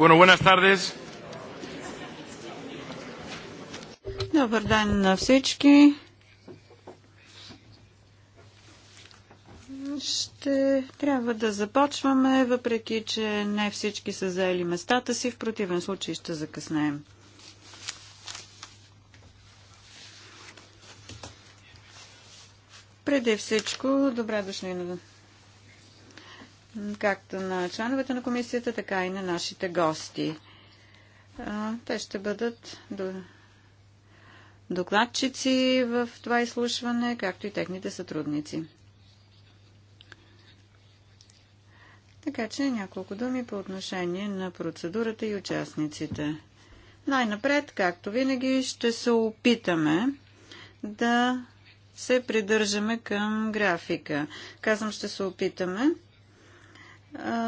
Bueno, buenas tardes. Добър ден на всички. Ще трябва да започваме, въпреки че не всички са заели местата си. В противен случай ще закъснеем. Преди всичко, добре дошли на както на членовете на комисията, така и на нашите гости. Те ще бъдат докладчици в това изслушване, както и техните сътрудници. Така че няколко думи по отношение на процедурата и участниците. Най-напред, както винаги, ще се опитаме да се придържаме към графика. Казвам, ще се опитаме,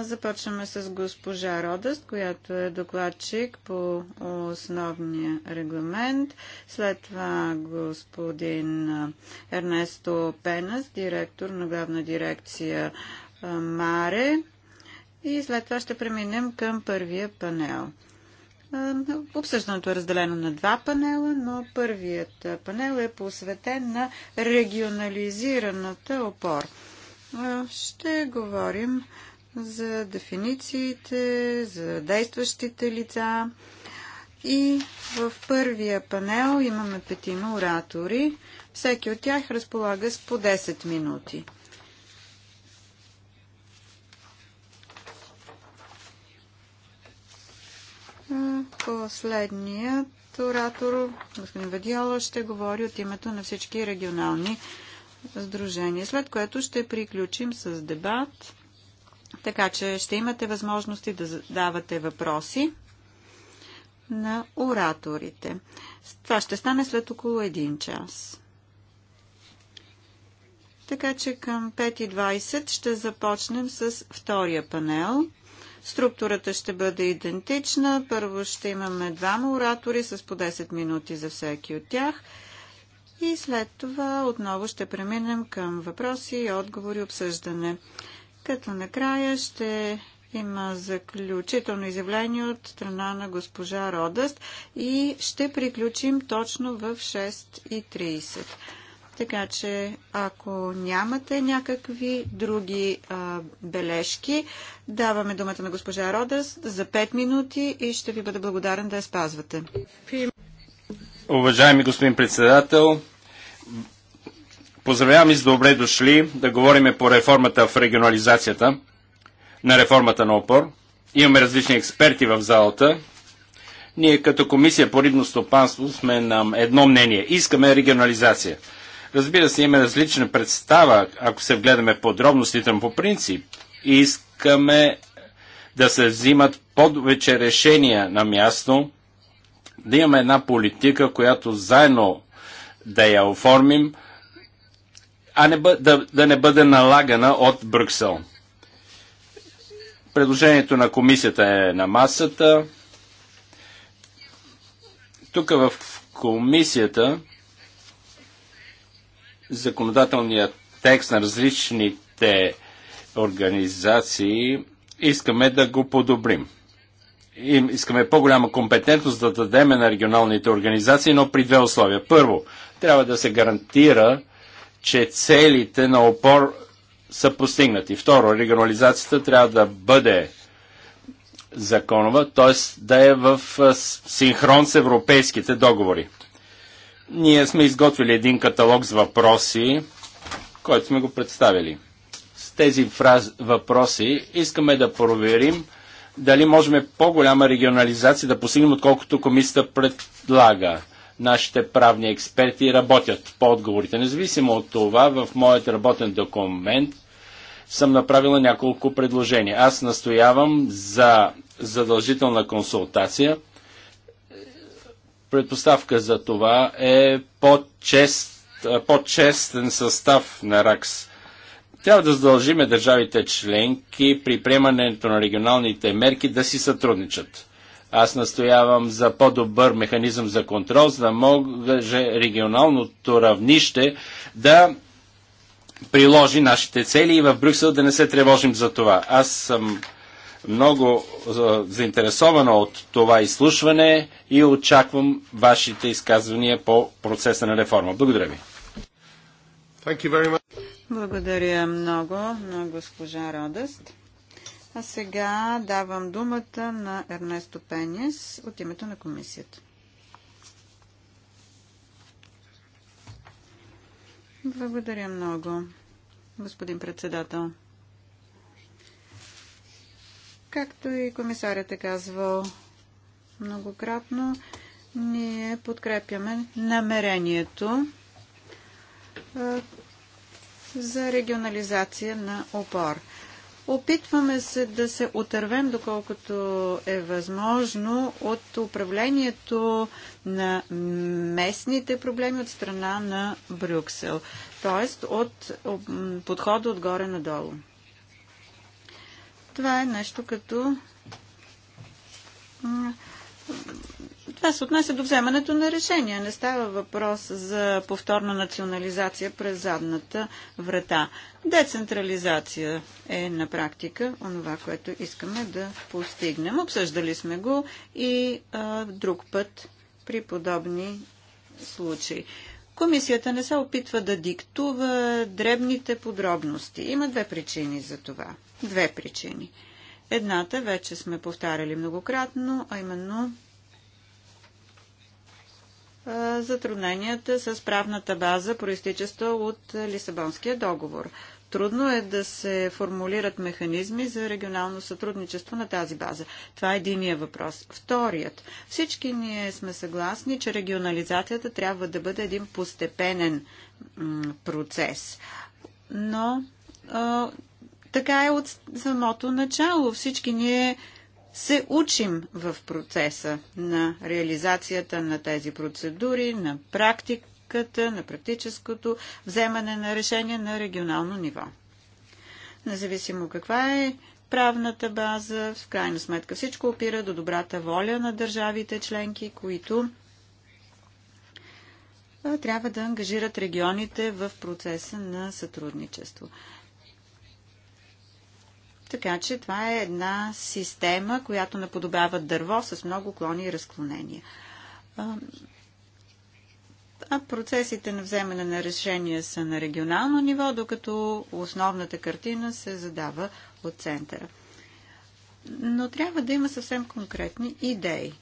Започваме с госпожа Родъст, която е докладчик по основния регламент. След това господин Ернесто Пенас, директор на главна дирекция Маре. И след това ще преминем към първия панел. Обсъждането е разделено на два панела, но първият панел е посветен на регионализираната опор. Ще говорим за дефинициите, за действащите лица. И в първия панел имаме петима оратори. Всеки от тях разполага с по 10 минути. Последният оратор, господин Вадиола, ще говори от името на всички регионални сдружения, след което ще приключим с дебат така че ще имате възможности да задавате въпроси на ораторите. Това ще стане след около един час. Така че към 5.20 ще започнем с втория панел. Структурата ще бъде идентична. Първо ще имаме двама оратори с по 10 минути за всеки от тях. И след това отново ще преминем към въпроси и отговори обсъждане като накрая ще има заключително изявление от страна на госпожа Родъст и ще приключим точно в 6.30. Така че, ако нямате някакви други а, бележки, даваме думата на госпожа Родъст за 5 минути и ще ви бъда благодарен да я спазвате. Уважаеми господин председател, Поздравявам и с добре дошли да говорим по реформата в регионализацията, на реформата на опор. Имаме различни експерти в залата. Ние като комисия по рибно стопанство сме на едно мнение. Искаме регионализация. Разбира се, имаме различна представа, ако се вгледаме подробностите по принцип. Искаме да се взимат повече решения на място, да имаме една политика, която заедно да я оформим – а не бъ, да, да не бъде налагана от Брюксел. Предложението на комисията е на масата. Тук в комисията законодателният текст на различните организации искаме да го подобрим. И искаме по-голяма компетентност да дадем на регионалните организации, но при две условия. Първо, трябва да се гарантира че целите на опор са постигнати. Второ, регионализацията трябва да бъде законова, т.е. да е в синхрон с европейските договори. Ние сме изготвили един каталог с въпроси, който сме го представили. С тези фраз... въпроси искаме да проверим дали можем по-голяма регионализация да постигнем, отколкото комисията предлага нашите правни експерти работят по отговорите. Независимо от това, в моят работен документ съм направила няколко предложения. Аз настоявам за задължителна консултация. Предпоставка за това е по-чест, по-честен състав на РАКС. Трябва да задължиме държавите членки при приемането на регионалните мерки да си сътрудничат. Аз настоявам за по-добър механизъм за контрол, за да може регионалното равнище да приложи нашите цели и в Брюксел да не се тревожим за това. Аз съм много е, заинтересована от това изслушване и очаквам вашите изказвания по процеса на реформа. Благодаря ви. Благодаря много на госпожа Радост. А сега давам думата на Ернесто Пенис от името на комисията. Благодаря много, господин председател. Както и комисарят е казвал многократно, ние подкрепяме намерението за регионализация на опор – Опитваме се да се отървем доколкото е възможно от управлението на местните проблеми от страна на Брюксел, т.е. от подхода отгоре надолу. Това е нещо като това се отнася до вземането на решения. Не става въпрос за повторна национализация през задната врата. Децентрализация е на практика онова, което искаме да постигнем. Обсъждали сме го и а, друг път при подобни случаи. Комисията не се опитва да диктува дребните подробности. Има две причини за това. Две причини. Едната вече сме повтаряли многократно, а именно затрудненията с правната база, проистичаща от Лисабонския договор. Трудно е да се формулират механизми за регионално сътрудничество на тази база. Това е единия въпрос. Вторият. Всички ние сме съгласни, че регионализацията трябва да бъде един постепенен процес. Но а, така е от самото начало. Всички ние се учим в процеса на реализацията на тези процедури, на практиката, на практическото вземане на решение на регионално ниво. Независимо каква е правната база, в крайна сметка всичко опира до добрата воля на държавите членки, които трябва да ангажират регионите в процеса на сътрудничество. Така че това е една система, която наподобява дърво с много клони и разклонения. А процесите на вземане на решения са на регионално ниво, докато основната картина се задава от центъра. Но трябва да има съвсем конкретни идеи.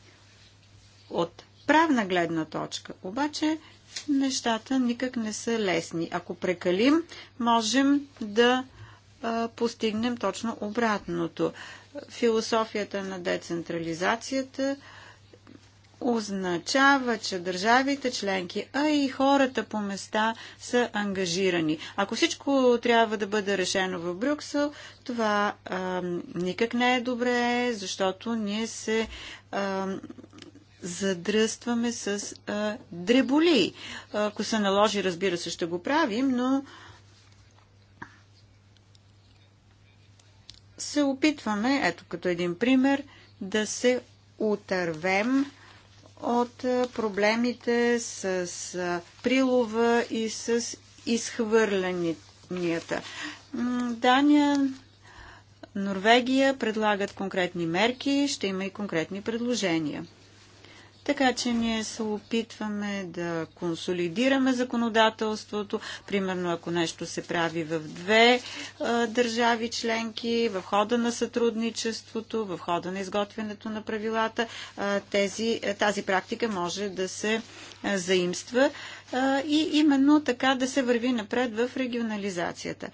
От правна гледна точка, обаче, нещата никак не са лесни. Ако прекалим, можем да постигнем точно обратното. Философията на децентрализацията означава, че държавите членки, а и хората по места са ангажирани. Ако всичко трябва да бъде решено в Брюксел, това а, никак не е добре, защото ние се а, задръстваме с а, дреболи. Ако се наложи, разбира се, ще го правим, но а, се опитваме, ето като един пример, да се отървем от проблемите с прилова и с изхвърлянията. Дания, Норвегия предлагат конкретни мерки, ще има и конкретни предложения. Така че ние се опитваме да консолидираме законодателството. Примерно, ако нещо се прави в две а, държави членки, в хода на сътрудничеството, в хода на изготвянето на правилата, а, тези, тази практика може да се а, заимства и именно така да се върви напред в регионализацията.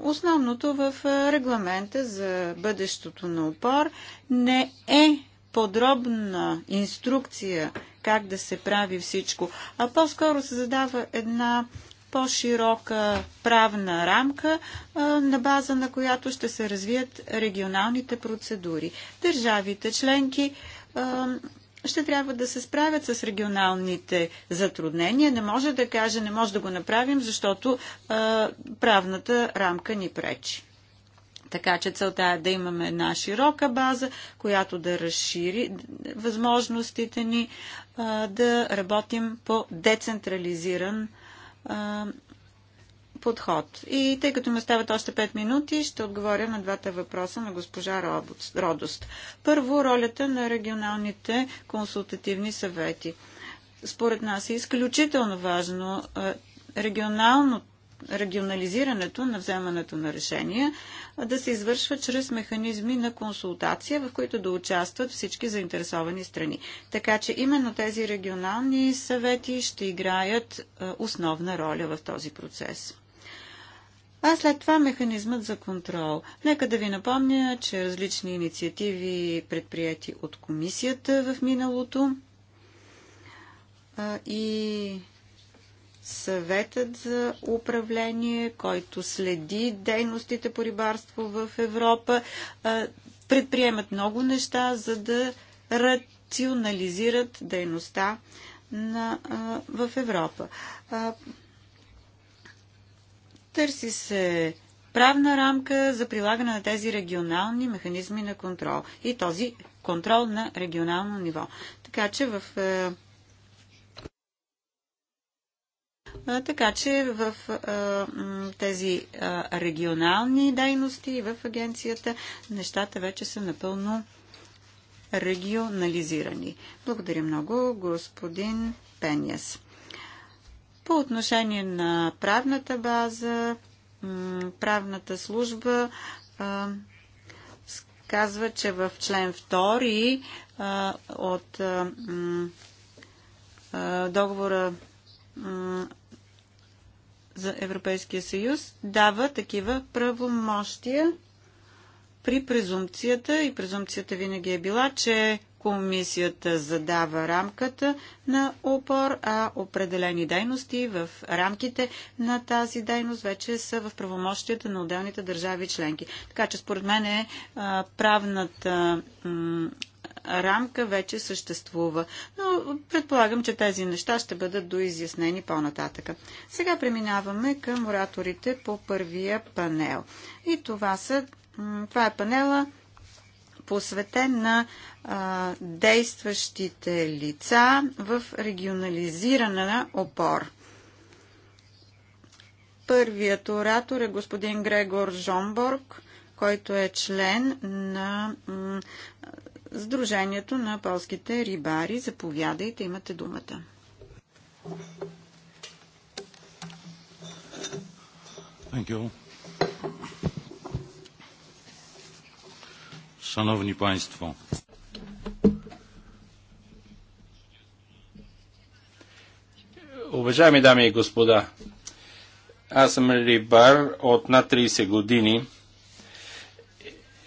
Основното в регламента за бъдещето на опор не е подробна инструкция как да се прави всичко, а по-скоро се задава една по-широка правна рамка, на база на която ще се развият регионалните процедури. Държавите членки ще трябва да се справят с регионалните затруднения. Не може да каже, не може да го направим, защото правната рамка ни пречи. Така че целта е да имаме една широка база, която да разшири възможностите ни а, да работим по децентрализиран а, подход. И тъй като ми остават още 5 минути, ще отговоря на двата въпроса на госпожа Родост. Първо, ролята на регионалните консултативни съвети. Според нас е изключително важно регионалното регионализирането на вземането на решения да се извършва чрез механизми на консултация, в които да участват всички заинтересовани страни. Така че именно тези регионални съвети ще играят е, основна роля в този процес. А след това механизмът за контрол. Нека да ви напомня, че различни инициативи предприяти от комисията в миналото е, и съветът за управление, който следи дейностите по рибарство в Европа, предприемат много неща, за да рационализират дейността на, в Европа. Търси се правна рамка за прилагане на тези регионални механизми на контрол и този контрол на регионално ниво. Така че в Така че в тези регионални дейности в агенцията нещата вече са напълно регионализирани. Благодаря много, господин Пеньяс. По отношение на правната база, правната служба казва, че в член 2 от договора за Европейския съюз дава такива правомощия при презумпцията и презумпцията винаги е била, че комисията задава рамката на опор, а определени дейности в рамките на тази дейност вече са в правомощията на отделните държави членки. Така че според мен е правната рамка вече съществува. Но предполагам, че тези неща ще бъдат доизяснени по-нататъка. Сега преминаваме към ораторите по първия панел. И това, са, това е панела посветен на а, действащите лица в регионализирана опор. Първият оратор е господин Грегор Жомборг, който е член на Сдружението на полските рибари. Заповядайте, имате думата. Thank you. Państwo. Уважаеми дами и господа, аз съм рибар от над 30 години –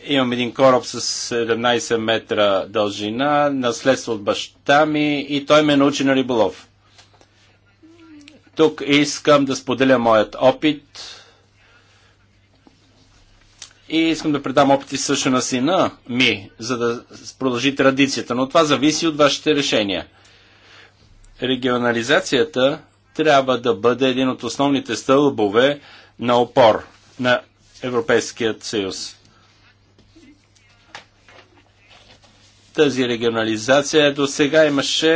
Имам един кораб с 17 метра дължина, наследство от баща ми и той ме научи на риболов. Тук искам да споделя моят опит и искам да предам опити също на сина ми, за да продължи традицията, но това зависи от вашите решения. Регионализацията трябва да бъде един от основните стълбове на опор на Европейският съюз. тази регионализация до сега имаше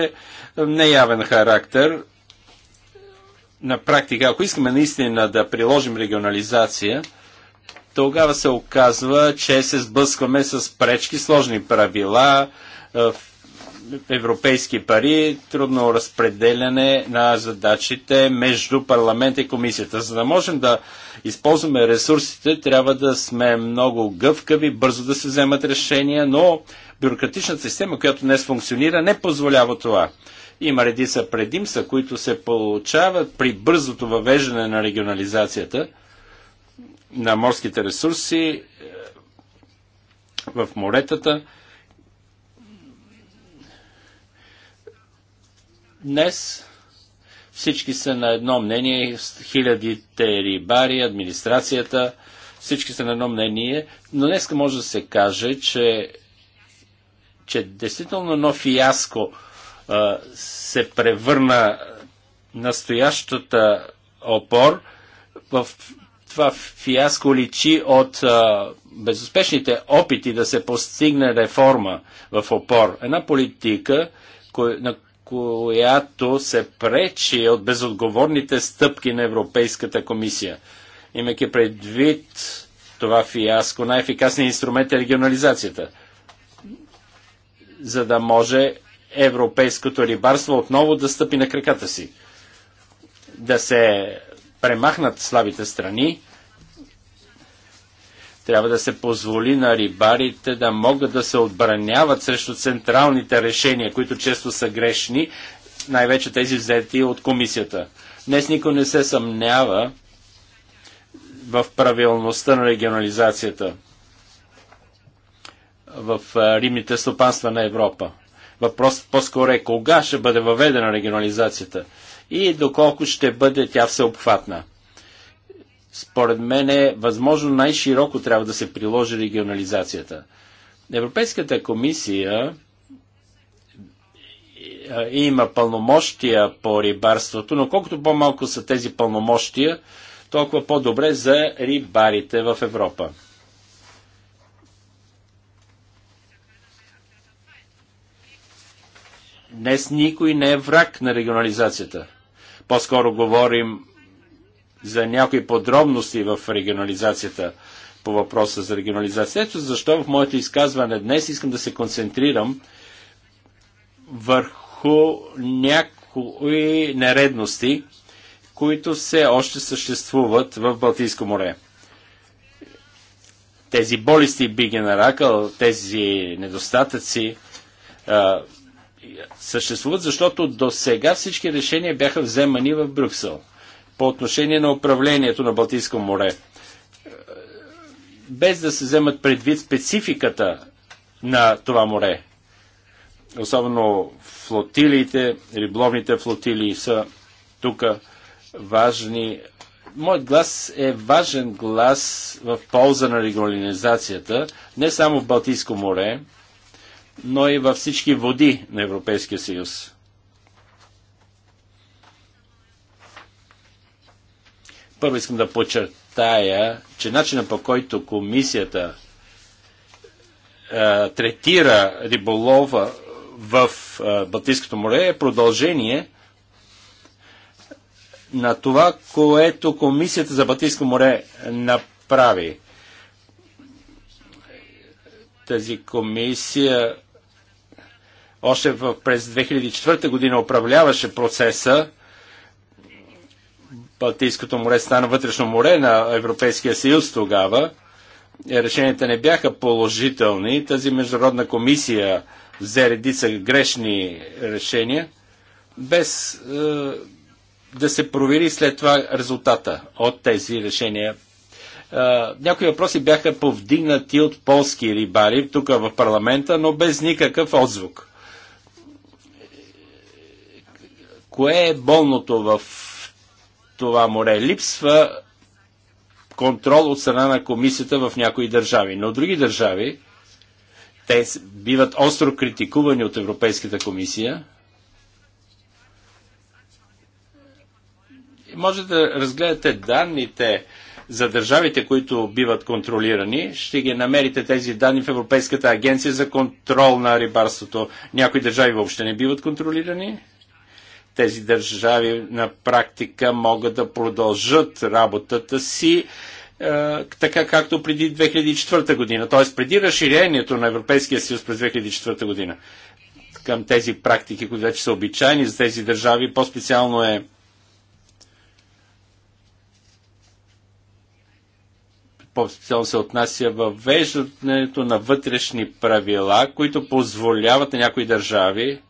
е, неявен характер. На практика, ако искаме наистина да приложим регионализация, тогава се оказва, че се сблъскваме с пречки, сложни правила, е, европейски пари, трудно разпределяне на задачите между парламент и комисията. За да можем да използваме ресурсите, трябва да сме много гъвкави, бързо да се вземат решения, но бюрократичната система, която днес функционира, не позволява това. Има редица предимства, които се получават при бързото въвеждане на регионализацията на морските ресурси е, в моретата – Днес всички са на едно мнение, хилядите рибари, администрацията, всички са на едно мнение, но днес може да се каже, че, че действително едно фиаско а, се превърна настоящата опор в това фиаско личи от а, безуспешните опити да се постигне реформа в опор. Една политика, кой, на която се пречи от безотговорните стъпки на Европейската комисия. Имайки предвид това фиаско, най-ефикасният инструмент е регионализацията, за да може европейското рибарство отново да стъпи на краката си, да се премахнат слабите страни трябва да се позволи на рибарите да могат да се отбраняват срещу централните решения, които често са грешни, най-вече тези взети от комисията. Днес никой не се съмнява в правилността на регионализацията в римните стопанства на Европа. Въпрос по-скоро е кога ще бъде въведена регионализацията и доколко ще бъде тя всеобхватна. Според мен е възможно най-широко трябва да се приложи регионализацията. Европейската комисия е, е, има пълномощия по рибарството, но колкото по-малко са тези пълномощия, толкова по-добре за рибарите в Европа. Днес никой не е враг на регионализацията. По-скоро говорим за някои подробности в регионализацията по въпроса за регионализацията. Ето защо в моето изказване днес искам да се концентрирам върху някои нередности, които все още съществуват в Балтийско море. Тези болести би ги наракал, тези недостатъци а, съществуват, защото до сега всички решения бяха вземани в Брюксел по отношение на управлението на Балтийско море. Без да се вземат предвид спецификата на това море. Особено флотилиите, рибловните флотилии са тук важни. Моят глас е важен глас в полза на регионализацията, не само в Балтийско море, но и във всички води на Европейския съюз. Първо искам да подчертая, че начинът по който комисията а, третира риболова в а, Балтийското море е продължение на това, което комисията за Балтийско море направи. Тази комисия още в, през 2004 година управляваше процеса Балтийското море стана вътрешно море на Европейския съюз тогава. Е, решенията не бяха положителни. Тази международна комисия взе редица грешни решения, без е, да се провери след това резултата от тези решения. Е, някои въпроси бяха повдигнати от полски рибари тук в парламента, но без никакъв отзвук. Кое е болното в това море. Липсва контрол от страна на комисията в някои държави. Но други държави, те биват остро критикувани от Европейската комисия. И може да разгледате данните за държавите, които биват контролирани. Ще ги намерите тези данни в Европейската агенция за контрол на рибарството. Някои държави въобще не биват контролирани. Тези държави на практика могат да продължат работата си е, така както преди 2004 година, т.е. преди разширението на Европейския съюз през 2004 година към тези практики, които вече са обичайни за тези държави, по-специално е по-специално се отнася въвеждането на вътрешни правила, които позволяват на някои държави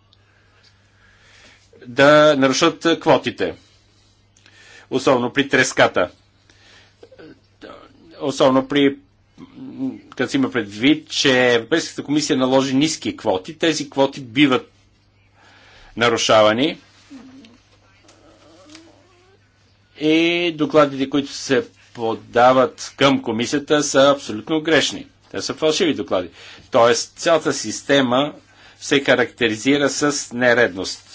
да нарушат квотите. Особено при треската. Особено при като си има предвид, че Европейската комисия наложи ниски квоти. Тези квоти биват нарушавани. И докладите, които се подават към комисията, са абсолютно грешни. Те са фалшиви доклади. Тоест, цялата система се характеризира с нередност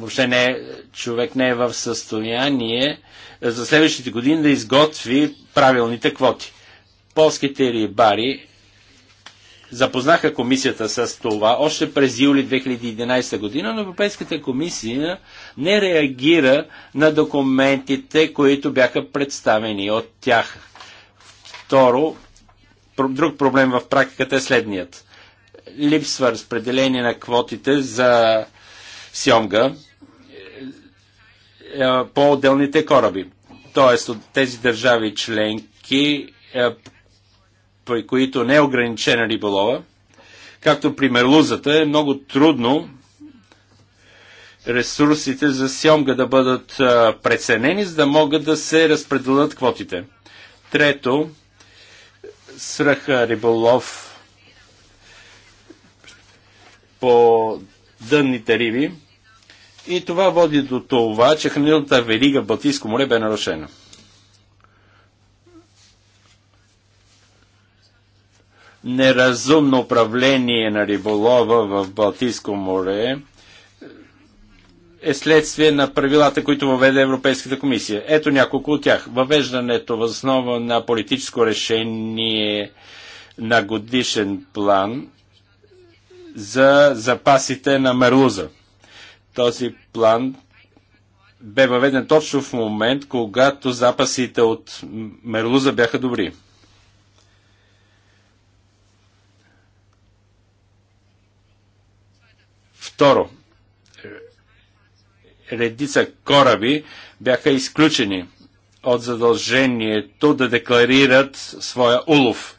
въобще не, човек не е в състояние е, за следващите години да изготви правилните квоти. Полските рибари запознаха комисията с това още през юли 2011 година, но Европейската комисия не реагира на документите, които бяха представени от тях. Второ, друг проблем в практиката е следният. Липсва разпределение на квотите за сьомга е, по отделните кораби. Тоест от тези държави членки, е, при които не е ограничена риболова, както при мерлузата, е много трудно ресурсите за сьомга да бъдат е, преценени, за да могат да се разпределят квотите. Трето, сръха риболов по дънните риби – и това води до това, че хранилната верига Балтийско море бе нарушена. Неразумно управление на риболова в Балтийско море е следствие на правилата, които въведе Европейската комисия. Ето няколко от тях. Въвеждането основа на политическо решение на годишен план за запасите на Мерлуза – този план бе въведен точно в момент, когато запасите от Мерлуза бяха добри. Второ, редица кораби бяха изключени от задължението да декларират своя улов.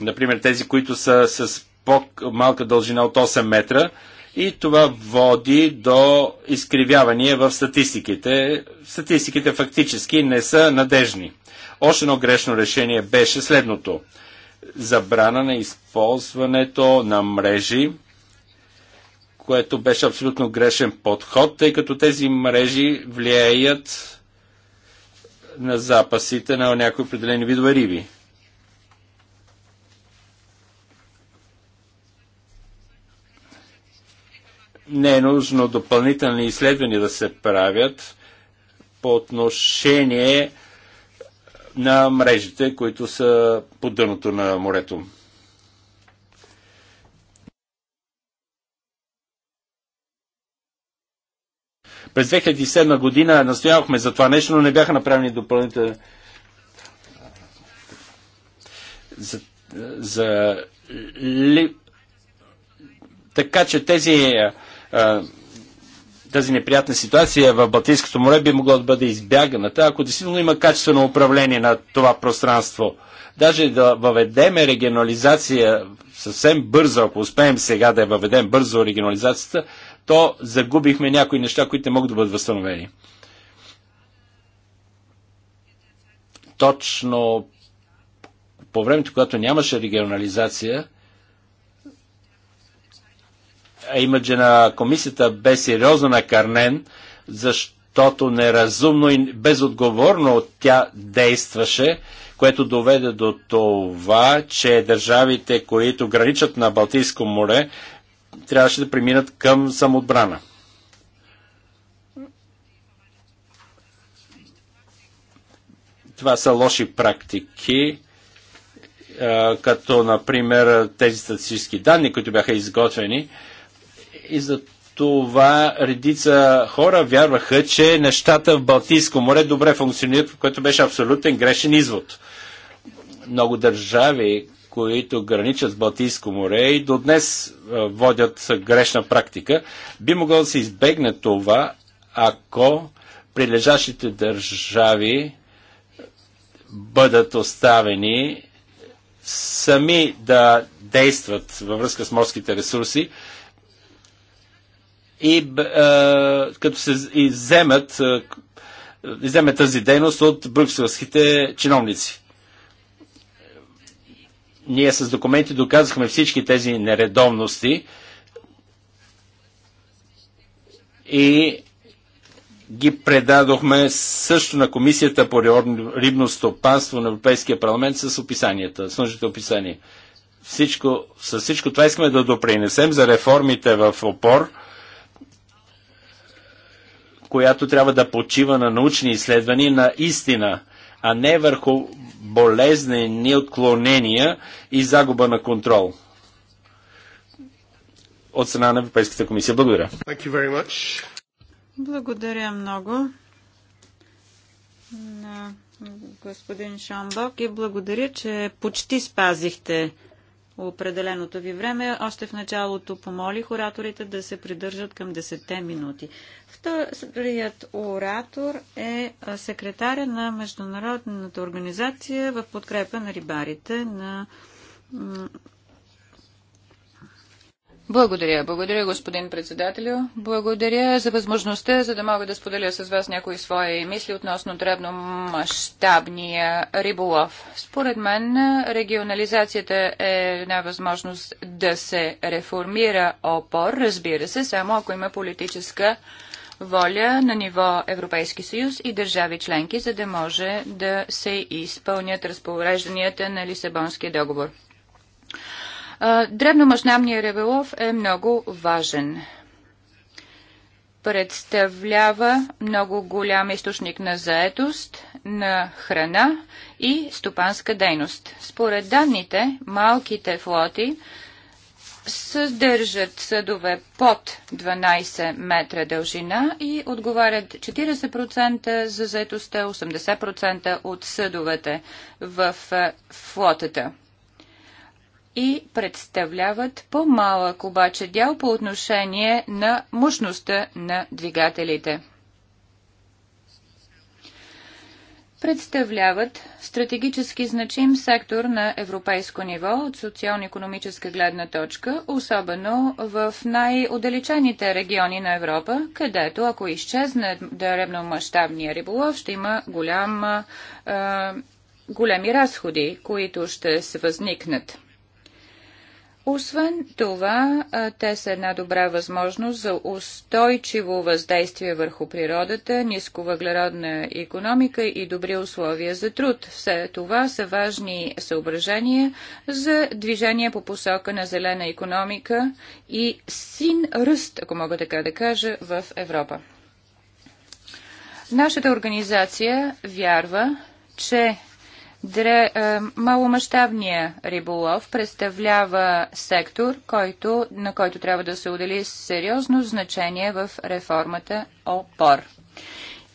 Например, тези, които са с по-малка дължина от 8 метра – и това води до изкривявания в статистиките. Статистиките фактически не са надежни. Още едно грешно решение беше следното. Забрана на използването на мрежи, което беше абсолютно грешен подход, тъй като тези мрежи влияят на запасите на някои определени видове риби. не е нужно допълнителни изследвания да се правят по отношение на мрежите, които са по дъното на морето. През 2007 година настоявахме за това нещо, но не бяха направени допълнителни за, за ли... така че тези тази неприятна ситуация в Балтийското море би могла да бъде избягната, ако действително има качествено управление на това пространство. Даже да въведеме регионализация съвсем бързо, ако успеем сега да я въведем бързо регионализацията, то загубихме някои неща, които не могат да бъдат възстановени. Точно по времето, когато нямаше регионализация, имиджа на комисията бе сериозно накърнен, защото неразумно и безотговорно тя действаше, което доведе до това, че държавите, които граничат на Балтийско море, трябваше да преминат към самоотбрана. Това са лоши практики, като, например, тези статистически данни, които бяха изготвени, и за това редица хора вярваха, че нещата в Балтийско море добре функционират, което беше абсолютен грешен извод. Много държави, които граничат с Балтийско море и до днес водят грешна практика, би могло да се избегне това, ако прилежащите държави бъдат оставени сами да действат във връзка с морските ресурси и е, като се и вземат, и е, е, тази дейност от брюкселските чиновници. Ние с документи доказахме всички тези нередовности и ги предадохме също на Комисията по рибно стопанство на Европейския парламент с описанията, с нужните описания. Всичко, с всичко това искаме да допринесем за реформите в опор – която трябва да почива на научни изследвания на истина, а не върху болезнени отклонения и загуба на контрол от страна на Европейската комисия. Благодаря. Благодаря много на господин Шамбок и благодаря, че почти спазихте определеното ви време. Още в началото помолих ораторите да се придържат към 10 минути. Вторият оратор е секретаря на Международната организация в подкрепа на рибарите на благодаря, благодаря господин председателю. Благодаря за възможността, за да мога да споделя с вас някои свои мисли относно дребномащабния риболов. Според мен регионализацията е една възможност да се реформира опор, разбира се, само ако има политическа воля на ниво Европейски съюз и държави членки, за да може да се изпълнят разпорежданията на Лисабонския договор. Дребномащабният риболов е много важен. Представлява много голям източник на заетост, на храна и стопанска дейност. Според данните, малките флоти съдържат съдове под 12 метра дължина и отговарят 40% за заетостта, 80% от съдовете в флотата и представляват по-малък обаче дял по отношение на мощността на двигателите. Представляват стратегически значим сектор на европейско ниво от социално-економическа гледна точка, особено в най-отдалечените региони на Европа, където ако изчезне дребномащабния риболов, ще има голям, е, големи разходи, които ще се възникнат. Освен това, те са една добра възможност за устойчиво въздействие върху природата, нисковъглеродна економика и добри условия за труд. Все това са важни съображения за движение по посока на зелена економика и син ръст, ако мога така да кажа, в Европа. Нашата организация вярва, че Дре, е, маломащабния риболов представлява сектор, който, на който трябва да се отдели сериозно значение в реформата ОПОР.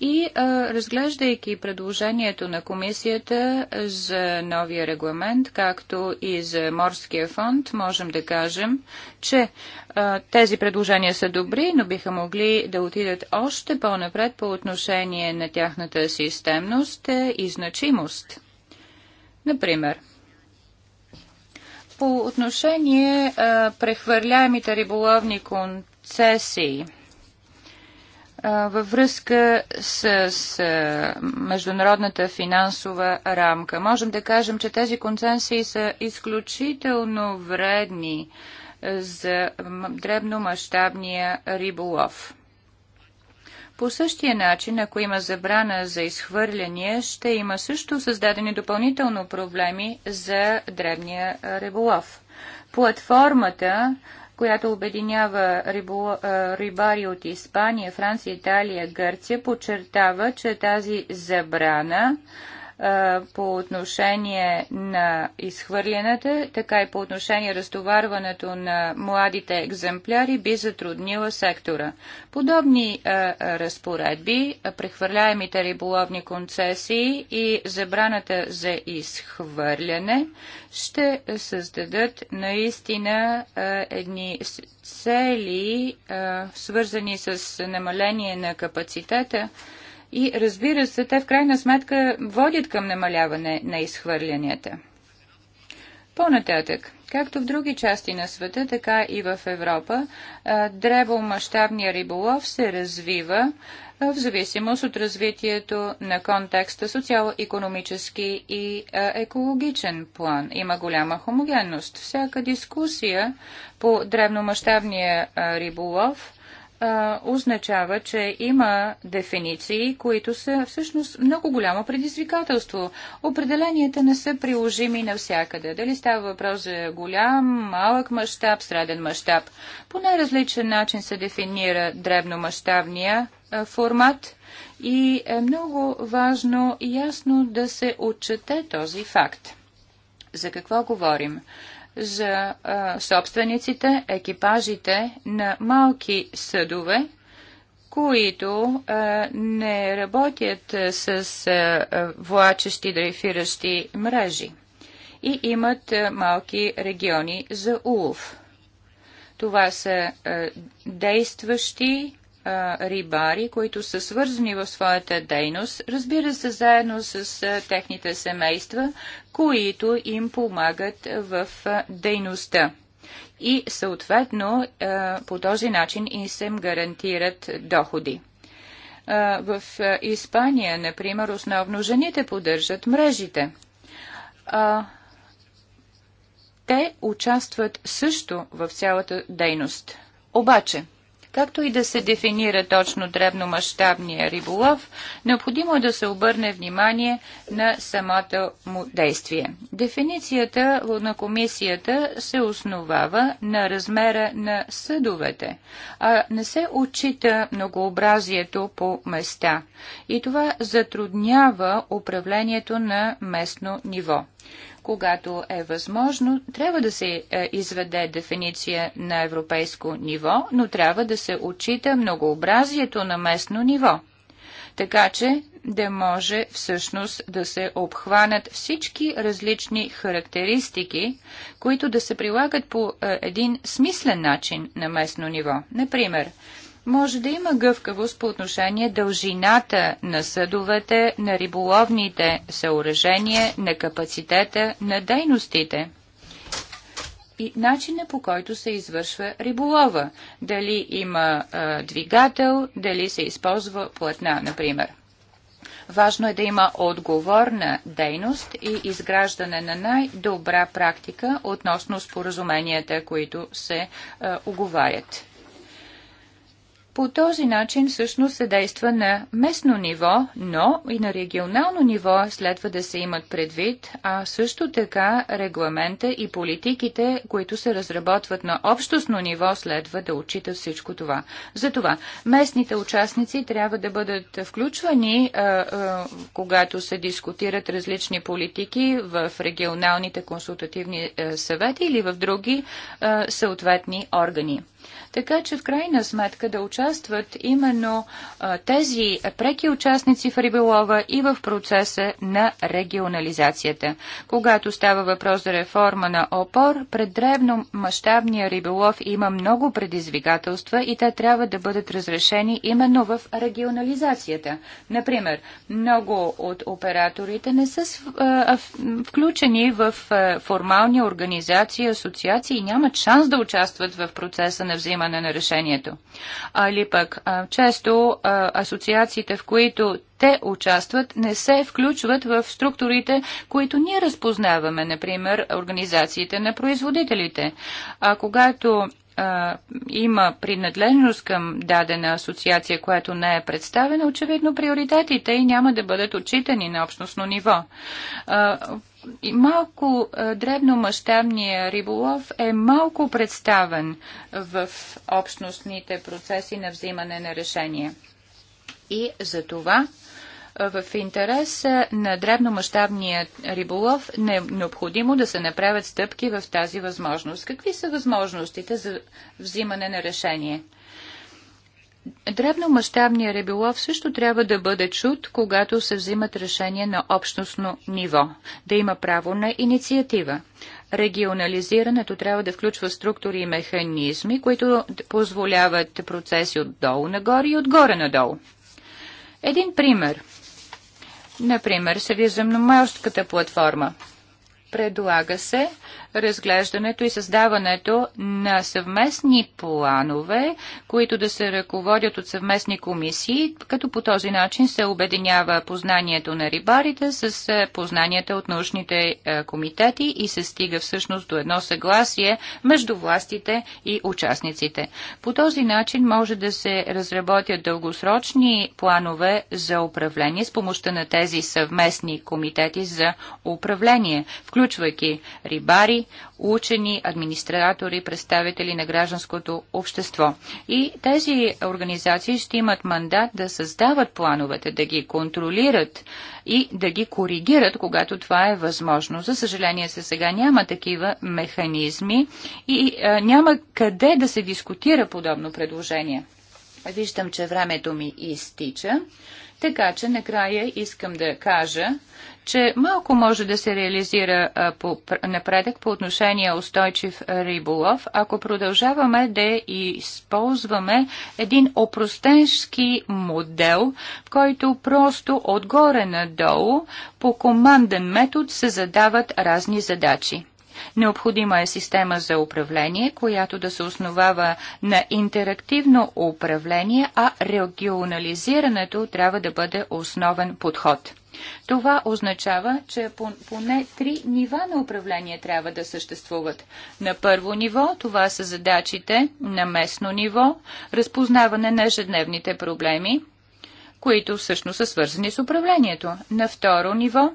И а, е, разглеждайки предложението на комисията за новия регламент, както и за морския фонд, можем да кажем, че а, е, тези предложения са добри, но биха могли да отидат още по-напред по отношение на тяхната системност и значимост. Например, по отношение а, прехвърляемите риболовни концесии а, във връзка с, с а, международната финансова рамка. Можем да кажем, че тези концесии са изключително вредни за дребномащабния риболов. По същия начин, ако има забрана за изхвърляние, ще има също създадени допълнително проблеми за дребния риболов. Платформата, която обединява рибари от Испания, Франция, Италия, Гърция, подчертава, че тази забрана по отношение на изхвърлянето, така и по отношение разтоварването на младите екземпляри би затруднила сектора. Подобни разпоредби, прехвърляемите риболовни концесии и забраната за изхвърляне ще създадат наистина едни цели, свързани с намаление на капацитета, и разбира се, те в крайна сметка водят към намаляване на изхвърлянията. По-нататък, както в други части на света, така и в Европа, древомащабния риболов се развива в зависимост от развитието на контекста социално-економически и екологичен план. Има голяма хомогенност. Всяка дискусия по древномащабния риболов а, означава, че има дефиниции, които са всъщност много голямо предизвикателство. Определенията не са приложими навсякъде. Дали става въпрос за голям, малък мащаб, среден мащаб. По най-различен начин се дефинира дребномащабния формат и е много важно и ясно да се отчете този факт. За какво говорим? за а, собствениците, екипажите на малки съдове, които а, не работят с а, влачещи дрейфиращи мрежи и имат а, малки региони за улов. Това са а, действащи рибари, които са свързани в своята дейност, разбира се, заедно с а, техните семейства, които им помагат в а, дейността. И съответно по този начин и се им гарантират доходи. В Испания, например, основно жените поддържат мрежите те участват също в цялата дейност. Обаче, Както и да се дефинира точно дребномащабния риболов, необходимо е да се обърне внимание на самото му действие. Дефиницията на комисията се основава на размера на съдовете, а не се отчита многообразието по места. И това затруднява управлението на местно ниво когато е възможно, трябва да се е, изведе дефиниция на европейско ниво, но трябва да се отчита многообразието на местно ниво. Така че да може всъщност да се обхванат всички различни характеристики, които да се прилагат по е, един смислен начин на местно ниво. Например, може да има гъвкавост по отношение дължината на съдовете, на риболовните съоръжения, на капацитета, на дейностите и начина по който се извършва риболова. Дали има а, двигател, дали се използва платна, например. Важно е да има отговорна дейност и изграждане на най-добра практика относно споразуменията, които се а, оговарят. По този начин всъщност се действа на местно ниво, но и на регионално ниво следва да се имат предвид, а също така регламента и политиките, които се разработват на общностно ниво, следва да отчитат всичко това. Затова местните участници трябва да бъдат включвани, а, а, когато се дискутират различни политики в регионалните консултативни е, съвети или в други а, е, съответни органи. Така че в крайна сметка да участват именно а, тези преки участници в риболова и в процеса на регионализацията. Когато става въпрос за реформа на ОПОР, пред древно мащабния риболов има много предизвикателства и те трябва да бъдат разрешени именно в регионализацията. Например, много от операторите не са а, включени в а, формални организации, асоциации и нямат шанс да участват в процеса на взимане на решението. Али пък а, често а, асоциациите, в които те участват, не се включват в структурите, които ние разпознаваме, например, организациите на производителите. А когато а, има принадлежност към дадена асоциация, която не е представена, очевидно приоритетите и няма да бъдат отчитани на общностно ниво. А, и малко дребномащабния риболов е малко представен в общностните процеси на взимане на решения. И за това в интерес на дребномащабния риболов не е необходимо да се направят стъпки в тази възможност. Какви са възможностите за взимане на решение? Дребномащабният риболов също трябва да бъде чут, когато се взимат решения на общностно ниво, да има право на инициатива. Регионализирането трябва да включва структури и механизми, които позволяват процеси отдолу нагоре и отгоре надолу. Един пример – Например, Средиземноморската платформа – Предлага се разглеждането и създаването на съвместни планове, които да се ръководят от съвместни комисии, като по този начин се обединява познанието на рибарите с е, познанията от научните е, комитети и се стига всъщност до едно съгласие между властите и участниците. По този начин може да се разработят дългосрочни планове за управление с помощта на тези съвместни комитети за управление, включително включвайки рибари, учени, администратори, представители на гражданското общество. И тези организации ще имат мандат да създават плановете, да ги контролират и да ги коригират, когато това е възможно. За съжаление, се сега няма такива механизми и а, няма къде да се дискутира подобно предложение. Виждам, че времето ми изтича. Така че накрая искам да кажа, че малко може да се реализира а, по, напредък по отношение устойчив риболов, ако продължаваме да използваме един опростенски модел, който просто отгоре надолу по команден метод се задават разни задачи. Необходима е система за управление, която да се основава на интерактивно управление, а регионализирането трябва да бъде основен подход. Това означава, че поне три нива на управление трябва да съществуват. На първо ниво това са задачите на местно ниво, разпознаване на ежедневните проблеми, които всъщност са свързани с управлението. На второ ниво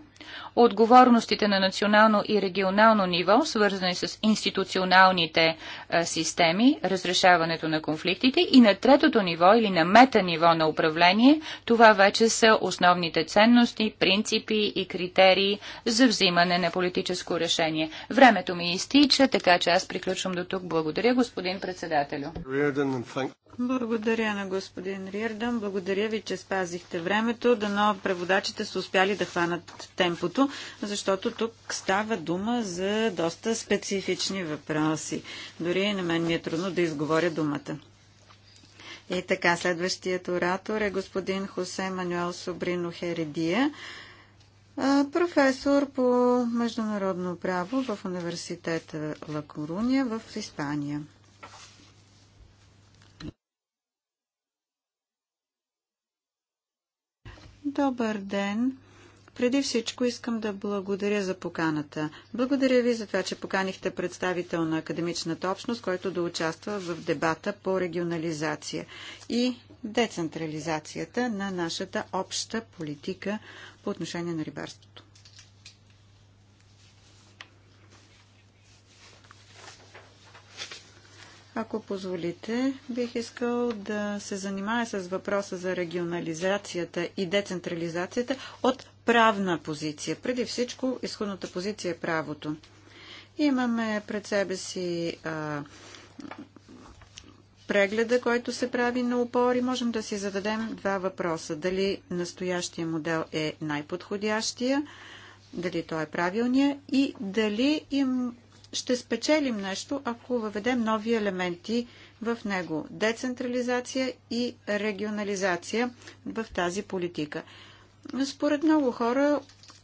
отговорностите на национално и регионално ниво, свързани с институционалните а, е, системи, разрешаването на конфликтите и на третото ниво или на мета ниво на управление, това вече са основните ценности, принципи и критерии за взимане на политическо решение. Времето ми изтича, така че аз приключвам до тук. Благодаря, господин председателю. Благодаря на господин Риердан. Благодаря ви, че спазихте времето. Дано преводачите са успяли да хванат темпото защото тук става дума за доста специфични въпроси. Дори и на мен ми е трудно да изговоря думата. И така, следващият оратор е господин Хосе Мануел Собрино Хередия, професор по международно право в университета Ла Коруния в Испания. Добър ден! Преди всичко искам да благодаря за поканата. Благодаря ви за това, че поканихте представител на академичната общност, който да участва в дебата по регионализация и децентрализацията на нашата обща политика по отношение на рибарството. Ако позволите, бих искал да се занимая с въпроса за регионализацията и децентрализацията от правна позиция. Преди всичко, изходната позиция е правото. Имаме пред себе си а, прегледа, който се прави на упор и можем да си зададем два въпроса. Дали настоящия модел е най-подходящия, дали той е правилния и дали им ще спечелим нещо, ако въведем нови елементи в него. Децентрализация и регионализация в тази политика. Според много хора,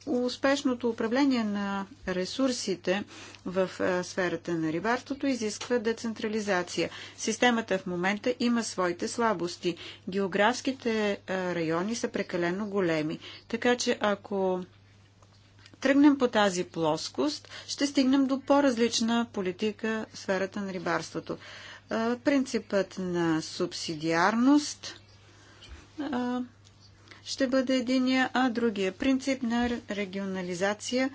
успешното управление на ресурсите в сферата на рибарството изисква децентрализация. Системата в момента има своите слабости. Географските райони са прекалено големи. Така че ако тръгнем по тази плоскост, ще стигнем до по-различна политика в сферата на рибарството. Принципът на субсидиарност ще бъде единия, а другия принцип на регионализация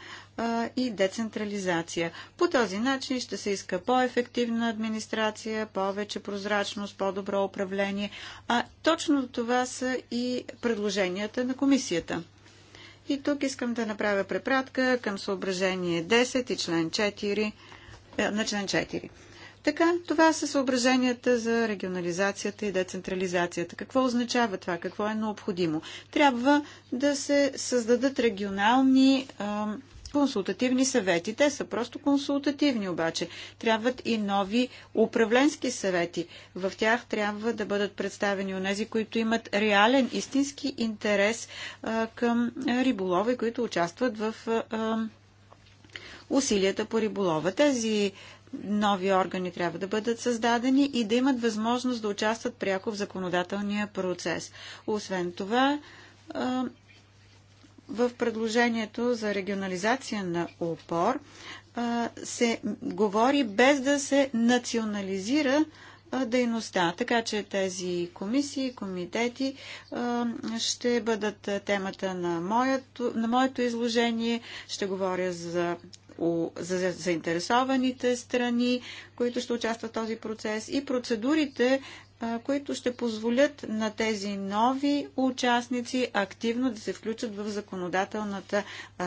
и децентрализация. По този начин ще се иска по-ефективна администрация, повече прозрачност, по-добро управление. А точно това са и предложенията на комисията. И тук искам да направя препратка към съображение 10 и член 4, е, на член 4. Така, това са съображенията за регионализацията и децентрализацията. Какво означава това? Какво е необходимо? Трябва да се създадат регионални консултативни съвети. Те са просто консултативни обаче. Трябват и нови управленски съвети. В тях трябва да бъдат представени онези, които имат реален, истински интерес а, към риболови, които участват в а, усилията по риболова. Тези нови органи трябва да бъдат създадени и да имат възможност да участват пряко в законодателния процес. Освен това, в предложението за регионализация на опор се говори без да се национализира дейността. Така че тези комисии, комитети ще бъдат темата на моето, на моето изложение. Ще говоря за за заинтересованите страни, които ще участват в този процес и процедурите които ще позволят на тези нови участници активно да се включат в законодателната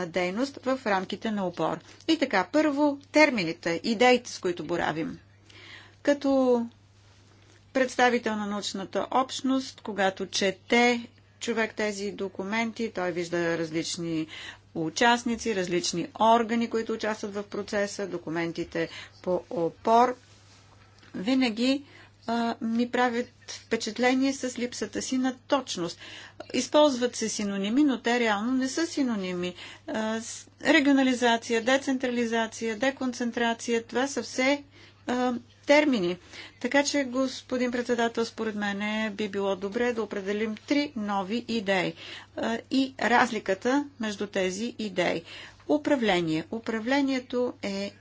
дейност в рамките на опор. И така, първо термините, идеите, с които боравим. Като представител на научната общност, когато чете човек тези документи, той вижда различни участници, различни органи, които участват в процеса, документите по опор, винаги а, ми правят впечатление с липсата си на точност. Използват се синоними, но те реално не са синоними. А, регионализация, децентрализация, деконцентрация, това са все а, термини. Така че, господин председател, според мен би било добре да определим три нови идеи а, и разликата между тези идеи. Управление. Управлението е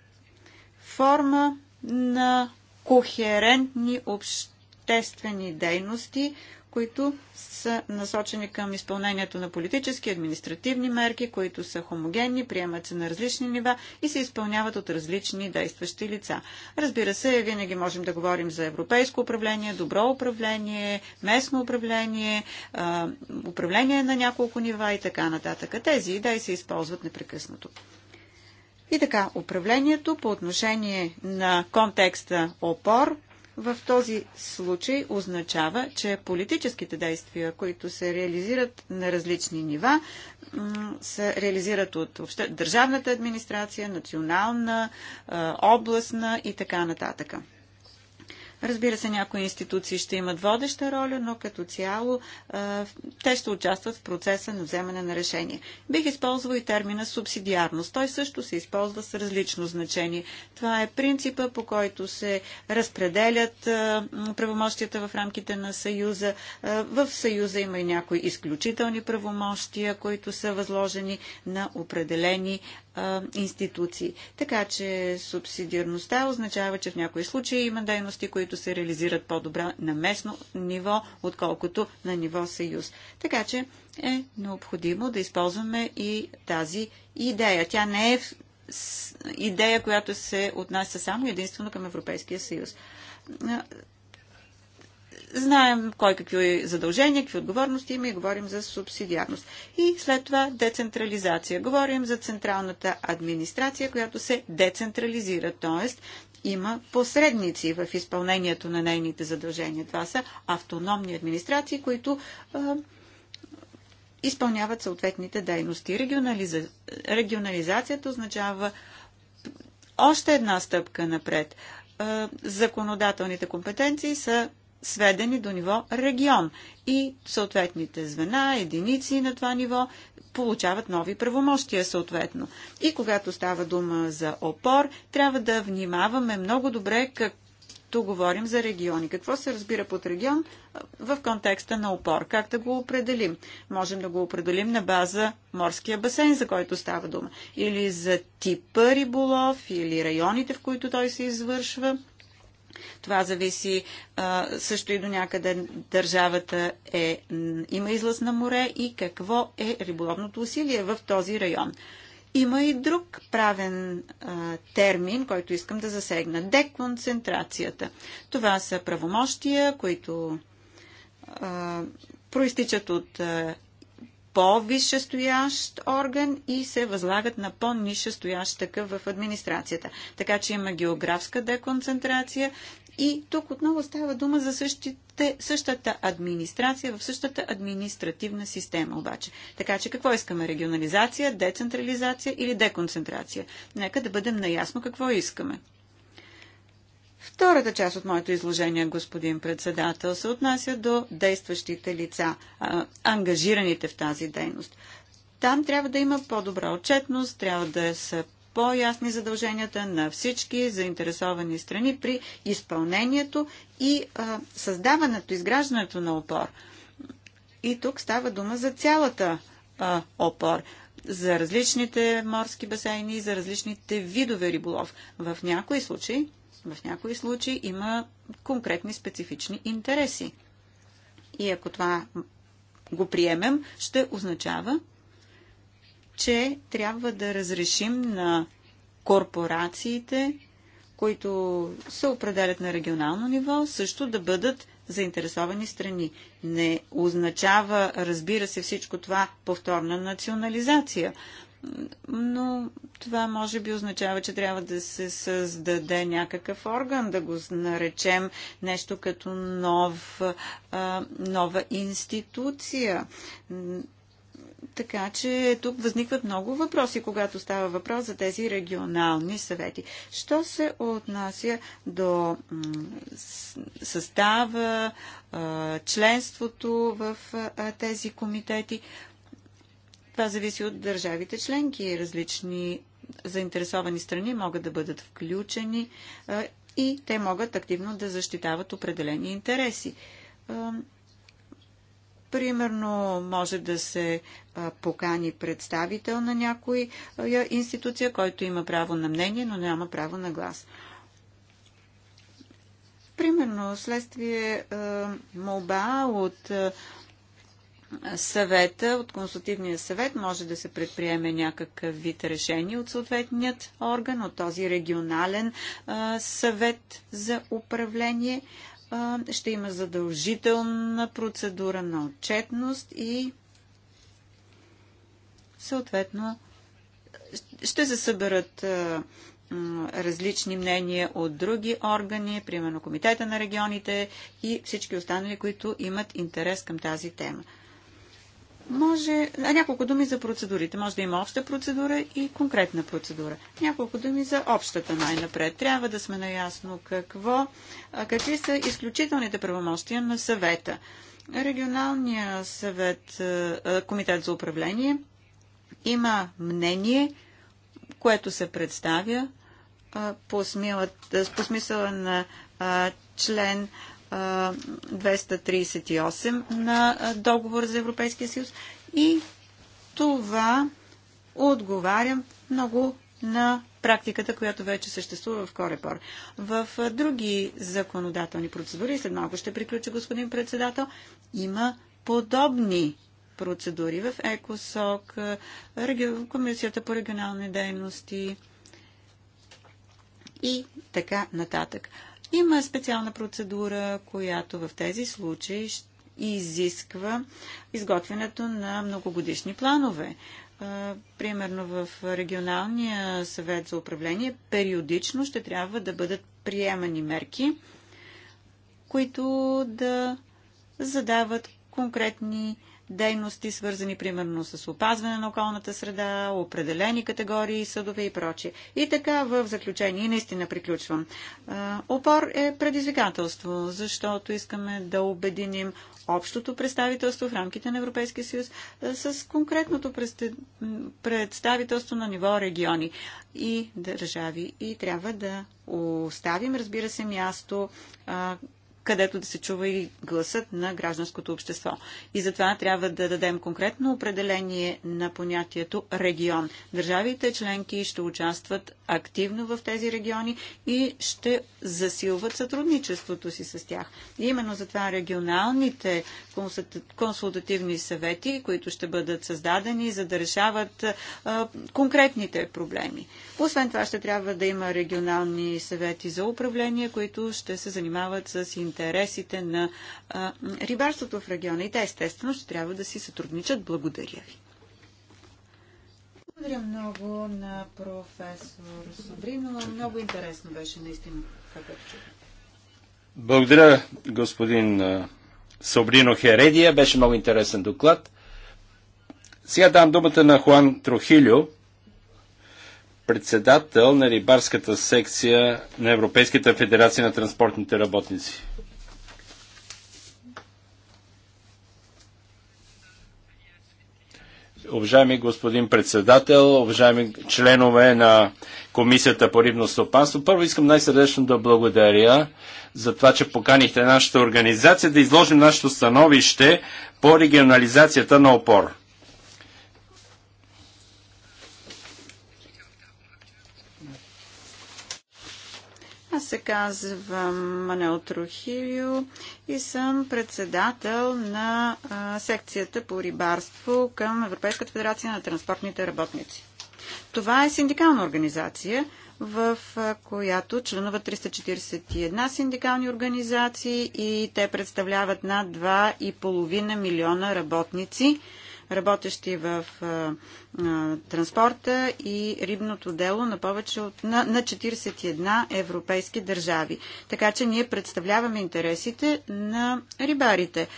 форма на кохерентни обществени дейности, които са насочени към изпълнението на политически и административни мерки, които са хомогенни, приемат се на различни нива и се изпълняват от различни действащи лица. Разбира се, винаги можем да говорим за европейско управление, добро управление, местно управление, управление на няколко нива и така нататък. Тези идеи се използват непрекъснато. И така, управлението по отношение на контекста опор в този случай означава, че политическите действия, които се реализират на различни нива, се реализират от обще... държавната администрация, национална, областна и така нататък. Разбира се, някои институции ще имат водеща роля, но като цяло те ще участват в процеса на вземане на решение. Бих използвал и термина субсидиарност. Той също се използва с различно значение. Това е принципа, по който се разпределят правомощията в рамките на Съюза. в Съюза има и някои изключителни правомощия, които са възложени на определени а, институции. Така че субсидиарността означава, че в някои случаи има дейности, които се реализират по-добре на местно ниво, отколкото на ниво съюз. Така че е необходимо да използваме и тази идея. Тя не е идея, която се отнася само единствено към Европейския съюз знаем кой какви задължения, какви отговорности има и говорим за субсидиарност. И след това децентрализация. Говорим за централната администрация, която се децентрализира, т.е. има посредници в изпълнението на нейните задължения. Това са автономни администрации, които изпълняват съответните дейности. Регионализа... Регионализацията означава още една стъпка напред законодателните компетенции са сведени до ниво регион. И съответните звена, единици на това ниво получават нови правомощия съответно. И когато става дума за опор, трябва да внимаваме много добре как тук говорим за региони. Какво се разбира под регион в контекста на опор? Как да го определим? Можем да го определим на база морския басейн, за който става дума. Или за типа риболов, или районите, в които той се извършва. Това зависи а, също и до някъде държавата е, има излъз на море и какво е риболовното усилие в този район. Има и друг правен а, термин, който искам да засегна. Деконцентрацията. Това са правомощия, които а, проистичат от а, по-висшестоящ орган и се възлагат на по нисшестоящ такъв в администрацията. Така че има географска деконцентрация и тук отново става дума за същите, същата администрация в същата административна система обаче. Така че какво искаме? Регионализация, децентрализация или деконцентрация? Нека да бъдем наясно какво искаме. Втората част от моето изложение, господин председател, се отнася до действащите лица, а, ангажираните в тази дейност. Там трябва да има по-добра отчетност, трябва да са по-ясни задълженията на всички заинтересовани страни при изпълнението и а, създаването, изграждането на опор. И тук става дума за цялата а, опор за различните морски басейни и за различните видове риболов. В някои случаи в някои случаи има конкретни специфични интереси. И ако това го приемем, ще означава, че трябва да разрешим на корпорациите, които се определят на регионално ниво, също да бъдат заинтересовани страни. Не означава, разбира се, всичко това повторна национализация, но това може би означава, че трябва да се създаде някакъв орган, да го наречем нещо като нов, нова институция. Така че тук възникват много въпроси, когато става въпрос за тези регионални съвети. Що се отнася до състава, членството в тези комитети, това зависи от държавите членки. Различни заинтересовани страни могат да бъдат включени и те могат активно да защитават определени интереси. Примерно може да се покани представител на някой институция, който има право на мнение, но няма право на глас. Примерно следствие молба от съвета, от консултативния съвет може да се предприеме някакъв вид решение от съответният орган, от този регионален съвет за управление. ще има задължителна процедура на отчетност и съответно ще се съберат различни мнения от други органи, примерно Комитета на регионите и всички останали, които имат интерес към тази тема. Може, а няколко думи за процедурите. Може да има обща процедура и конкретна процедура. Няколко думи за общата най-напред. Трябва да сме наясно какво, какви са изключителните правомощия на съвета. Регионалния съвет, комитет за управление има мнение, което се представя по, смисъла на член 238 на договор за Европейския съюз и това отговаря много на практиката, която вече съществува в Корепор. В други законодателни процедури, след малко ще приключи господин председател, има подобни процедури в ЕКОСОК, Комисията по регионални дейности и така нататък. Има специална процедура, която в тези случаи изисква изготвянето на многогодишни планове. Примерно в регионалния съвет за управление периодично ще трябва да бъдат приемани мерки, които да задават конкретни дейности, свързани примерно с опазване на околната среда, определени категории съдове и прочие. И така в заключение, и наистина приключвам. Опор е предизвикателство, защото искаме да обединим общото представителство в рамките на Европейския съюз с конкретното представителство на ниво региони и държави. И трябва да оставим, разбира се, място където да се чува и гласът на гражданското общество. И затова трябва да дадем конкретно определение на понятието регион. Държавите членки ще участват активно в тези региони и ще засилват сътрудничеството си с тях. И именно затова регионалните консултативни съвети, които ще бъдат създадени, за да решават а, конкретните проблеми. Освен това ще трябва да има регионални съвети за управление, които ще се занимават с интернет интересите на а, рибарството в региона. И те естествено ще трябва да си сътрудничат. Благодаря ви. Благодаря много на професор Собринова. Много интересно беше наистина какво което Благодаря, господин Собрино Хередия. Беше много интересен доклад. Сега дам думата на Хуан Трохилио, председател на рибарската секция на Европейската федерация на транспортните работници. Уважаеми господин председател, уважаеми членове на Комисията по рибно стопанство, първо искам най-сърдечно да благодаря за това, че поканихте нашата организация да изложим нашето становище по регионализацията на опор. Аз се казвам Манел Трухилио и съм председател на секцията по рибарство към Европейската федерация на транспортните работници. Това е синдикална организация, в която членуват 341 синдикални организации и те представляват над 2,5 милиона работници – работещи в а, а, транспорта и рибното дело на повече от на, на 41 европейски държави. Така че ние представляваме интересите на рибарите.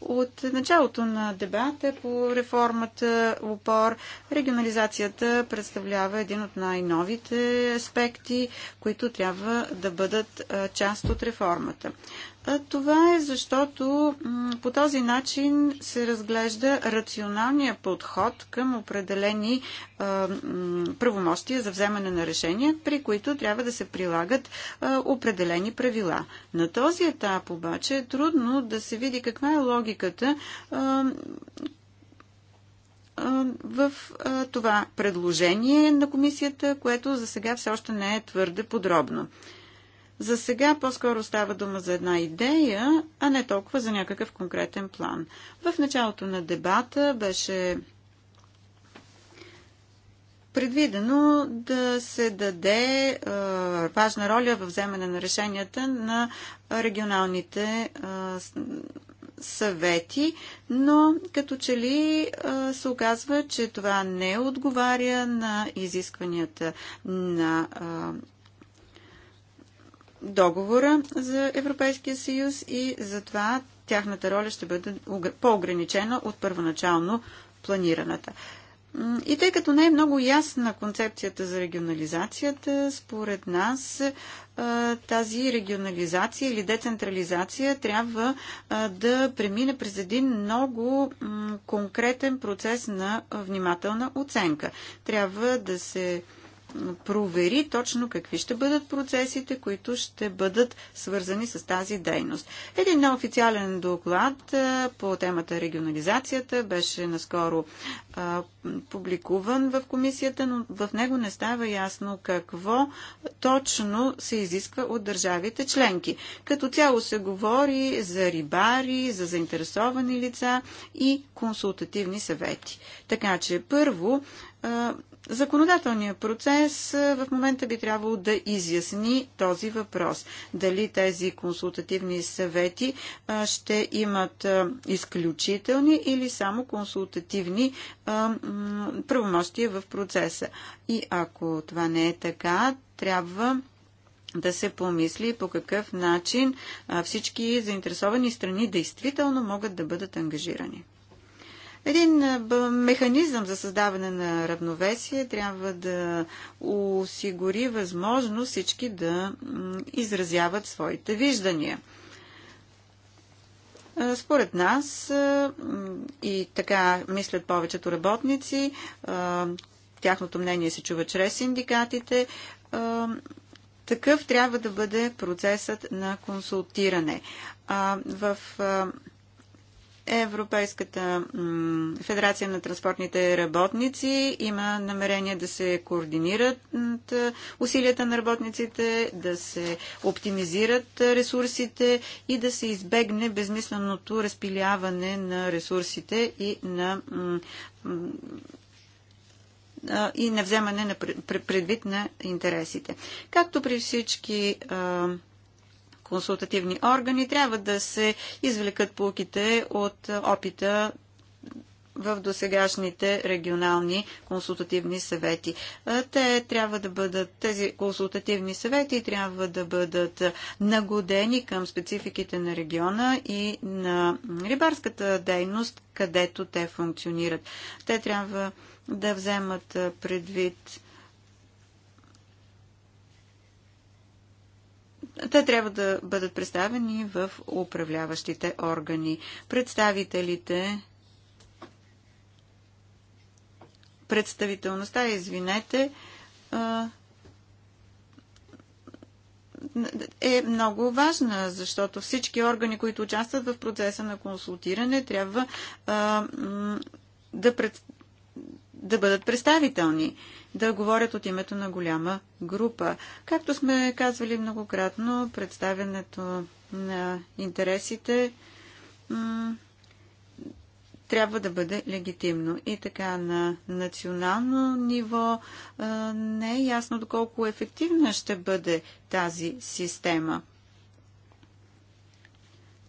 От началото на дебата по реформата ОПОР, регионализацията представлява един от най-новите аспекти, които трябва да бъдат част от реформата. Това е защото по този начин се разглежда рационалния подход към определени правомощия за вземане на решения, при които трябва да се прилагат определени правила. На този етап обаче е трудно да се види каква е логиката в това предложение на комисията, което за сега все още не е твърде подробно. За сега по-скоро става дума за една идея, а не толкова за някакъв конкретен план. В началото на дебата беше предвидено да се даде а, важна роля в вземане на решенията на регионалните а, съвети, но като че ли а, се оказва, че това не отговаря на изискванията на договора за Европейския съюз и затова тяхната роля ще бъде по-ограничена от първоначално планираната. И тъй като не е много ясна концепцията за регионализацията, според нас тази регионализация или децентрализация трябва да премине през един много конкретен процес на внимателна оценка. Трябва да се провери точно какви ще бъдат процесите, които ще бъдат свързани с тази дейност. Един неофициален доклад по темата регионализацията беше наскоро публикуван в комисията, но в него не става ясно какво точно се изисква от държавите членки. Като цяло се говори за рибари, за заинтересовани лица и консултативни съвети. Така че първо Законодателният процес в момента би трябвало да изясни този въпрос. Дали тези консултативни съвети ще имат изключителни или само консултативни правомощия в процеса. И ако това не е така, трябва да се помисли по какъв начин всички заинтересовани страни действително могат да бъдат ангажирани. Един механизъм за създаване на равновесие трябва да осигури възможност всички да изразяват своите виждания. Според нас и така мислят повечето работници, тяхното мнение се чува чрез синдикатите, такъв трябва да бъде процесът на консултиране. В Европейската федерация на транспортните работници има намерение да се координират усилията на работниците, да се оптимизират ресурсите и да се избегне безмисленото разпиляване на ресурсите и на и на вземане на предвид на интересите. Както при всички консултативни органи, трябва да се извлекат полките от опита в досегашните регионални консултативни съвети. Те трябва да бъдат, тези консултативни съвети трябва да бъдат нагодени към спецификите на региона и на рибарската дейност, където те функционират. Те трябва да вземат предвид Те трябва да бъдат представени в управляващите органи. Представителите представителността, извинете, е много важна, защото всички органи, които участват в процеса на консултиране, трябва да, пред... да бъдат представителни да говорят от името на голяма група. Както сме казвали многократно, представянето на интересите трябва да бъде легитимно. И така на национално ниво не е ясно доколко ефективна ще бъде тази система.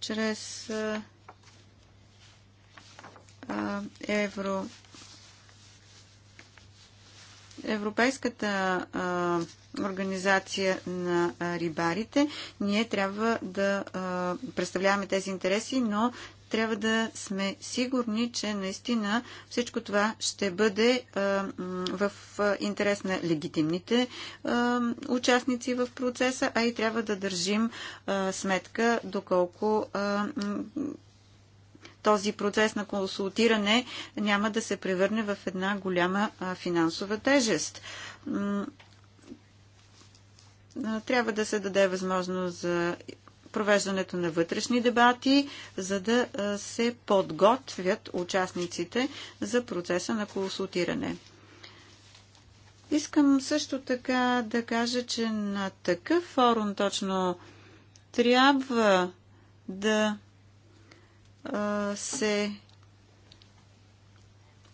Чрез евро Европейската а, организация на рибарите, ние трябва да а, представляваме тези интереси, но трябва да сме сигурни, че наистина всичко това ще бъде а, в интерес на легитимните а, участници в процеса, а и трябва да държим а, сметка доколко този процес на консултиране няма да се превърне в една голяма финансова тежест трябва да се даде възможност за провеждането на вътрешни дебати, за да се подготвят участниците за процеса на консултиране. Искам също така да кажа, че на такъв форум точно трябва да се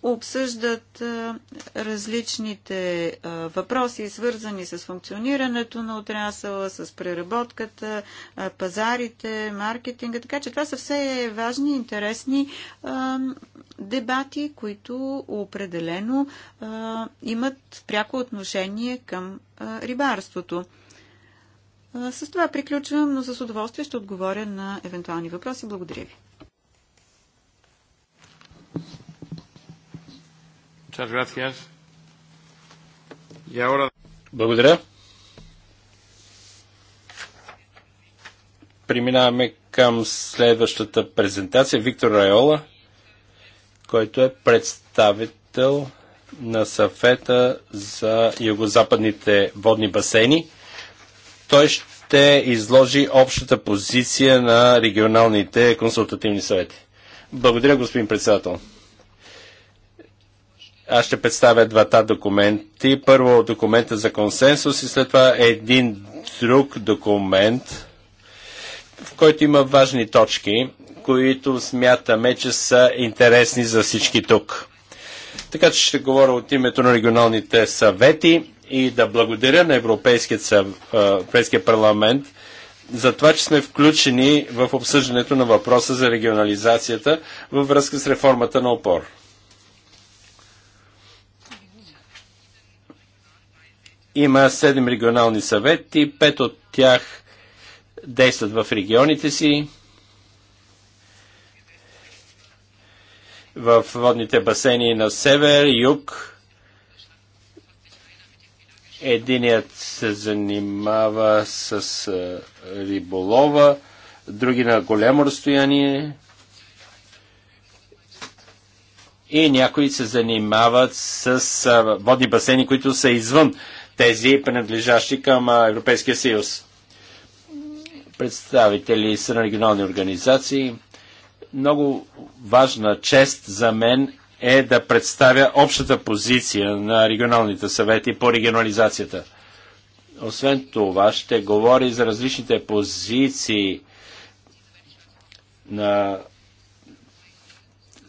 обсъждат различните въпроси, свързани с функционирането на отрасъла, с преработката, пазарите, маркетинга. Така че това са все важни, интересни дебати, които определено имат пряко отношение към рибарството. С това приключвам, но с удоволствие ще отговоря на евентуални въпроси. Благодаря ви. Благодаря. Преминаваме към следващата презентация. Виктор Райола, който е представител на Съфета за югозападните водни басейни. Той ще изложи общата позиция на регионалните консултативни съвети. Благодаря, господин председател. Аз ще представя двата документи. Първо документа за консенсус и след това един друг документ, в който има важни точки, които смятаме, че са интересни за всички тук. Така че ще говоря от името на регионалните съвети и да благодаря на Европейския, съв... Европейския парламент за това, че сме включени в обсъждането на въпроса за регионализацията във връзка с реформата на опор. Има 7 регионални съвети, 5 от тях действат в регионите си, в водните басейни на север, юг. Единият се занимава с риболова, други на голямо разстояние и някои се занимават с водни басейни, които са извън тези принадлежащи към Европейския съюз. Представители са на регионални организации. Много важна чест за мен е да представя общата позиция на регионалните съвети по регионализацията. Освен това, ще говори за различните позиции на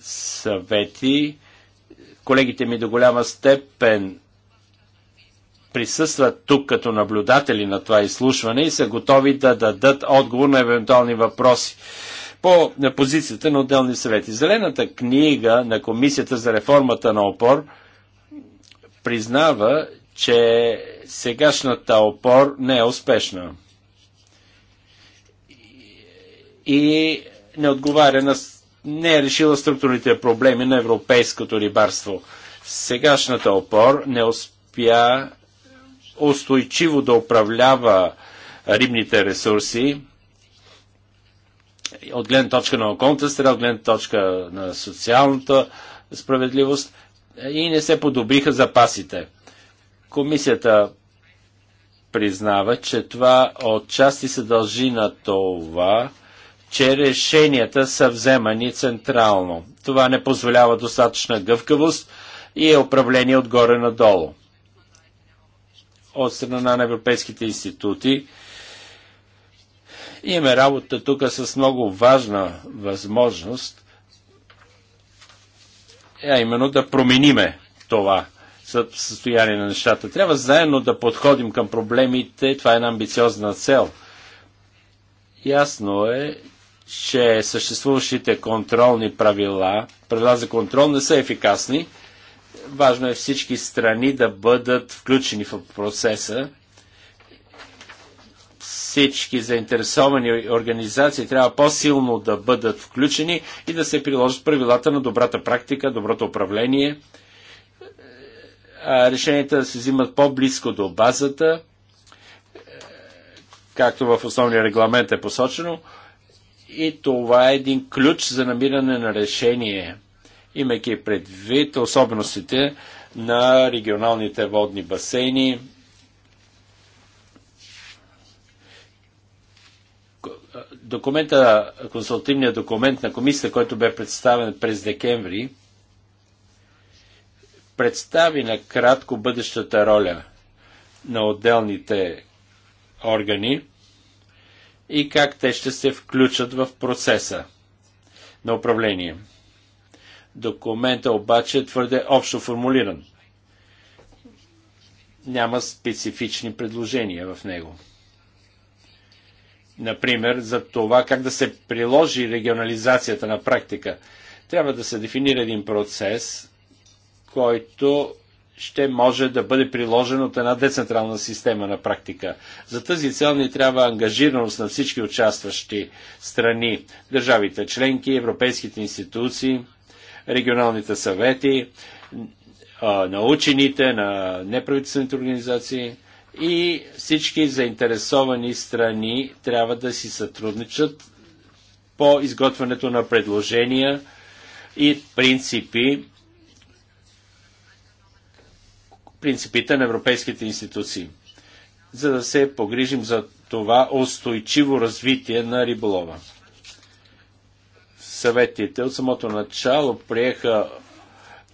съвети. Колегите ми до голяма степен присъстват тук като наблюдатели на това изслушване и са готови да дадат отговор на евентуални въпроси по позицията на отделни съвети. Зелената книга на Комисията за реформата на опор признава, че сегашната опор не е успешна и не отговаря на не е решила структурните проблеми на европейското рибарство. Сегашната опор не успя устойчиво да управлява рибните ресурси от гледна точка на околната среда, от гледна точка на социалната справедливост и не се подобриха запасите. Комисията признава, че това отчасти се дължи на това, че решенията са вземани централно. Това не позволява достатъчна гъвкавост и е управление отгоре надолу от страна на европейските институти. Имаме работа тук с много важна възможност, а именно да промениме това състояние на нещата. Трябва заедно да подходим към проблемите. Това е една амбициозна цел. Ясно е, че съществуващите контролни правила, правила за контрол не са ефикасни – Важно е всички страни да бъдат включени в процеса. Всички заинтересовани организации трябва по-силно да бъдат включени и да се приложат правилата на добрата практика, доброто управление. Решенията да се взимат по-близко до базата, както в основния регламент е посочено. И това е един ключ за намиране на решение – имайки предвид особеностите на регионалните водни басейни, документа, консултивният документ на комисията, който бе представен през декември, представи накратко бъдещата роля на отделните органи и как те ще се включат в процеса на управление. Документа обаче е твърде общо формулиран. Няма специфични предложения в него. Например, за това как да се приложи регионализацията на практика. Трябва да се дефинира един процес, който ще може да бъде приложен от една децентрална система на практика. За тази цел ни трябва ангажираност на всички участващи страни, държавите членки, европейските институции – регионалните съвети, на учените, на неправителствените организации и всички заинтересовани страни трябва да си сътрудничат по изготвянето на предложения и принципи, принципите на европейските институции, за да се погрижим за това устойчиво развитие на риболова съветите от самото начало приеха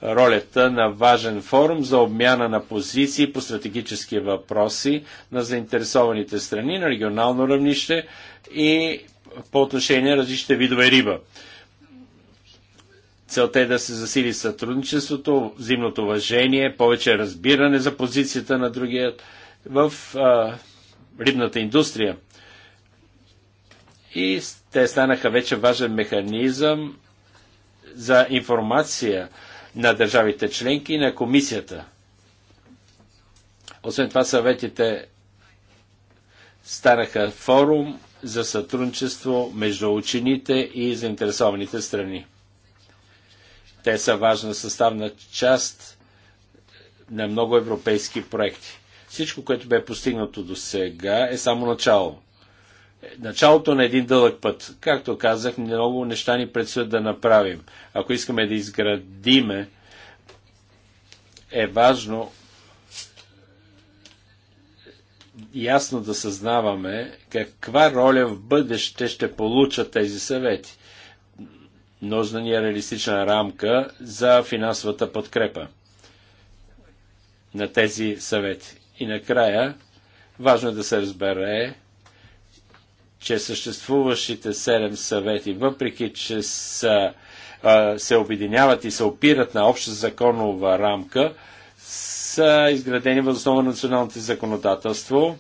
ролята на важен форум за обмяна на позиции по стратегически въпроси на заинтересованите страни на регионално равнище и по отношение на различните видове риба. Целта е да се засили сътрудничеството, взаимното уважение, повече разбиране за позицията на другия в а, рибната индустрия и те станаха вече важен механизъм за информация на държавите членки и на комисията. Освен това съветите станаха форум за сътрудничество между учените и заинтересованите страни. Те са важна съставна част на много европейски проекти. Всичко, което бе постигнато до сега е само начало началото на един дълъг път. Както казах, много неща ни предстоят да направим. Ако искаме да изградиме, е важно ясно да съзнаваме каква роля в бъдеще ще получат тези съвети. Нужна ни е реалистична рамка за финансовата подкрепа на тези съвети. И накрая, важно е да се разбере, че съществуващите седем съвети, въпреки че са, а, се объединяват и се опират на обща законова рамка, са изградени въз основа на националното законодателство.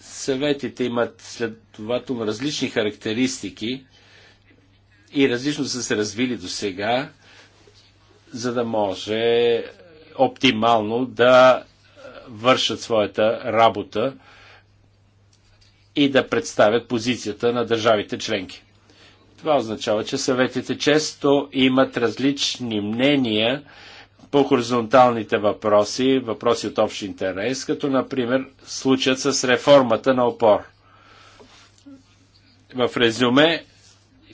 Съветите имат следователно различни характеристики и различно са се развили до сега, за да може оптимално да вършат своята работа и да представят позицията на държавите членки. Това означава, че съветите често имат различни мнения по хоризонталните въпроси, въпроси от общ интерес, като например случат с реформата на опор. В резюме,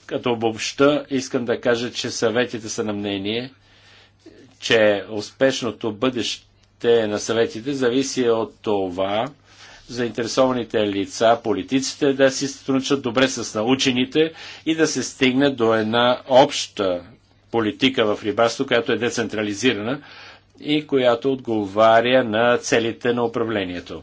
като обобща, искам да кажа, че съветите са на мнение, че успешното бъдеще на съветите зависи от това, заинтересованите лица, политиците да си сътрудничат добре с научените и да се стигне до една обща политика в рибарство, която е децентрализирана и която отговаря на целите на управлението.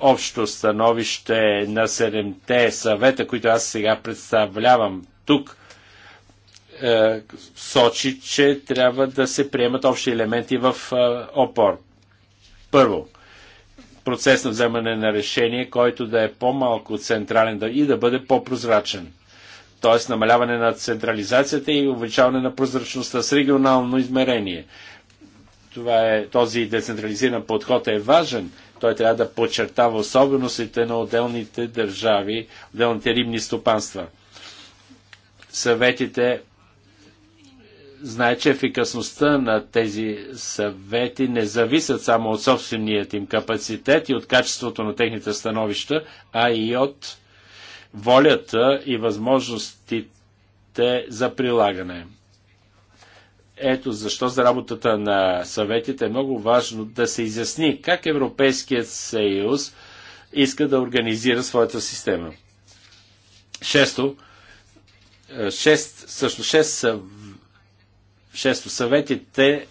Общо становище на седемте съвета, които аз сега представлявам тук, е, сочи, че трябва да се приемат общи елементи в е, опор. Първо, процес на вземане на решение, който да е по-малко централен и да бъде по-прозрачен. Тоест намаляване на централизацията и увеличаване на прозрачността с регионално измерение. Това е, този децентрализиран подход е важен. Той трябва да подчертава особеностите на отделните държави, отделните рибни стопанства. Съветите знае, че ефикасността на тези съвети не зависят само от собственият им капацитет и от качеството на техните становища, а и от волята и възможностите за прилагане. Ето защо за работата на съветите е много важно да се изясни как Европейският съюз иска да организира своята система. Шесто, е, шест, също шест съвети Шесто, съветите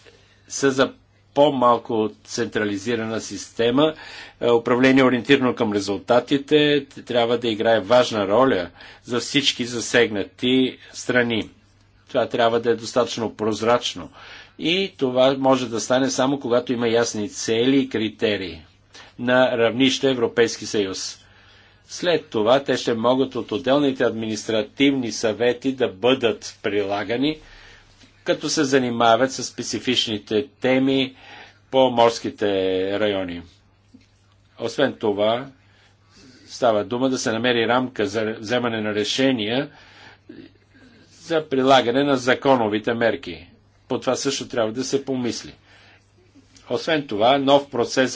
са за по-малко централизирана система, е, управление ориентирано към резултатите, трябва да играе важна роля за всички засегнати страни. Това трябва да е достатъчно прозрачно. И това може да стане само когато има ясни цели и критерии на равнище Европейски съюз. След това те ще могат от отделните административни съвети да бъдат прилагани – като се занимават с специфичните теми по морските райони. Освен това, става дума да се намери рамка за вземане на решения за прилагане на законовите мерки. По това също трябва да се помисли. Освен това, нов процес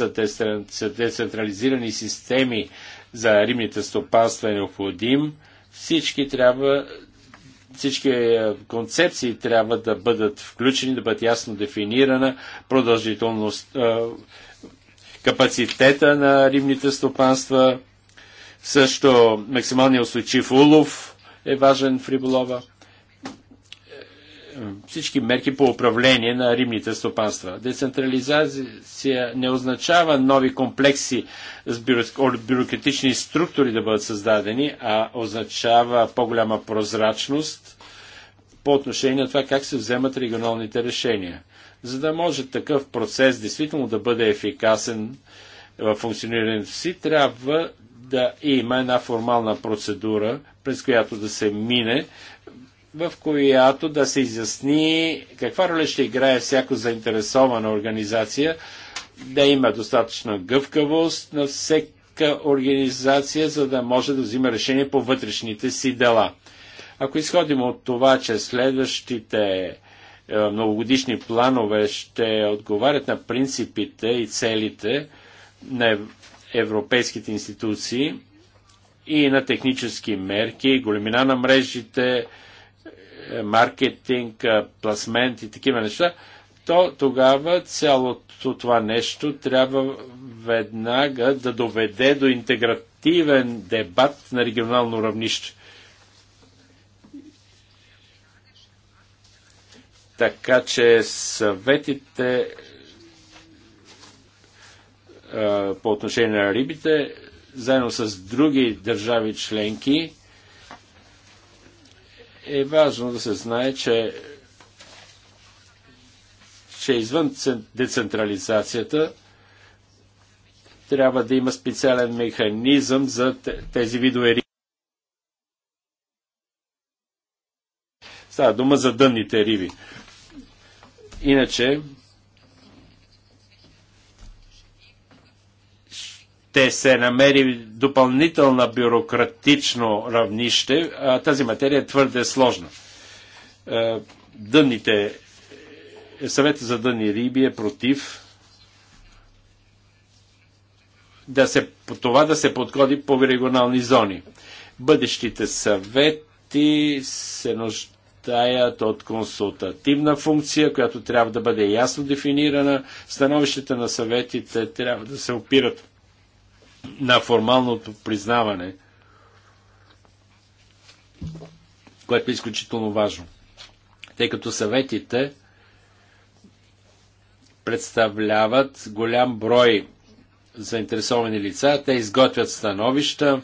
за децентрализирани системи за рибните стопанства е необходим. Всички трябва всички е, концепции трябва да бъдат включени, да бъдат ясно дефинирана продължителност, е, капацитета на рибните стопанства, също максималния устойчив улов е важен в риболова. Е, всички мерки по управление на римните стопанства. Децентрализация не означава нови комплекси с бюрократични структури да бъдат създадени, а означава по-голяма прозрачност по отношение на това как се вземат регионалните решения. За да може такъв процес действително да бъде ефикасен в функционирането си, трябва да има една формална процедура, през която да се мине, в която да се изясни каква роля ще играе всяко заинтересована организация, да има достатъчна гъвкавост на всяка организация, за да може да взима решение по вътрешните си дела. Ако изходим от това, че следващите е, многогодишни планове ще отговарят на принципите и целите на европейските институции и на технически мерки, големина на мрежите, е, маркетинг, е, пласмент и такива неща, то тогава цялото това нещо трябва веднага да доведе до интегративен дебат на регионално равнище. Така че съветите е, по отношение на рибите, заедно с други държави членки, е важно да се знае, че, че извън децентрализацията трябва да има специален механизъм за тези видове риби. Става дума за дънните риби. Иначе ще се намери допълнителна бюрократично равнище, а тази материя е твърде сложна. Е, дънните, съвет за дъни риби е против да се, това да се подходи по регионални зони. Бъдещите съвети се нуждаят от консултативна функция, която трябва да бъде ясно дефинирана. Становищата на съветите трябва да се опират на формалното признаване, което е изключително важно. Тъй като съветите представляват голям брой заинтересовани лица, те изготвят становища,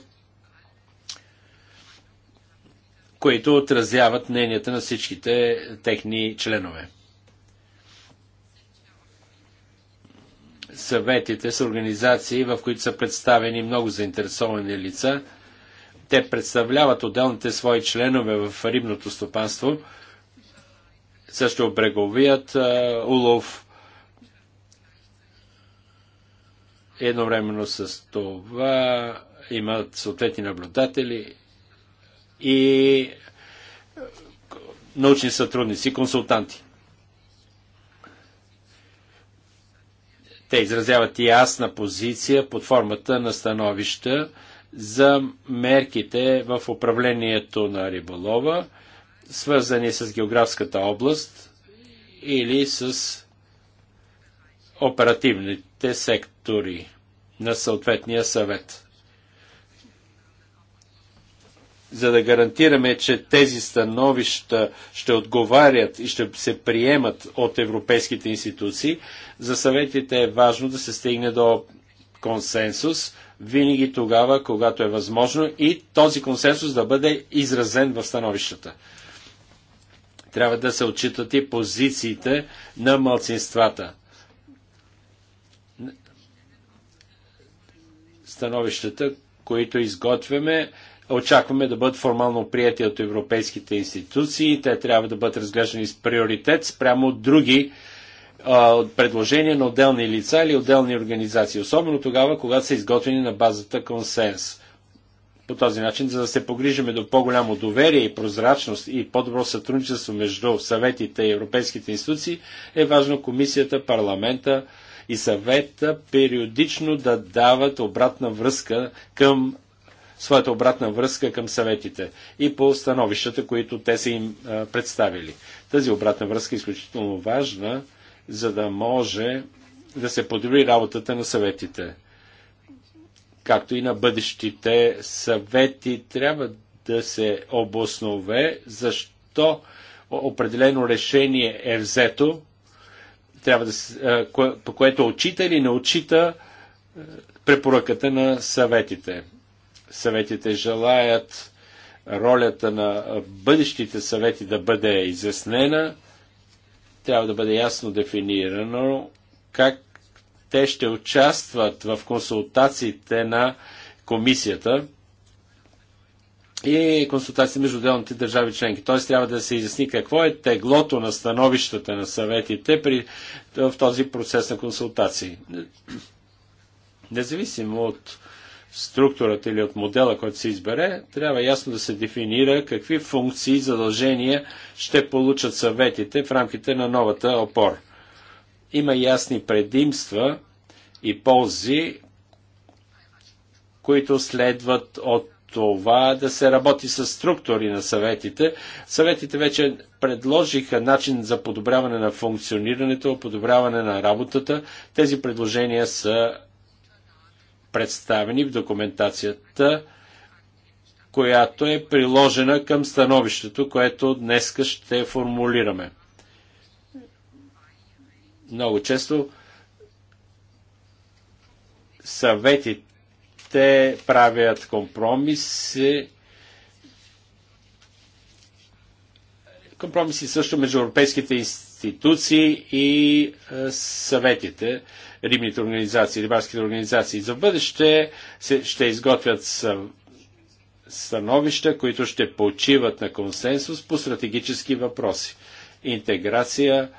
които отразяват мненията на всичките техни членове. съветите са организации, в които са представени много заинтересовани лица. Те представляват отделните свои членове в рибното стопанство, също бреговият а, улов. Едновременно с това имат съответни наблюдатели и научни сътрудници, консултанти. Те изразяват и ясна позиция под формата на становища за мерките в управлението на риболова, свързани с географската област или с оперативните сектори на съответния съвет. за да гарантираме, че тези становища ще отговарят и ще се приемат от европейските институции, за съветите е важно да се стигне до консенсус винаги тогава, когато е възможно и този консенсус да бъде изразен в становищата. Трябва да се отчитат и позициите на малцинствата. Становищата, които изготвяме, очакваме да бъдат формално прияти от европейските институции. Те трябва да бъдат разглеждани с приоритет спрямо от други предложения на отделни лица или отделни организации, особено тогава, когато са изготвени на базата консенс. По този начин, за да се погрижиме до по-голямо доверие и прозрачност и по-добро сътрудничество между съветите и европейските институции, е важно комисията, парламента и съвета периодично да дават обратна връзка към своята обратна връзка към съветите и по становищата, които те са им представили. Тази обратна връзка е изключително важна, за да може да се подобри работата на съветите. Както и на бъдещите съвети трябва да се обоснове защо определено решение е взето, трябва да, по което отчита или не отчита препоръката на съветите съветите желаят ролята на бъдещите съвети да бъде изяснена, трябва да бъде ясно дефинирано как те ще участват в консултациите на комисията и консултации между отделните държави членки. Т.е. трябва да се изясни какво е теглото на становищата на съветите при, в този процес на консултации. Независимо от структурата или от модела, който се избере, трябва ясно да се дефинира какви функции и задължения ще получат съветите в рамките на новата опора. Има ясни предимства и ползи, които следват от това да се работи с структури на съветите. Съветите вече предложиха начин за подобряване на функционирането, подобряване на работата. Тези предложения са представени в документацията, която е приложена към становището, което днеска ще формулираме. Много често съветите правят компромиси. Компромиси също между европейските институции институции и е, съветите, рибните организации, рибарските организации. За бъдеще ще изготвят становища, които ще почиват на консенсус по стратегически въпроси. Интеграция,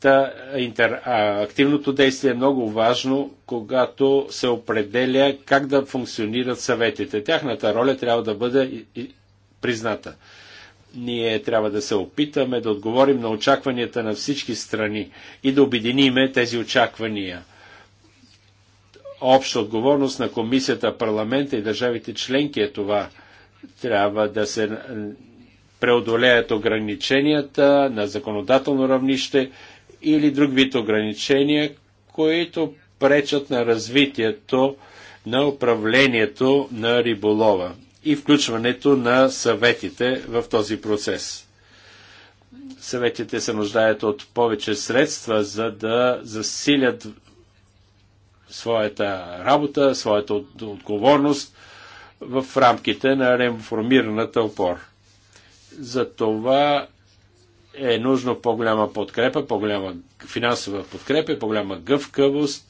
Та, интер, а, активното действие е много важно, когато се определя как да функционират съветите. Тяхната роля трябва да бъде и, и, призната. Ние трябва да се опитаме да отговорим на очакванията на всички страни и да обединиме тези очаквания. Обща отговорност на комисията, парламента и държавите членки е това. Трябва да се преодолеят ограниченията на законодателно равнище или друг вид ограничения, които пречат на развитието на управлението на риболова и включването на съветите в този процес. Съветите се нуждаят от повече средства, за да засилят своята работа, своята отговорност в рамките на реформираната опор. За това е нужно по-голяма подкрепа, по-голяма финансова подкрепа, по-голяма гъвкавост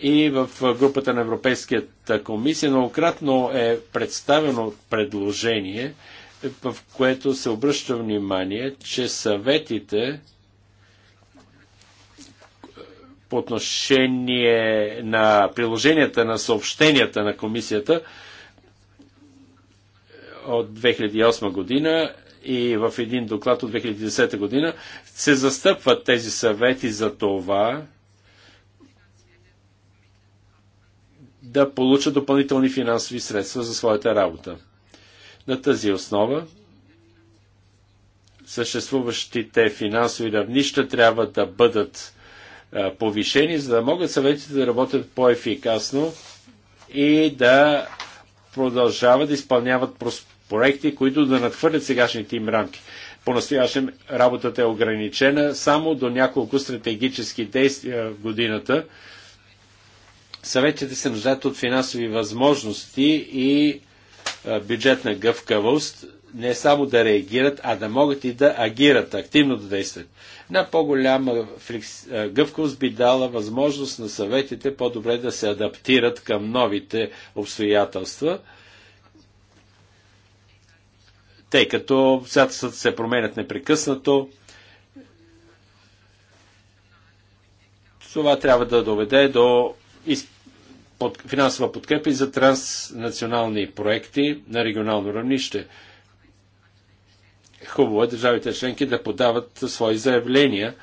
и в групата на Европейската комисия многократно е представено предложение, в което се обръща внимание, че съветите по отношение на приложенията на съобщенията на комисията от 2008 година и в един доклад от 2010 година се застъпват тези съвети за това, да получат допълнителни финансови средства за своята работа. На тази основа съществуващите финансови равнища трябва да бъдат повишени, за да могат съветите да работят по-ефикасно и да продължават да изпълняват проекти, които да надхвърлят сегашните им рамки. По-настоящем работата е ограничена само до няколко стратегически действия в годината, съветите се нуждаят от финансови възможности и бюджетна гъвкавост, не само да реагират, а да могат и да агират, активно да действат. На по-голяма гъвкавост би дала възможност на съветите по-добре да се адаптират към новите обстоятелства, тъй като обстоятелствата се променят непрекъснато. Това трябва да доведе до под, финансова подкрепа и за транснационални проекти на регионално равнище. Хубаво е държавите членки да подават свои заявления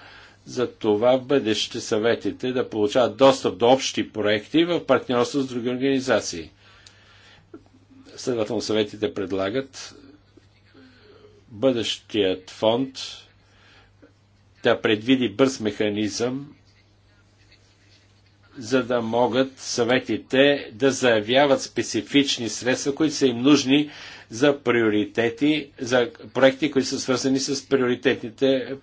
за това в бъдеще съветите да получават достъп до общи проекти в партньорство с други организации. Следователно съветите предлагат бъдещият фонд да предвиди бърз механизъм за да могат съветите да заявяват специфични средства, които са им нужни за приоритети, за проекти, които са свързани с приоритетните е,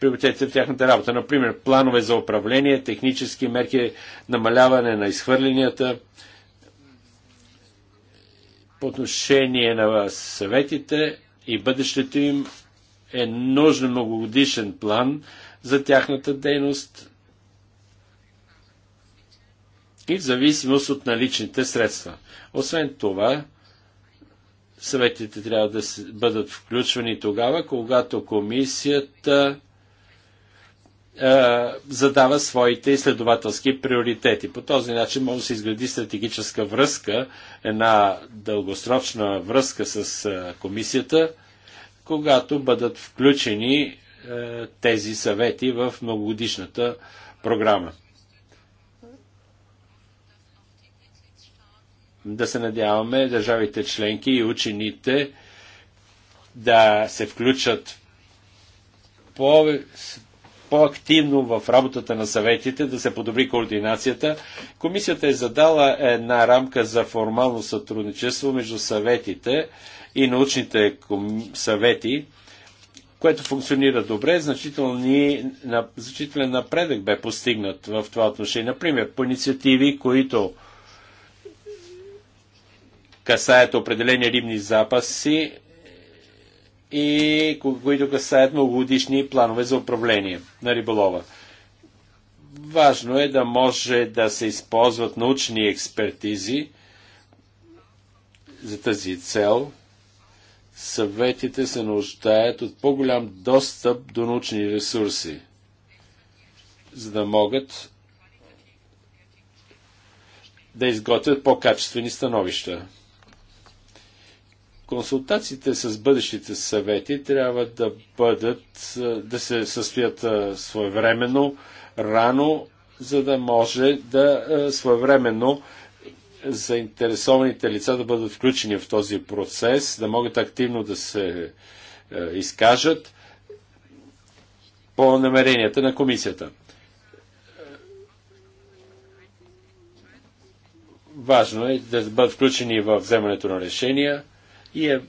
приоритетите в тяхната работа. Например, планове за управление, технически мерки, намаляване на изхвърленията. По отношение на съветите и бъдещето им е нужен многогодишен план за тяхната дейност, и в зависимост от наличните средства. Освен това, съветите трябва да бъдат включвани тогава, когато комисията задава своите изследователски приоритети. По този начин може да се изгради стратегическа връзка, една дългосрочна връзка с комисията, когато бъдат включени тези съвети в многогодишната програма. Да се надяваме държавите членки и учените да се включат по, по-активно в работата на съветите, да се подобри координацията. Комисията е задала една рамка за формално сътрудничество между съветите и научните съвети, което функционира добре. Значителен напредък бе постигнат в това отношение. Например, по инициативи, които касаят определени рибни запаси и които касаят многогодишни планове за управление на риболова. Важно е да може да се използват научни експертизи за тази цел. Съветите се нуждаят от по-голям достъп до научни ресурси, за да могат да изготвят по-качествени становища. Консултациите с бъдещите съвети трябва да бъдат, да се състоят своевременно, рано, за да може да своевременно заинтересованите лица да бъдат включени в този процес, да могат активно да се изкажат по намеренията на комисията. Важно е да бъдат включени в вземането на решения и е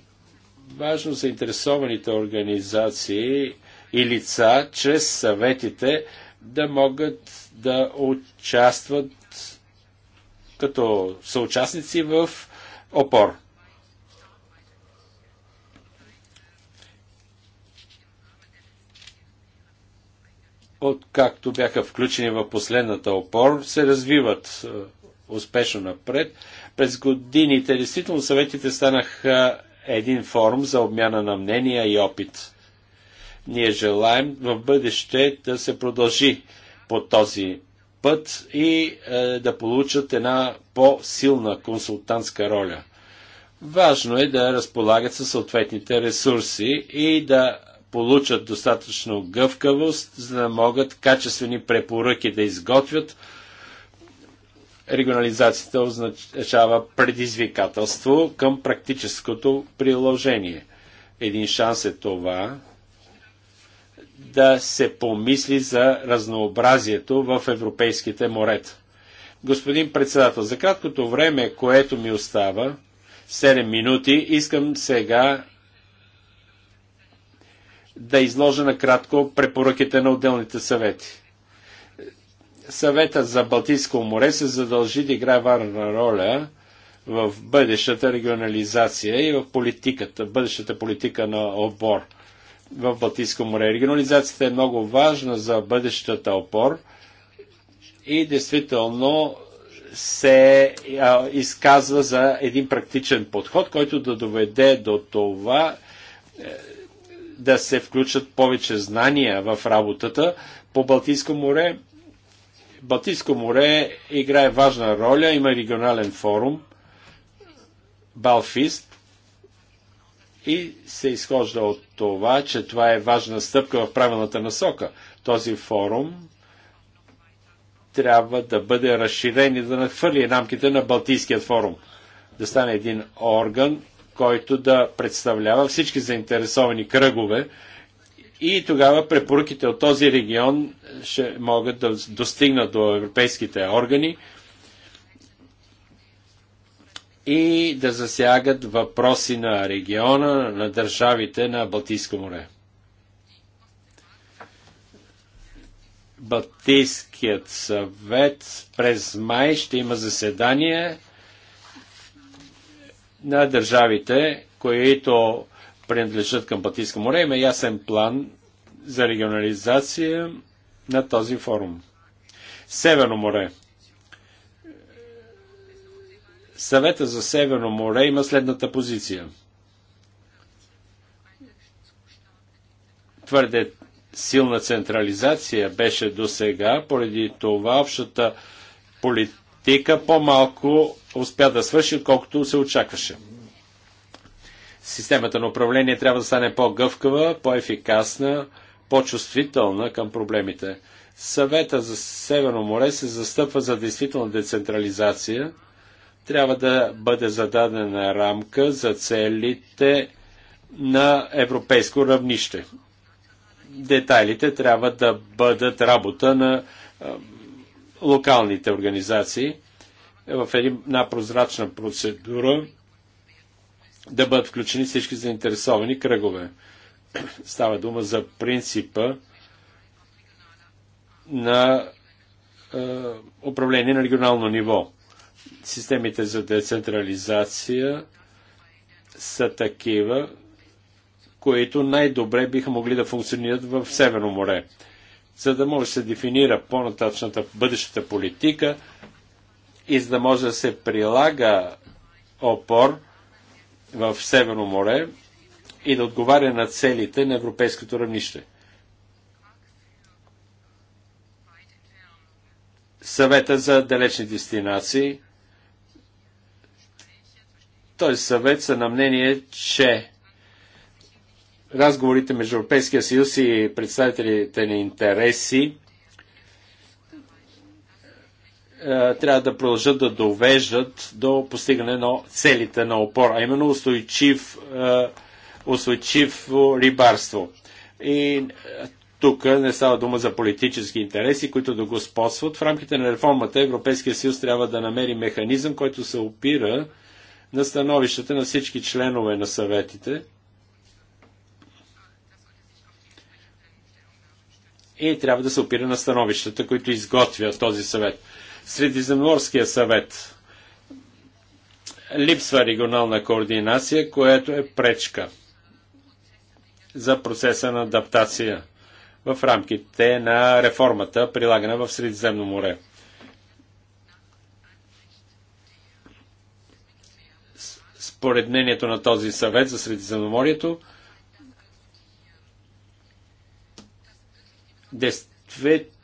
важно заинтересованите организации и лица чрез съветите да могат да участват като съучастници в опор. Откакто бяха включени в последната опор, се развиват е, успешно напред през годините, действително, съветите станаха един форум за обмяна на мнения и опит. Ние желаем в бъдеще да се продължи по този път и е, да получат една по-силна консултантска роля. Важно е да разполагат със съответните ресурси и да получат достатъчно гъвкавост, за да могат качествени препоръки да изготвят, регионализацията означава предизвикателство към практическото приложение. Един шанс е това да се помисли за разнообразието в европейските морета. Господин председател, за краткото време, което ми остава, 7 минути, искам сега да изложа накратко препоръките на отделните съвети съветът за Балтийско море се задължи да играе важна роля в бъдещата регионализация и в политиката, бъдещата политика на опор в Балтийско море. Регионализацията е много важна за бъдещата опор и действително се а, изказва за един практичен подход, който да доведе до това е, да се включат повече знания в работата по Балтийско море Балтийско море играе важна роля, има регионален форум, Балфист, и се изхожда от това, че това е важна стъпка в правилната насока. Този форум трябва да бъде разширен и да надхвърли рамките на Балтийският форум. Да стане един орган, който да представлява всички заинтересовани кръгове и тогава препоръките от този регион ще могат да достигнат до европейските органи и да засягат въпроси на региона, на държавите на Балтийско море. Балтийският съвет през май ще има заседание на държавите, които принадлежат към Балтийско море, има ясен план за регионализация на този форум. Северно море. Съвета за Северно море има следната позиция. Твърде силна централизация беше до сега, поради това общата политика по-малко успя да свърши, отколкото се очакваше системата на управление трябва да стане по-гъвкава, по-ефикасна, по-чувствителна към проблемите. Съвета за Северно море се застъпва за действителна децентрализация. Трябва да бъде зададена рамка за целите на европейско равнище. Детайлите трябва да бъдат работа на локалните организации е, в една прозрачна процедура да бъдат включени всички заинтересовани кръгове. Става дума за принципа на е, управление на регионално ниво. Системите за децентрализация са такива, които най-добре биха могли да функционират в Северно море. За да може да се дефинира по-нататъчната бъдещата политика и за да може да се прилага опор – в Северно море и да отговаря на целите на европейското равнище. Съвета за далечни дестинации. Той съвет са на мнение, че разговорите между Европейския съюз и представителите на интереси е, трябва да продължат да довеждат до постигане на целите на опор, а именно устойчив, е, устойчив рибарство. И е, тук не става дума за политически интереси, които да господстват. В рамките на реформата Европейския съюз трябва да намери механизъм, който се опира на становищата на всички членове на съветите. И трябва да се опира на становищата, които изготвя този съвет. Средиземноморския съвет. Липсва регионална координация, което е пречка за процеса на адаптация в рамките на реформата, прилагана в Средиземно море. Според мнението на този съвет за Средиземноморието, действително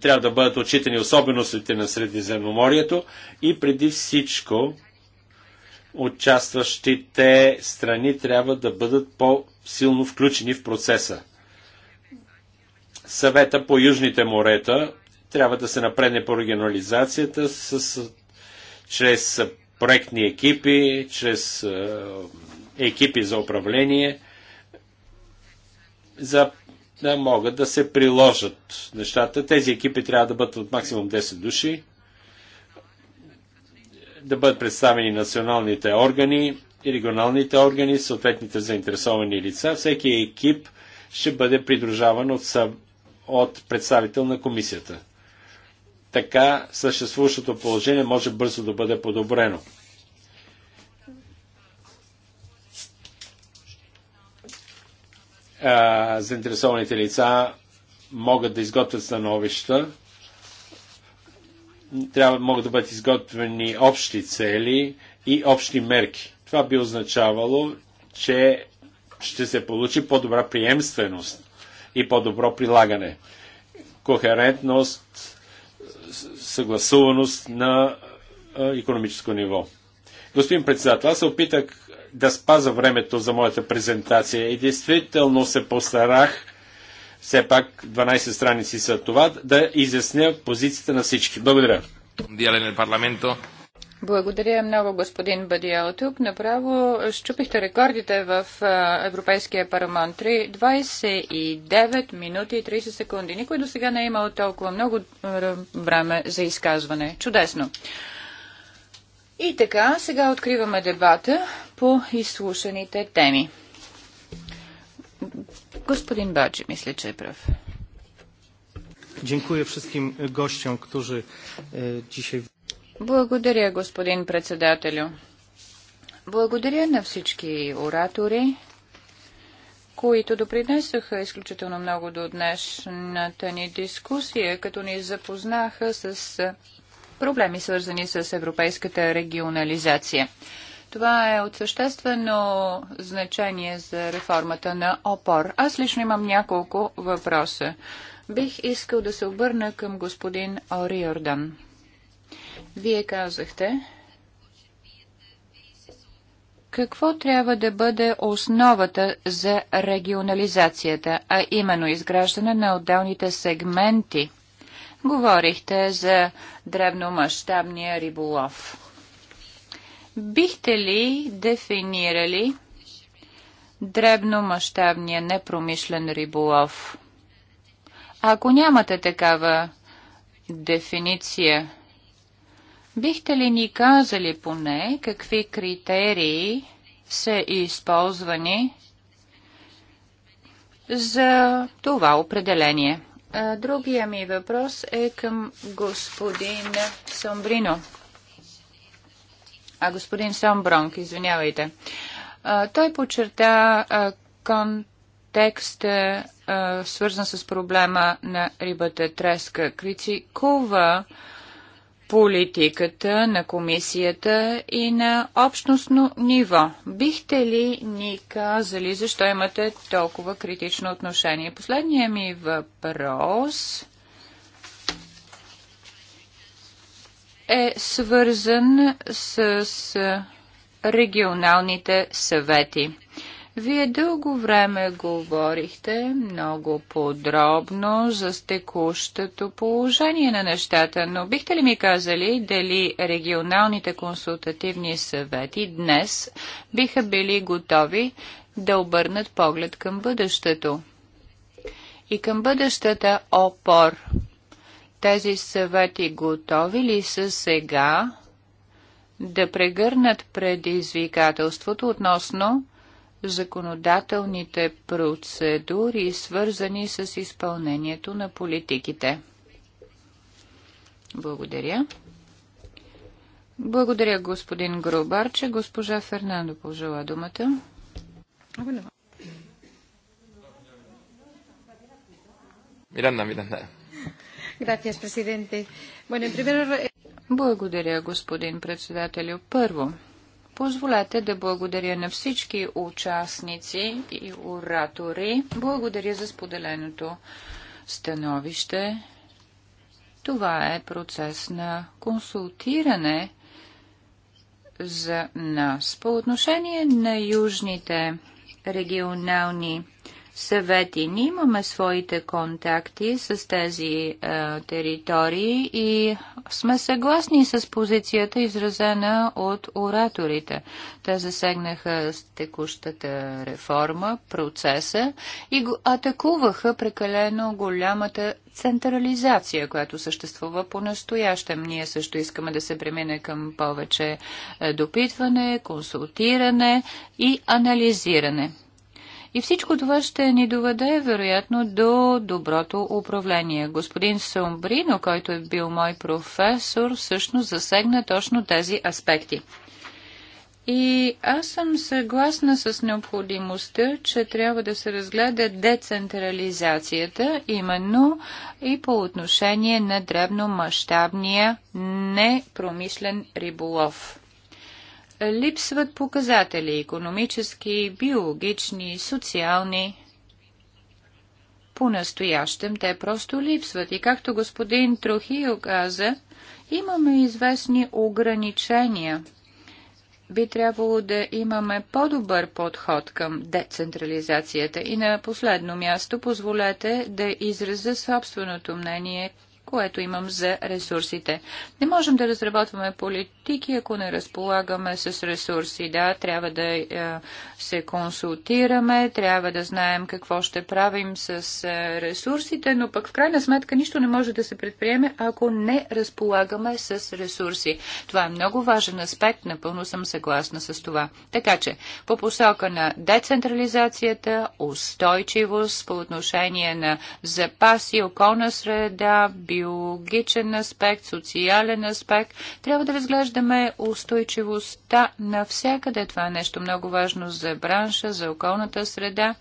трябва да бъдат отчитани особеностите на Средиземноморието и преди всичко участващите страни трябва да бъдат по-силно включени в процеса. Съвета по южните морета трябва да се напредне по регионализацията с, с, чрез проектни екипи, чрез е, екипи за управление, за да могат да се приложат нещата. Тези екипи трябва да бъдат от максимум 10 души, да бъдат представени националните органи и регионалните органи, съответните заинтересовани лица. Всеки екип ще бъде придружаван от, съ... от представител на комисията. Така съществуващото положение може бързо да бъде подобрено. заинтересованите лица могат да изготвят становища, трябва, могат да бъдат изготвени общи цели и общи мерки. Това би означавало, че ще се получи по-добра приемственост и по-добро прилагане. Кохерентност, съгласуваност на економическо ниво. Господин председател, аз се опитах да спаза времето за моята презентация и действително се постарах, все пак 12 страници са това, да изясня позицията на всички. Благодаря. Е Благодаря много, господин Бадиел. Тук направо щупихте рекордите в Европейския парламент. 29 минути и 30 секунди. Никой до сега не е имал толкова много време за изказване. Чудесно. И така, сега откриваме дебата по изслушаните теми. Господин Баджи, мисля, че е прав. E, Благодаря, господин председателю. Благодаря на всички оратори, които допринесоха изключително много до днешната ни дискусия, като ни запознаха с проблеми, свързани с европейската регионализация. Това е от съществено значение за реформата на ОПОР. Аз лично имам няколко въпроса. Бих искал да се обърна към господин Ориордан. Вие казахте, какво трябва да бъде основата за регионализацията, а именно изграждане на отделните сегменти – Говорихте за древномащабния риболов. Бихте ли дефинирали древномащабния непромишлен риболов? Ако нямате такава дефиниция, бихте ли ни казали поне какви критерии са използвани за това определение? Другия ми въпрос е към господин Сомбрино. А, господин Сомбронк, извинявайте. Той подчерта контекст, свързан с проблема на рибата треска. Критикува политиката на комисията и на общностно ниво. Бихте ли ни казали защо имате толкова критично отношение? Последният ми въпрос е свързан с регионалните съвети. Вие дълго време говорихте много подробно за текущото положение на нещата, но бихте ли ми казали дали регионалните консултативни съвети днес биха били готови да обърнат поглед към бъдещето и към бъдещата опор? Тези съвети готови ли са сега да прегърнат предизвикателството относно законодателните процедури, свързани с изпълнението на политиките. Благодаря. Благодаря, господин Гробарче. Госпожа Фернандо пожела думата. Миранда, Миранда. Gracias, presidente. Bueno, Благодаря, господин председателю. Първо, Позволете да благодаря на всички участници и оратори. Благодаря за споделеното становище. Това е процес на консултиране за нас. По отношение на южните регионални съвети. Ние имаме своите контакти с тези е, територии и сме съгласни с позицията, изразена от ораторите. Те засегнаха текущата реформа, процеса и го атакуваха прекалено голямата централизация, която съществува по-настоящем. Ние също искаме да се премине към повече е, допитване, консултиране и анализиране. И всичко това ще ни доведе, вероятно, до доброто управление. Господин Сомбрино, който е бил мой професор, всъщност засегна точно тези аспекти. И аз съм съгласна с необходимостта, че трябва да се разгледа децентрализацията, именно и по отношение на дребномащабния непромишлен риболов липсват показатели економически, биологични, социални. По-настоящем те просто липсват. И както господин Трухио каза, имаме известни ограничения. Би трябвало да имаме по-добър подход към децентрализацията. И на последно място позволете да изразя собственото мнение което имам за ресурсите. Не можем да разработваме политики, ако не разполагаме с ресурси. Да, трябва да е, се консултираме, трябва да знаем какво ще правим с е, ресурсите, но пък в крайна сметка нищо не може да се предприеме, ако не разполагаме с ресурси. Това е много важен аспект, напълно съм съгласна с това. Така че, по посока на децентрализацията, устойчивост по отношение на запаси, околна среда, био биологичен аспект, социален аспект. Трябва да разглеждаме устойчивостта навсякъде. Това е нещо много важно за бранша, за околната среда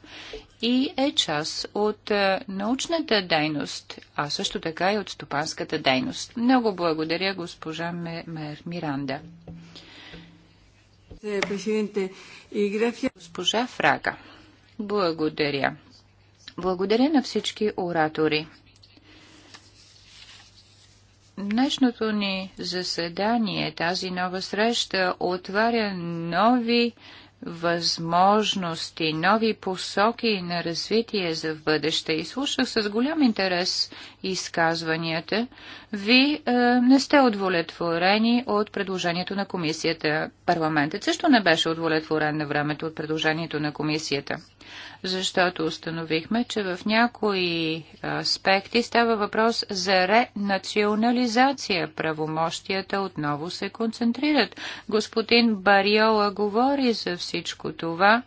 и е част от е, научната дейност, а също така и от стопанската дейност. Много благодаря, госпожа Мер Миранда. Е, госпожа Фрага, благодаря. Благодаря на всички оратори. Днешното ни заседание, тази нова среща, отваря нови възможности, нови посоки на развитие за в бъдеще. И слушах с голям интерес изказванията. Ви е, не сте удовлетворени от предложението на комисията. Парламентът също не беше удовлетворен на времето от предложението на комисията защото установихме, че в някои аспекти става въпрос за ренационализация. Правомощията отново се концентрират. Господин Бариола говори за всичко това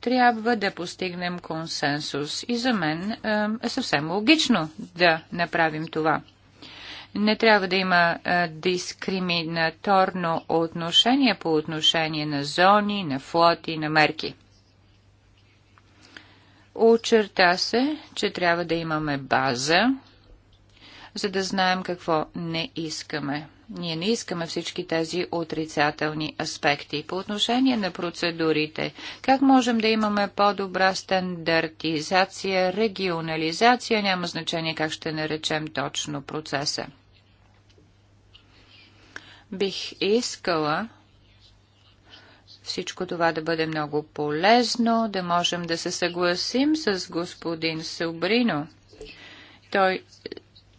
трябва да постигнем консенсус. И за мен е съвсем логично да направим това. Не трябва да има дискриминаторно отношение по отношение на зони, на флоти, на мерки. Очерта се, че трябва да имаме база, за да знаем какво не искаме. Ние не искаме всички тези отрицателни аспекти. По отношение на процедурите, как можем да имаме по-добра стандартизация, регионализация, няма значение как ще наречем точно процеса. Бих искала всичко това да бъде много полезно, да можем да се съгласим с господин Собрино. Той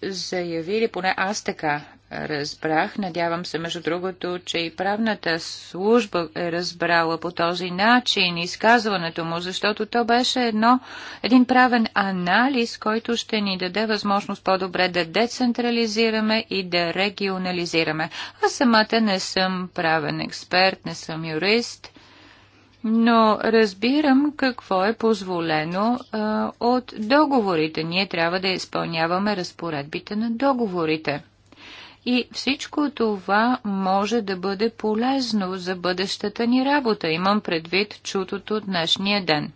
е, заяви, или поне аз така разбрах. Надявам се, между другото, че и правната служба е разбрала по този начин изказването му, защото то беше едно, един правен анализ, който ще ни даде възможност по-добре да децентрализираме и да регионализираме. Аз самата не съм правен експерт, не съм юрист но разбирам какво е позволено а, от договорите. Ние трябва да изпълняваме разпоредбите на договорите. И всичко това може да бъде полезно за бъдещата ни работа. Имам предвид чутото днешния ден.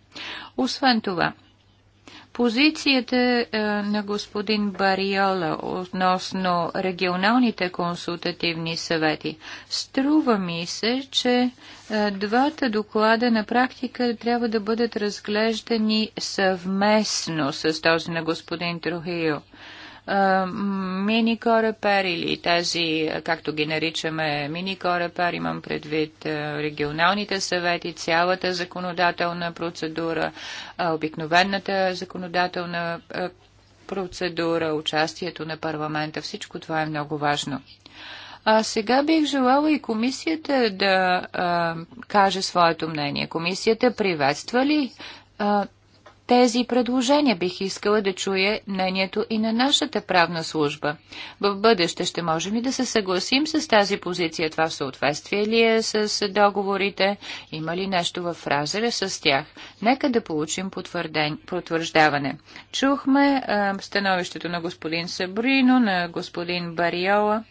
Освен това, Позицията е, на господин Бариола относно регионалните консултативни съвети. Струва ми се, че е, двата доклада на практика трябва да бъдат разглеждани съвместно с този на господин Трухио мини корепер или тези, както ги наричаме мини корепер, имам предвид регионалните съвети, цялата законодателна процедура, обикновената законодателна процедура, участието на парламента. Всичко това е много важно. А сега бих желала и комисията да а, каже своето мнение. Комисията приветства ли а, тези предложения. Бих искала да чуя мнението и на нашата правна служба. В бъдеще ще можем ли да се съгласим с тази позиция? Това в съответствие ли е с договорите? Има ли нещо в фразера с тях? Нека да получим потвърждаване. Чухме е, становището на господин Сабрино, на господин Бариола.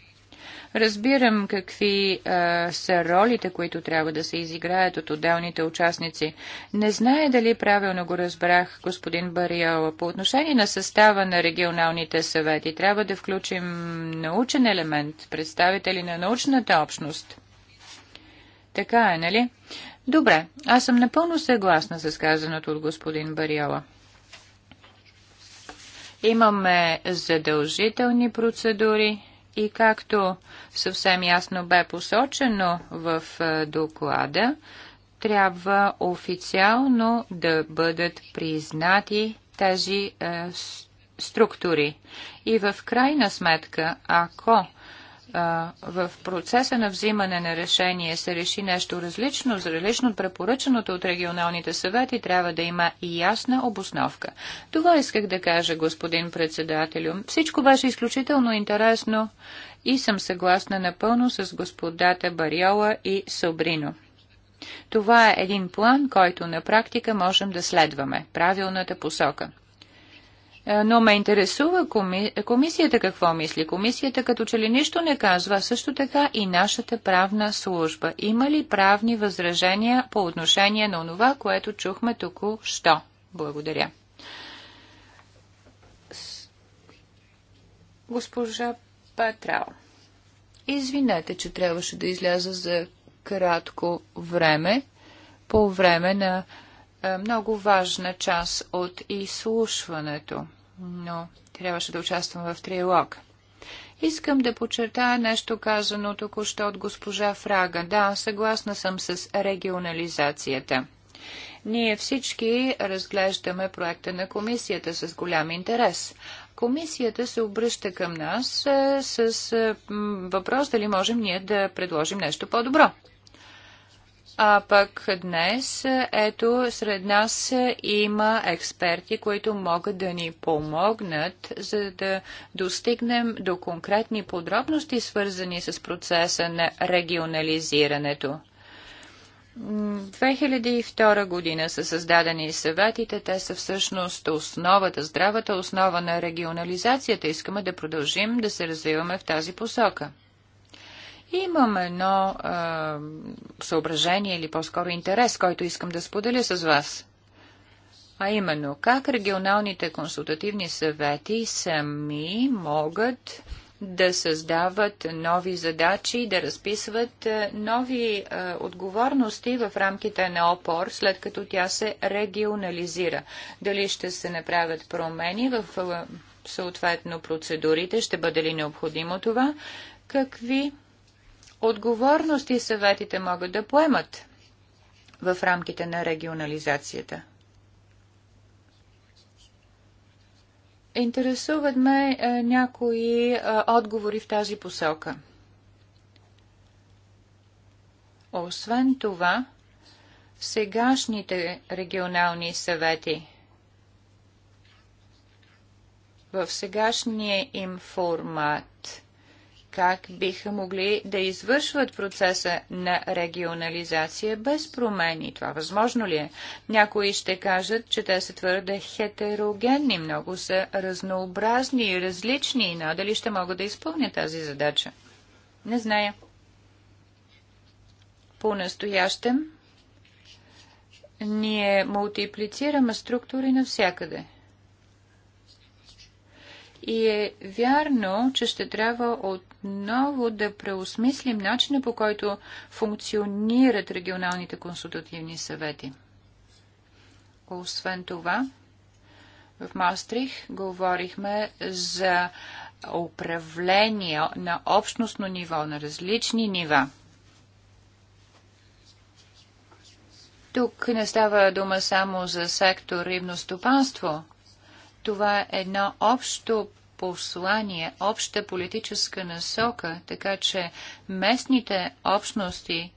Разбирам какви а, са ролите, които трябва да се изиграят от отделните участници. Не знае дали правилно го разбрах, господин Бариола. По отношение на състава на регионалните съвети, трябва да включим научен елемент, представители на научната общност. Така е, нали? Добре, аз съм напълно съгласна с казаното от господин Бариола. Имаме задължителни процедури и както съвсем ясно бе посочено в е, доклада, трябва официално да бъдат признати тези е, структури. И в крайна сметка, ако в процеса на взимане на решение се реши нещо различно, различно от препоръченото от регионалните съвети, трябва да има и ясна обосновка. Това исках да кажа, господин председателю. Всичко беше изключително интересно и съм съгласна напълно с господата Бариола и Собрино. Това е един план, който на практика можем да следваме. Правилната посока – е, но ме интересува коми... комисията какво мисли. Комисията като че ли нищо не казва, също така и нашата правна служба. Има ли правни възражения по отношение на онова, което чухме току-що? Благодаря. Госпожа Патрао, извинете, че трябваше да изляза за кратко време по време на е, много важна част от изслушването, но трябваше да участвам в триалог. Искам да подчертая нещо казано току-що от госпожа Фрага. Да, съгласна съм с регионализацията. Ние всички разглеждаме проекта на комисията с голям интерес. Комисията се обръща към нас е, с е, въпрос дали можем ние да предложим нещо по-добро. А пък днес, ето, сред нас има експерти, които могат да ни помогнат, за да достигнем до конкретни подробности, свързани с процеса на регионализирането. 2002 година са създадени съветите. Те са всъщност основата, здравата основа на регионализацията. Искаме да продължим да се развиваме в тази посока. Имам едно а, съображение или по-скоро интерес, който искам да споделя с вас. А именно, как регионалните консултативни съвети сами могат да създават нови задачи, да разписват нови а, отговорности в рамките на ОПОР, след като тя се регионализира. Дали ще се направят промени в а, съответно процедурите, ще бъде ли необходимо това? Какви отговорности съветите могат да поемат в рамките на регионализацията? Интересуват ме е, някои е, отговори в тази посока. Освен това, сегашните регионални съвети в сегашния им формат как биха могли да извършват процеса на регионализация без промени. Това възможно ли е? Някои ще кажат, че те са твърде хетерогенни, много са разнообразни и различни и надали ще могат да изпълнят тази задача. Не зная. По-настоящем ние мултиплицираме структури навсякъде. И е вярно, че ще трябва от отново да преосмислим начина по който функционират регионалните консултативни съвети. Освен това, в Мастрих говорихме за управление на общностно ниво, на различни нива. Тук не става дума само за сектор рибно стопанство. Това е едно общо послание, обща политическа насока, така че местните общности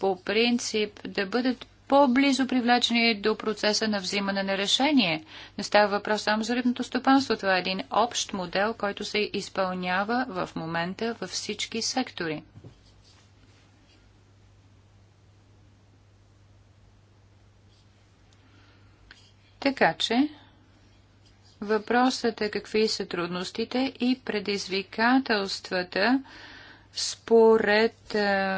по принцип да бъдат по-близо привлечени до процеса на взимане на решение. Не става въпрос само за рибното стопанство. Това е един общ модел, който се изпълнява в момента във всички сектори. Така че Въпросът е какви са трудностите и предизвикателствата според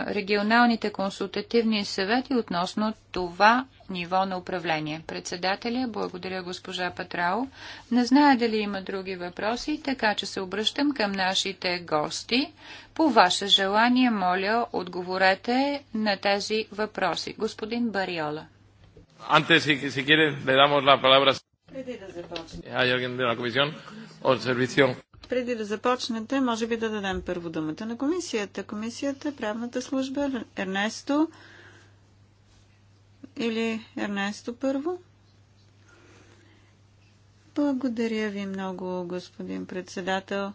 регионалните консултативни съвети относно това ниво на управление. Председателя, благодаря госпожа Патрао. Не зная дали има други въпроси, така че се обръщам към нашите гости. По ваше желание, моля, отговорете на тези въпроси. Господин Бариола. Antes, si, si quiere, le damos la palabra. Преди да започнем. Преди да започнете, може би да дадем първо думата на комисията. Комисията, правната служба, Ернесто или Ернесто първо? Благодаря ви много, господин председател.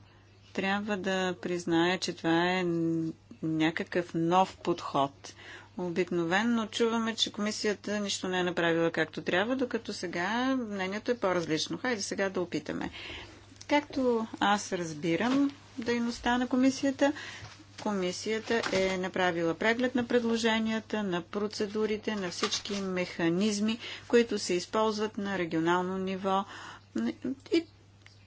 Трябва да призная, че това е някакъв нов подход. Обикновенно чуваме, че комисията нищо не е направила както трябва, докато сега мнението е по-различно. Хайде сега да опитаме. Както аз разбирам дейността на комисията, комисията е направила преглед на предложенията, на процедурите, на всички механизми, които се използват на регионално ниво и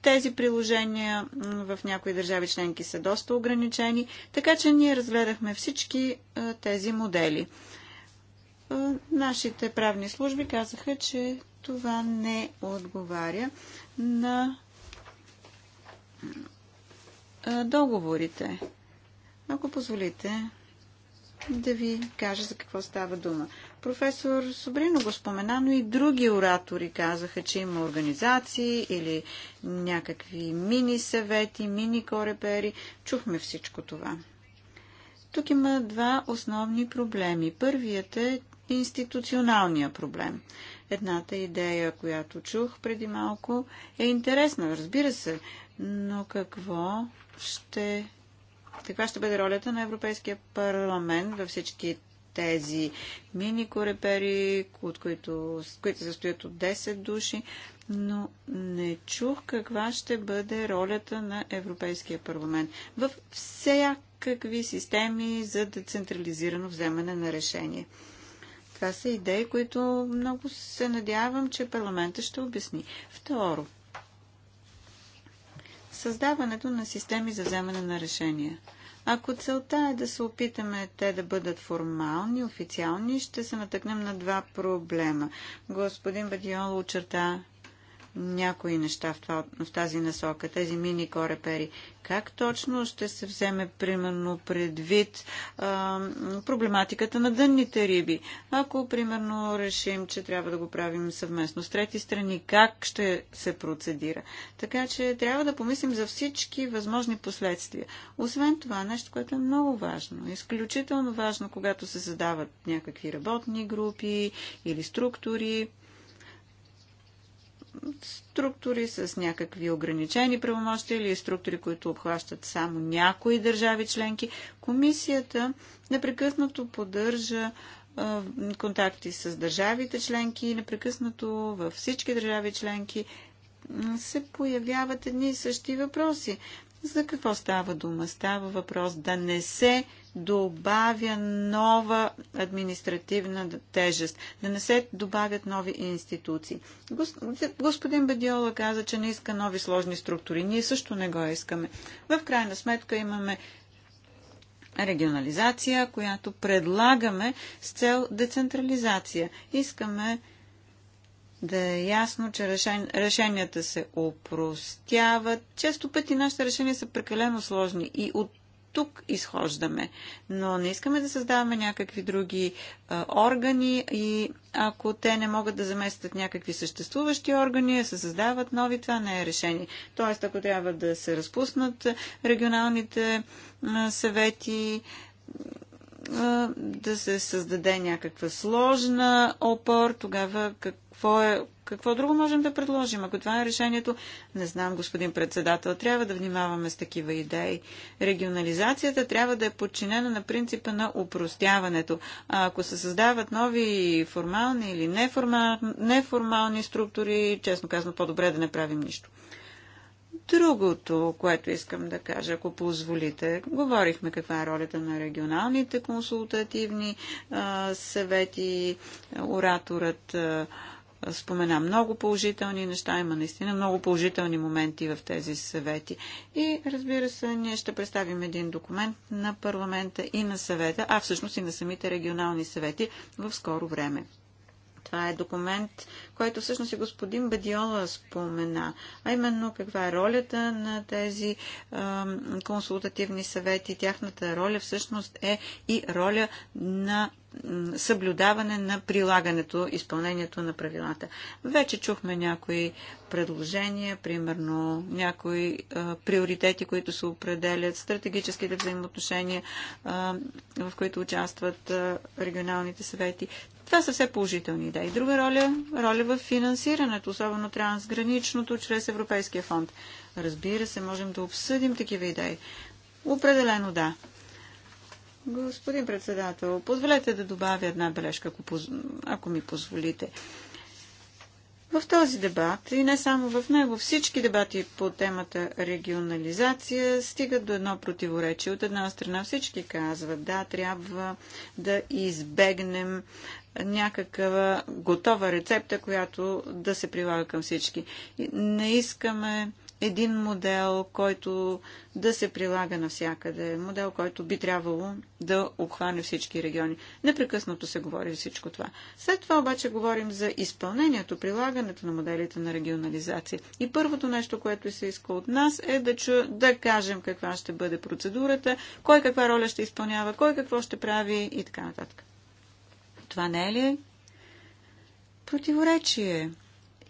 тези приложения в някои държави членки са доста ограничени, така че ние разгледахме всички е, тези модели. Е, нашите правни служби казаха, че това не отговаря на е, договорите. Ако позволите да ви кажа за какво става дума. Професор Собрино го спомена, но и други оратори казаха, че има организации или някакви мини съвети, мини корепери. Чухме всичко това. Тук има два основни проблеми. Първият е институционалния проблем. Едната идея, която чух преди малко, е интересна, разбира се, но какво ще каква ще бъде ролята на Европейския парламент във всички тези мини корепери, от които, които състоят от 10 души, но не чух каква ще бъде ролята на Европейския парламент в всякакви системи за децентрализирано вземане на решение. Това са идеи, които много се надявам, че парламента ще обясни. Второ, създаването на системи за вземане на решения. Ако целта е да се опитаме те да бъдат формални, официални, ще се натъкнем на два проблема. Господин Бадиол очерта някои неща в, това, в тази насока, тези мини корепери. Как точно ще се вземе, примерно, предвид а, проблематиката на дънните риби? Ако, примерно, решим, че трябва да го правим съвместно с трети страни, как ще се процедира? Така че трябва да помислим за всички възможни последствия. Освен това, нещо, което е много важно, изключително важно, когато се задават някакви работни групи или структури, структури с някакви ограничени правомощия или структури, които обхващат само някои държави членки. Комисията непрекъснато поддържа контакти с държавите членки и непрекъснато във всички държави членки се появяват едни и същи въпроси. За какво става дума? Става въпрос да не се добавя нова административна тежест, да не се добавят нови институции. Господин Бадиола каза, че не иска нови сложни структури. Ние също не го искаме. В крайна сметка имаме регионализация, която предлагаме с цел децентрализация. Искаме да е ясно, че решенията се опростяват. Често пъти нашите решения са прекалено сложни и от тук изхождаме. Но не искаме да създаваме някакви други а, органи и ако те не могат да заместят някакви съществуващи органи, се създават нови, това не е решение. Тоест, ако трябва да се разпуснат регионалните а, съвети, да се създаде някаква сложна опор, тогава какво е какво друго можем да предложим? Ако това е решението, не знам, господин председател, трябва да внимаваме с такива идеи. Регионализацията трябва да е подчинена на принципа на упростяването. А ако се създават нови формални или неформал, неформални структури, честно казано, по-добре да не правим нищо. Другото, което искам да кажа, ако позволите, говорихме каква е ролята на регионалните консултативни а, съвети. Ораторът а, спомена много положителни неща, има наистина много положителни моменти в тези съвети. И разбира се, ние ще представим един документ на парламента и на съвета, а всъщност и на самите регионални съвети в скоро време. Това е документ, който всъщност и господин Бадиола спомена, а именно каква е ролята на тези а, консултативни съвети. Тяхната роля всъщност е и роля на съблюдаване на прилагането, изпълнението на правилата. Вече чухме някои предложения, примерно някои а, приоритети, които се определят, стратегическите взаимоотношения, а, в които участват а, регионалните съвети. Това са все положителни идеи. Друга роля, роля в финансирането, особено трансграничното, чрез Европейския фонд. Разбира се, можем да обсъдим такива идеи. Определено да. Господин председател, позволете да добавя една бележка, ако, поз... ако ми позволите. В този дебат и не само в него, всички дебати по темата регионализация стигат до едно противоречие. От една страна всички казват, да, трябва да избегнем някаква готова рецепта, която да се прилага към всички. Не искаме един модел, който да се прилага навсякъде, модел, който би трябвало да обхване всички региони. Непрекъснато се говори за всичко това. След това обаче говорим за изпълнението, прилагането на моделите на регионализация. И първото нещо, което се иска от нас е да, чу, да кажем каква ще бъде процедурата, кой каква роля ще изпълнява, кой какво ще прави и така нататък. Това не е ли противоречие?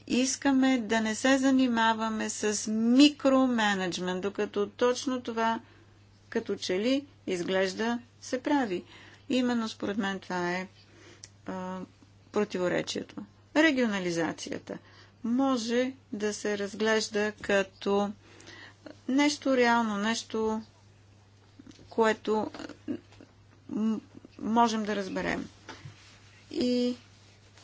Искаме да не се занимаваме с микроменеджмент, докато точно това като че ли изглежда се прави. Именно според мен това е а, противоречието. Регионализацията може да се разглежда като нещо реално, нещо, което можем да разберем. И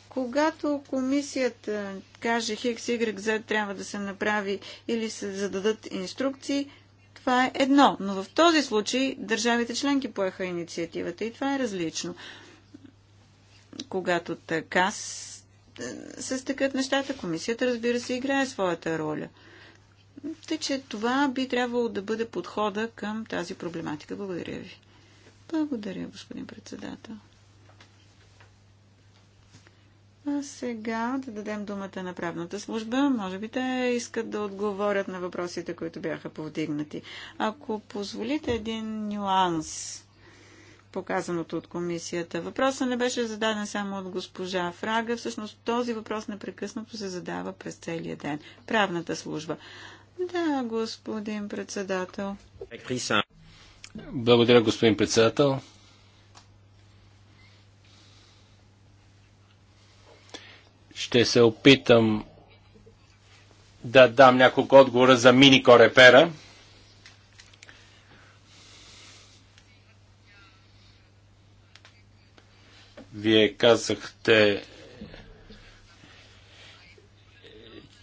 когато комисията каже Хикс, Y, Z трябва да се направи или се зададат инструкции, това е едно. Но в този случай държавите членки поеха инициативата и това е различно. Когато така се стъкат нещата, комисията разбира се играе своята роля. Тъй, че това би трябвало да бъде подхода към тази проблематика. Благодаря ви. Благодаря, господин председател. А сега да дадем думата на правната служба. Може би те искат да отговорят на въпросите, които бяха повдигнати. Ако позволите един нюанс показаното от комисията. Въпросът не беше зададен само от госпожа Фрага. Всъщност този въпрос непрекъснато се задава през целия ден. Правната служба. Да, господин председател. Благодаря, господин председател. Ще се опитам да дам няколко отговора за мини корепера. Вие казахте,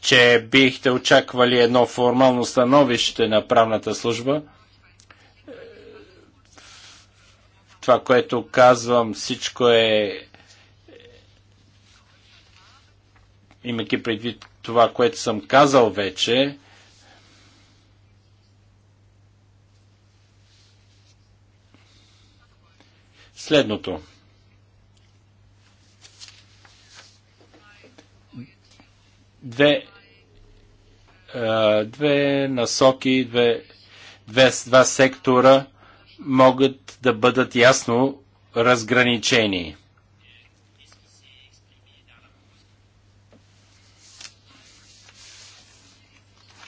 че бихте очаквали едно формално становище на правната служба. Това, което казвам, всичко е имайки предвид това, което съм казал вече, следното. Две, две насоки, две, две, два сектора могат да бъдат ясно разграничени.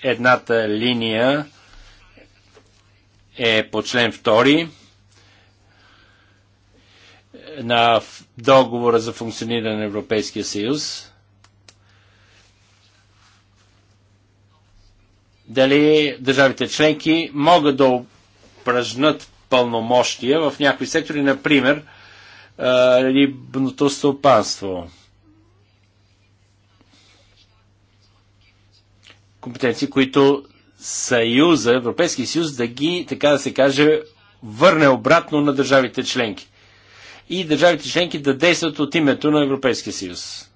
Едната линия е по член 2 на договора за функциониране на Европейския съюз. Дали държавите членки могат да упражнат пълномощия в някои сектори, например, рибното стопанство. компетенции, които Съюза, Европейския съюз, да ги, така да се каже, върне обратно на държавите членки. И държавите членки да действат от името на Европейския съюз.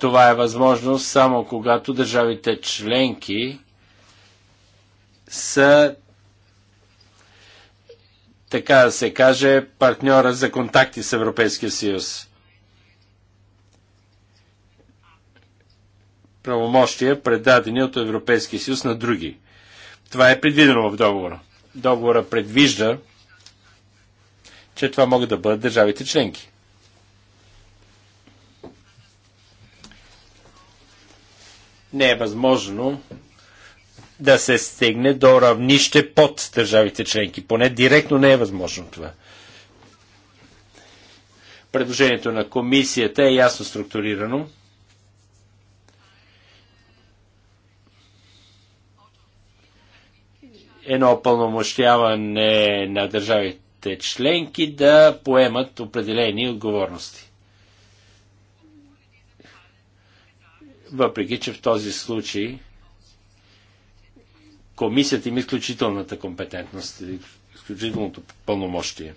Това е възможно само когато държавите членки са така да се каже, партньора за контакти с Европейския съюз. Правомощия, предадени от Европейския съюз на други. Това е предвидено в договора. Договора предвижда, че това могат да бъдат държавите членки. Не е възможно да се стигне до равнище под държавите членки. Поне директно не е възможно това. Предложението на комисията е ясно структурирано. Едно опълномощяване на държавите членки да поемат определени отговорности. Въпреки, че в този случай комисията има изключителната компетентност, изключителното пълномощие.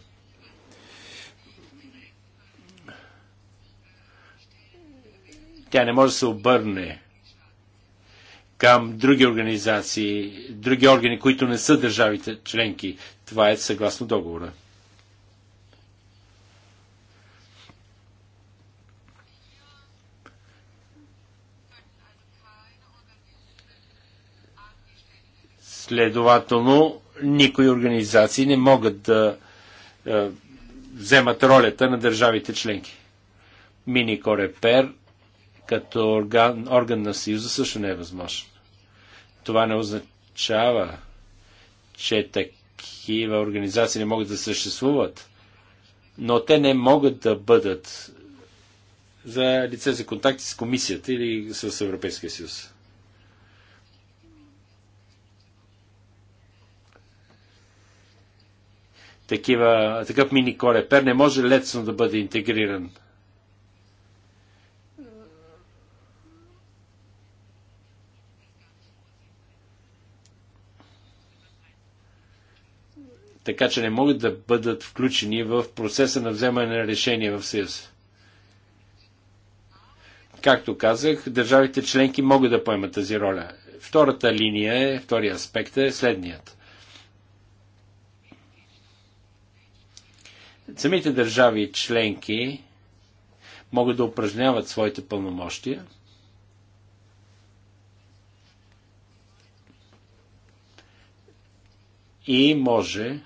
Тя не може да се обърне към други организации, други органи, които не са държавите членки. Това е съгласно договора. Следователно, никои организации не могат да е, вземат ролята на държавите членки. Мини Корепер като орган, орган на Съюза също не е възможен. Това не означава, че такива организации не могат да съществуват, но те не могат да бъдат за лице за контакти с комисията или с Европейския съюз. такива, такъв мини корепер не може лесно да бъде интегриран. Така че не могат да бъдат включени в процеса на вземане на решение в Съюз. Както казах, държавите членки могат да поемат тази роля. Втората линия е, втория аспект е следният – Самите държави и членки могат да упражняват своите пълномощия. И може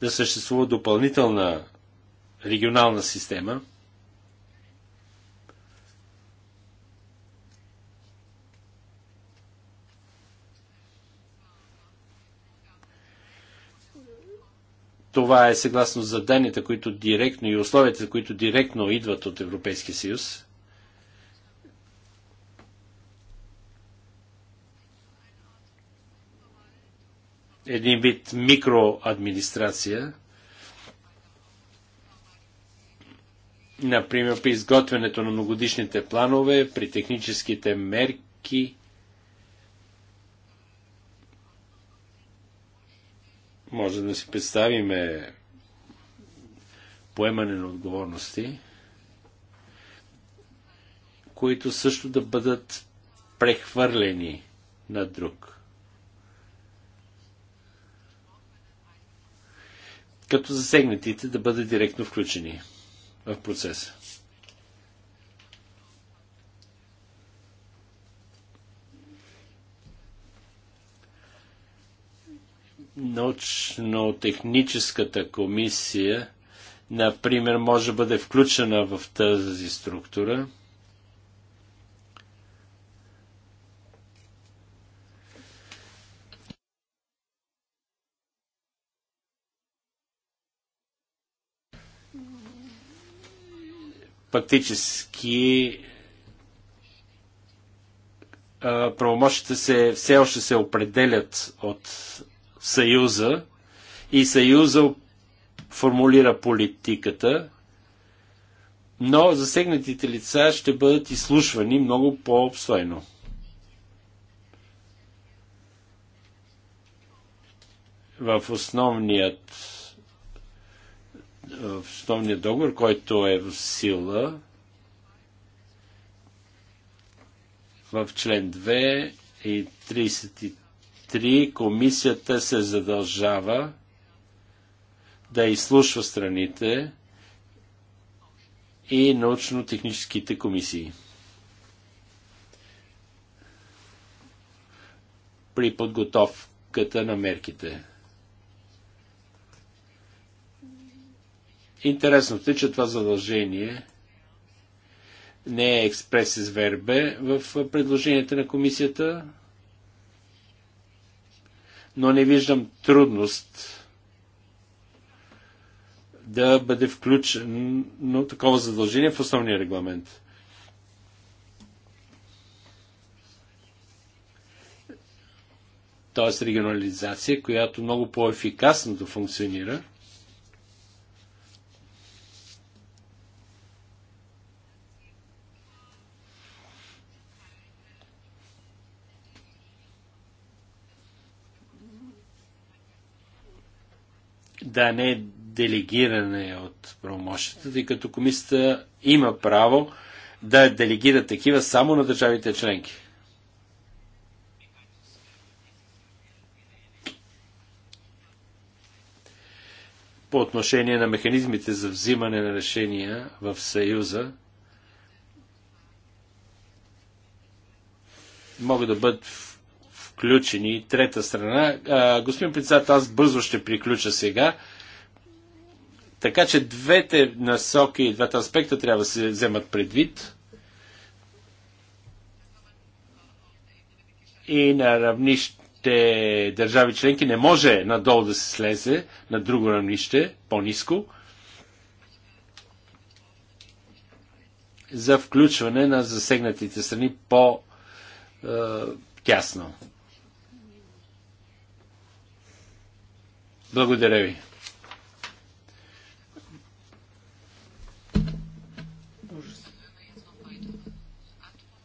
да съществува допълнителна регионална система – Това е съгласно заданията, които директно и условията, които директно идват от Европейския съюз. Един вид микроадминистрация. Например, при изготвянето на многодишните планове, при техническите мерки – Може да си представиме поемане на отговорности, които също да бъдат прехвърлени на друг. Като засегнатите да бъдат директно включени в процеса. научно-техническата комисия, например, може да бъде включена в тази структура. Фактически правомощите се, все още се определят от Съюза и Съюза формулира политиката, но засегнатите лица ще бъдат изслушвани много по-обстойно. В основният в основния договор, който е в сила в член 2 и 33 3 комисията се задължава да изслушва страните и научно-техническите комисии. При подготовката на мерките. Интересното е, че това задължение не е експрес вербе в предложенията на комисията, но не виждам трудност да бъде включено такова задължение в основния регламент. Тоест регионализация, която много по-ефикасно да функционира – да не е делегиране от правомощите, тъй като комисията има право да делегира такива само на държавите членки. По отношение на механизмите за взимане на решения в Съюза, могат да бъдат включени и трета страна. А, господин председател, аз бързо ще приключа сега. Така че двете насоки и двата аспекта трябва да се вземат предвид. И на равнище държави членки не може надолу да се слезе на друго равнище, по-низко, за включване на засегнатите страни по-тясно. Благодаря ви.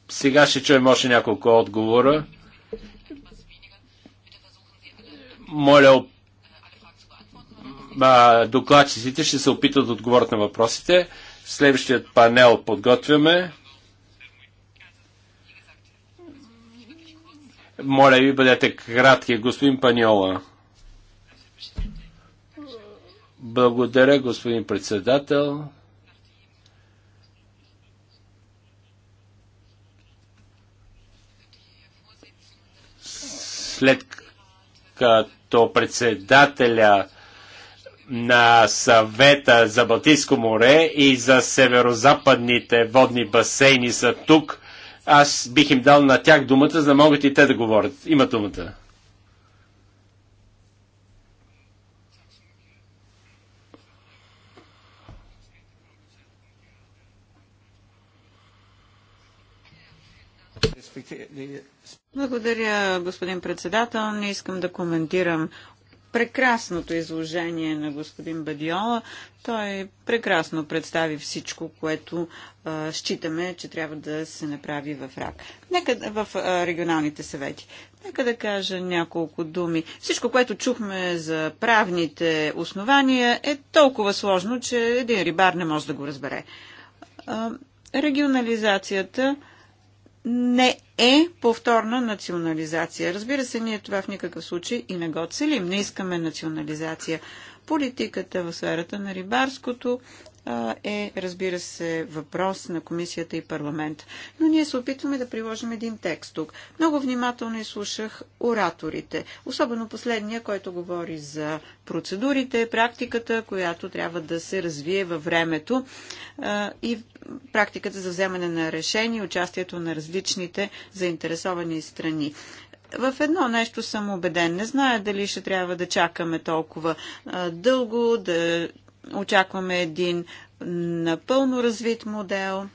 Сега ще чуем още няколко отговора. Моля, докладчиците ще се опитат да отговорят на въпросите. Следващият панел подготвяме. Моля ви, бъдете кратки, господин Паньола. Благодаря, господин председател. След като председателя на съвета за Балтийско море и за северо-западните водни басейни са тук, аз бих им дал на тях думата, за да могат и те да говорят. Има думата. Благодаря, господин председател. Не искам да коментирам прекрасното изложение на господин Бадиола. Той прекрасно представи всичко, което а, считаме, че трябва да се направи в РАК. Нека в а, регионалните съвети. Нека да кажа няколко думи. Всичко, което чухме за правните основания е толкова сложно, че един рибар не може да го разбере. А, регионализацията не е повторна национализация. Разбира се, ние това в никакъв случай и не го целим. Не искаме национализация. Политиката в сферата на рибарското е, разбира се, въпрос на комисията и парламент. Но ние се опитваме да приложим един текст тук. Много внимателно изслушах ораторите, особено последния, който говори за процедурите, практиката, която трябва да се развие във времето и практиката за вземане на решение, участието на различните заинтересовани страни в едно нещо съм убеден. Не зная дали ще трябва да чакаме толкова дълго, да очакваме един напълно развит модел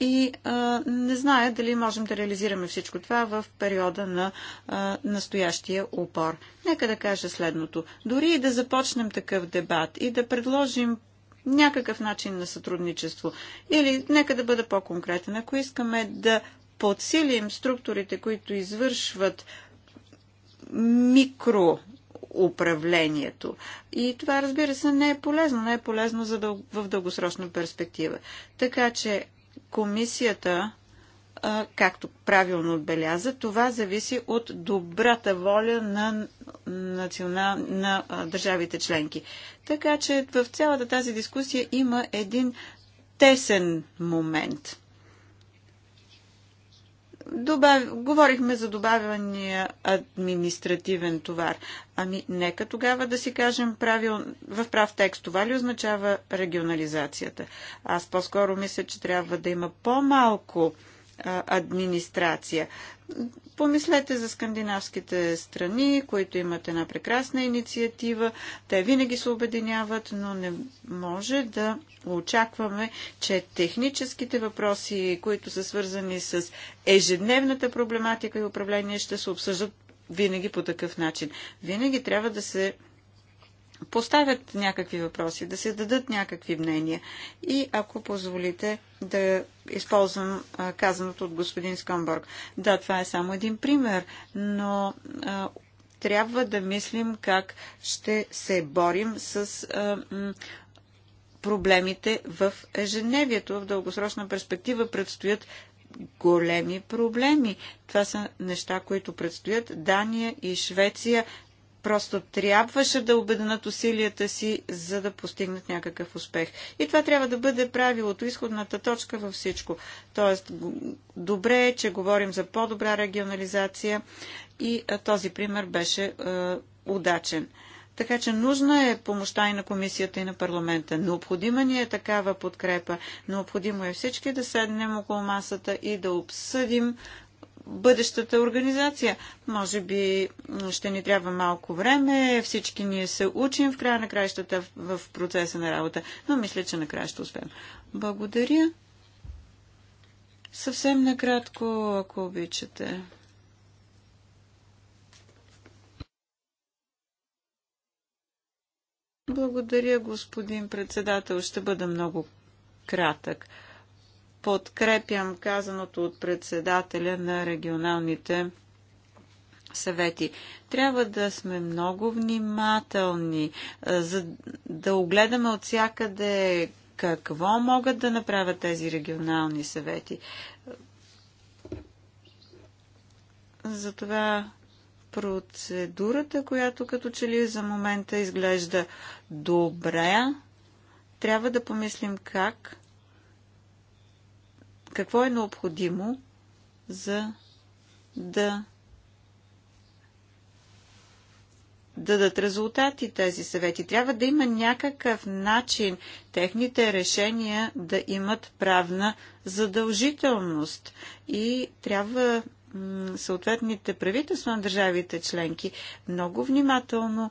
и а, не зная дали можем да реализираме всичко това в периода на а, настоящия опор. Нека да кажа следното. Дори и да започнем такъв дебат и да предложим някакъв начин на сътрудничество, или нека да бъда по-конкретен, ако искаме да подсилим структурите, които извършват микро управлението. И това, разбира се, не е полезно. Не е полезно за дъл... в дългосрочна перспектива. Така че комисията, както правилно отбеляза, това зависи от добрата воля на, национал... на държавите членки. Така че в цялата тази дискусия има един тесен момент – добав... говорихме за добавяния административен товар. Ами, нека тогава да си кажем правил... в прав текст. Това ли означава регионализацията? Аз по-скоро мисля, че трябва да има по-малко администрация. Помислете за скандинавските страни, които имат една прекрасна инициатива. Те винаги се обединяват, но не може да очакваме, че техническите въпроси, които са свързани с ежедневната проблематика и управление, ще се обсъждат винаги по такъв начин. Винаги трябва да се поставят някакви въпроси, да се дадат някакви мнения. И ако позволите да използвам казаното от господин Скомборг. Да, това е само един пример, но а, трябва да мислим как ще се борим с а, проблемите в ежедневието. В дългосрочна перспектива предстоят големи проблеми. Това са неща, които предстоят. Дания и Швеция просто трябваше да обеднат усилията си, за да постигнат някакъв успех. И това трябва да бъде правилото, изходната точка във всичко. Тоест, добре е, че говорим за по-добра регионализация и този пример беше е, удачен. Така че нужна е помощта и на комисията и на парламента. Необходима ни е такава подкрепа. Необходимо е всички да седнем около масата и да обсъдим бъдещата организация. Може би ще ни трябва малко време, всички ние се учим в края на краищата в процеса на работа, но мисля, че накрая ще успеем. Благодаря. Съвсем накратко, ако обичате. Благодаря, господин председател. Ще бъда много кратък подкрепям казаното от председателя на регионалните съвети. Трябва да сме много внимателни, за да огледаме от всякъде какво могат да направят тези регионални съвети. Затова процедурата, която като че ли за момента изглежда добре, трябва да помислим как какво е необходимо, за да дадат резултати тези съвети. Трябва да има някакъв начин техните решения да имат правна задължителност и трябва съответните правителства на държавите членки много внимателно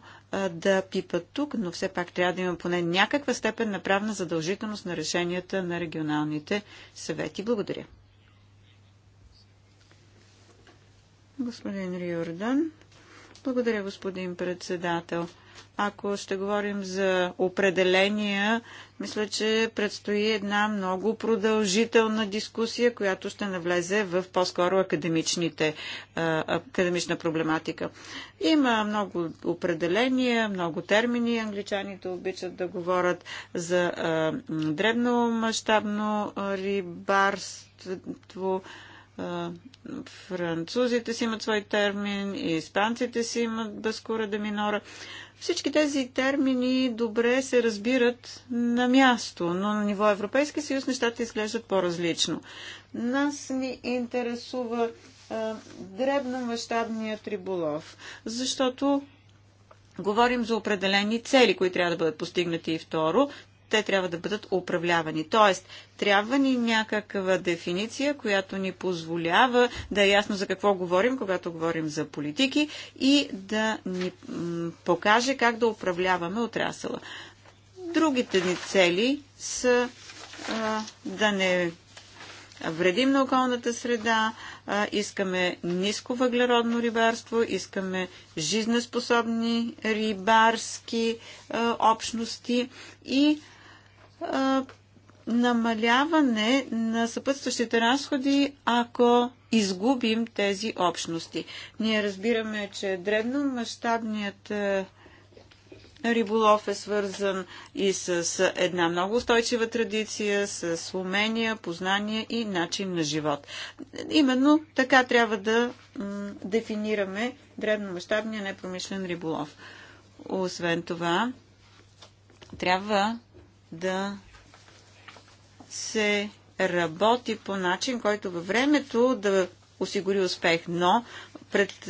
да пипат тук, но все пак трябва да има поне някаква степен на правна задължителност на решенията на регионалните съвети. Благодаря. Господин Риордан. Благодаря, господин председател. Ако ще говорим за определения, мисля, че предстои една много продължителна дискусия, която ще навлезе в по-скоро академичните, академична проблематика. Има много определения, много термини. Англичаните обичат да говорят за дребномащабно рибарство, французите си имат свой термин, и испанците си имат баскура де минора. Всички тези термини добре се разбират на място, но на ниво Европейски съюз нещата изглеждат по-различно. Нас ни интересува а, дребномащабният риболов, защото говорим за определени цели, които трябва да бъдат постигнати и второ, те трябва да бъдат управлявани. Тоест, трябва ни някаква дефиниция, която ни позволява да е ясно за какво говорим, когато говорим за политики и да ни покаже как да управляваме отрасъла. Другите ни цели са а, да не вредим на околната среда, а, искаме ниско въглеродно рибарство, искаме жизнеспособни рибарски а, общности и намаляване на съпътстващите разходи, ако изгубим тези общности. Ние разбираме, че мащабният риболов е свързан и с една много устойчива традиция, с умения, познания и начин на живот. Именно така трябва да дефинираме дребномащабния непромишлен риболов. Освен това, трябва да се работи по начин, който във времето да осигури успех, но пред,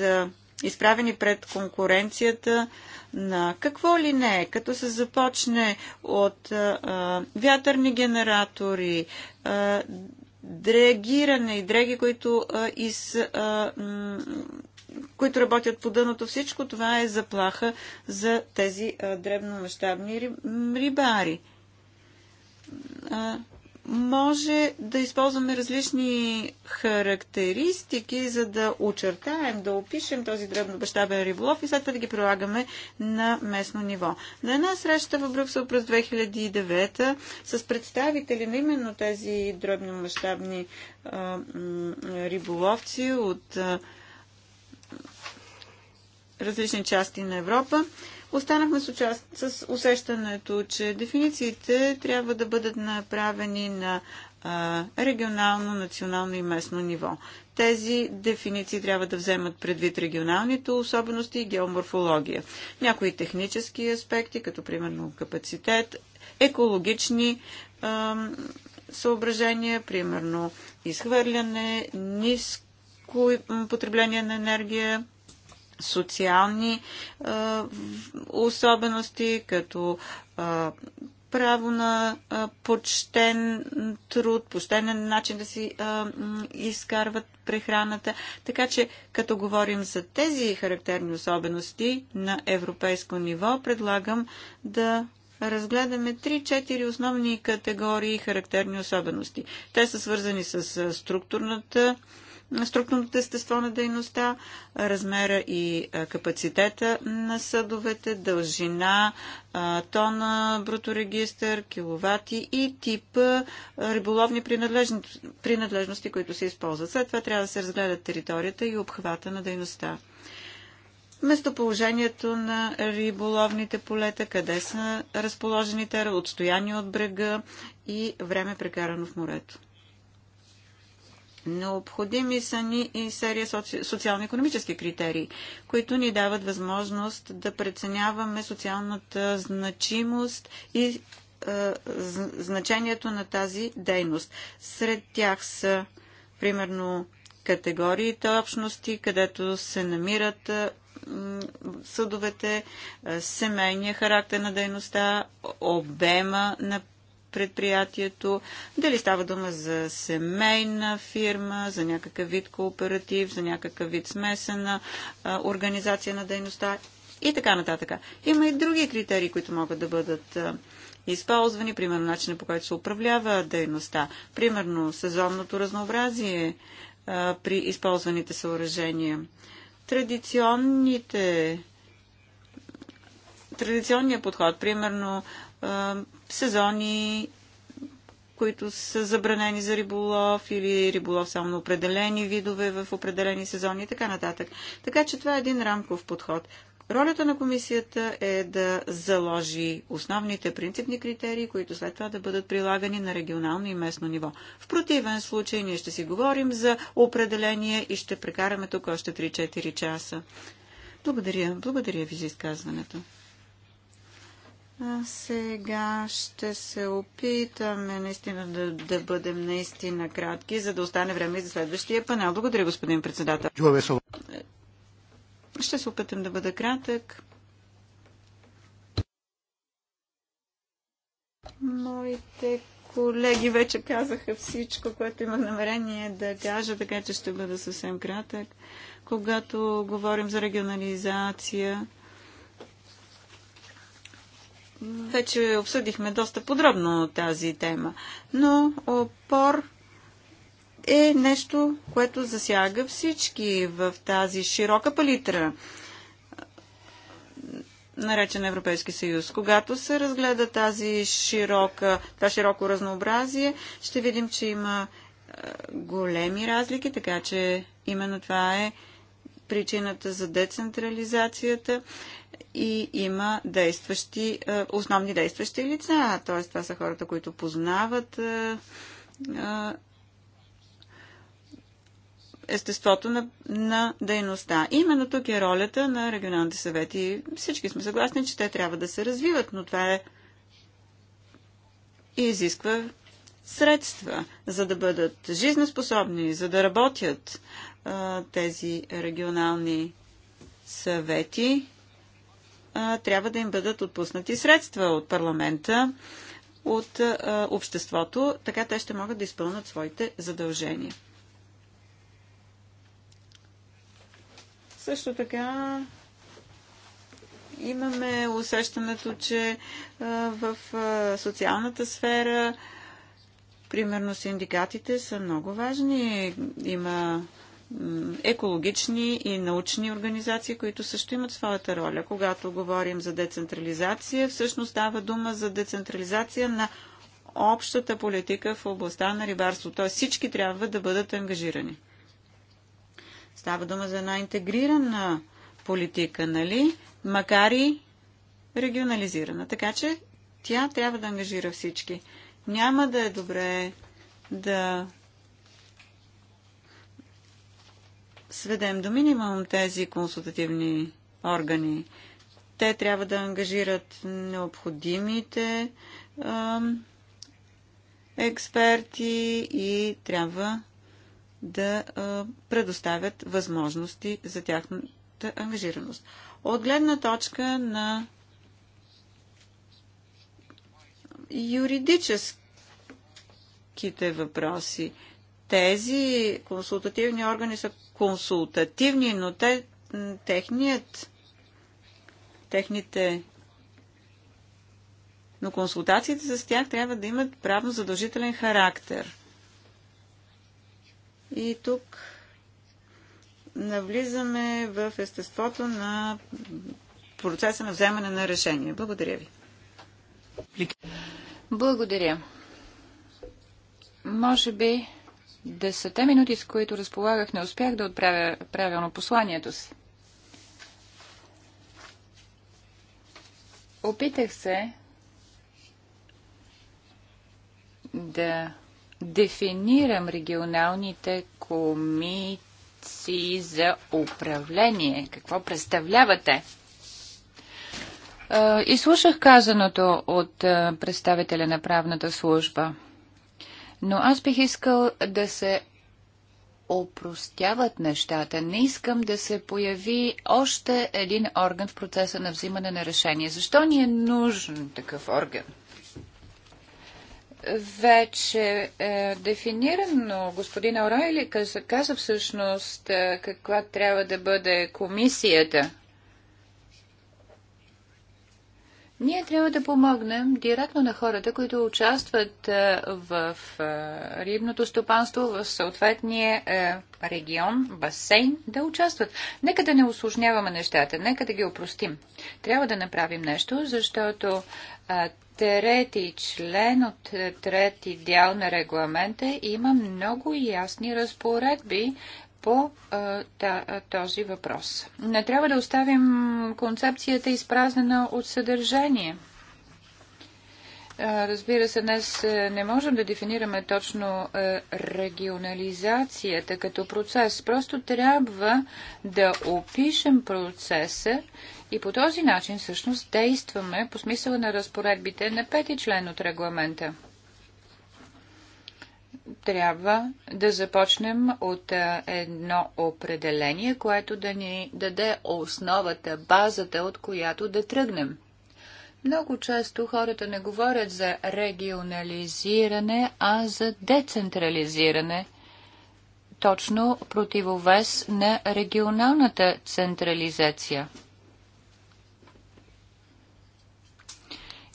изправени пред конкуренцията на какво ли не, като се започне от а, вятърни генератори, а, дрегиране и дреги, които, а, из, а, които работят по дъното, всичко това е заплаха за тези дребномащабни рибари може да използваме различни характеристики, за да очертаем, да опишем този дробно-бащабен риболов и след това да ги прилагаме на местно ниво. На една среща в Брюксел през 2009 с представители на именно тези мащабни риболовци от различни части на Европа, Останахме с, участ... с усещането, че дефинициите трябва да бъдат направени на а, регионално, национално и местно ниво. Тези дефиниции трябва да вземат предвид регионалните особености и геоморфология. Някои технически аспекти, като примерно капацитет, екологични а, съображения, примерно изхвърляне, ниско потребление на енергия, социални а, е, особености, като а, е, право на а, е, почтен труд, почтенен начин да си а, изкарват прехраната. Така че, като говорим за тези характерни особености на европейско ниво, предлагам да разгледаме 3-4 основни категории характерни особености. Те са свързани с структурната а, структурното естество на дейността, размера и капацитета на съдовете, дължина, тона, бруторегистър, киловати и типа риболовни принадлежности, които се използват. След това трябва да се разгледат територията и обхвата на дейността местоположението на риболовните полета, къде са разположените, отстояние от брега и време прекарано в морето. Необходими са ни и серия соци... социално-економически критерии, които ни дават възможност да преценяваме социалната значимост и е, значението на тази дейност. Сред тях са, примерно, категориите общности, където се намират е, съдовете, е, семейния характер на дейността, обема на предприятието, дали става дума за семейна фирма, за някакъв вид кооператив, за някакъв вид смесена а, организация на дейността и така нататък. Има и други критерии, които могат да бъдат а, използвани, примерно начинът по който се управлява дейността, примерно сезонното разнообразие а, при използваните съоръжения. Традиционните традиционният подход, примерно сезони, които са забранени за риболов или риболов само на определени видове в определени сезони и така нататък. Така че това е един рамков подход. Ролята на комисията е да заложи основните принципни критерии, които след това да бъдат прилагани на регионално и местно ниво. В противен случай ние ще си говорим за определение и ще прекараме тук още 3-4 часа. Благодаря. Благодаря ви за изказването. Сега ще се опитаме наистина да, да бъдем наистина кратки, за да остане време и за следващия панел. Благодаря, господин председател. Ще се опитам да бъда кратък. Моите колеги вече казаха всичко, което имах намерение да кажа, така че ще бъда съвсем кратък. Когато говорим за регионализация, вече обсъдихме доста подробно тази тема, но опор е нещо, което засяга всички в тази широка палитра, наречен Европейски съюз. Когато се разгледа тази широка, това широко разнообразие, ще видим, че има е, големи разлики, така че именно това е причината за децентрализацията и има действащи, е, основни действащи лица. Т.е. това са хората, които познават е, е, естеството на, на дейността. Именно тук е ролята на регионалните съвети. Всички сме съгласни, че те трябва да се развиват, но това е и изисква средства, за да бъдат жизнеспособни, за да работят тези регионални съвети трябва да им бъдат отпуснати средства от парламента, от обществото, така те ще могат да изпълнят своите задължения. Също така имаме усещането, че в социалната сфера, примерно синдикатите са много важни. Има екологични и научни организации, които също имат своята роля. Когато говорим за децентрализация, всъщност става дума за децентрализация на общата политика в областта на рибарството. Тоест всички трябва да бъдат ангажирани. Става дума за една интегрирана политика, нали? Макар и регионализирана. Така че тя трябва да ангажира всички. Няма да е добре да сведем до минимум тези консултативни органи. Те трябва да ангажират необходимите а, експерти и трябва да а, предоставят възможности за тяхната ангажираност. От гледна точка на юридическите въпроси, тези консултативни органи са консултативни, но те, техният, техните но консултациите с тях трябва да имат правно задължителен характер. И тук навлизаме в естеството на процеса на вземане на решение. Благодаря ви. Благодаря. Може би десете минути, с които разполагах, не успях да отправя правилно посланието си. Опитах се да дефинирам регионалните комисии за управление. Какво представлявате? Е, изслушах казаното от е, представителя на правната служба – но аз бих искал да се опростяват нещата. Не искам да се появи още един орган в процеса на взимане на решение. Защо ни е нужен такъв орган? вече е дефинирано. Господин Орайли каза, каза всъщност е, каква трябва да бъде комисията. Ние трябва да помогнем директно на хората, които участват е, в е, рибното стопанство в съответния е, регион, басейн, да участват. Нека да не осложняваме нещата, нека да ги опростим. Трябва да направим нещо, защото трети член от трети дял на регламента има много ясни разпоредби по този въпрос. Не трябва да оставим концепцията изпразнена от съдържание. Разбира се, днес не можем да дефинираме точно регионализацията като процес. Просто трябва да опишем процеса и по този начин всъщност действаме по смисъла на разпоредбите на пети член от регламента трябва да започнем от едно определение, което да ни даде основата, базата, от която да тръгнем. Много често хората не говорят за регионализиране, а за децентрализиране. Точно противовес на регионалната централизация –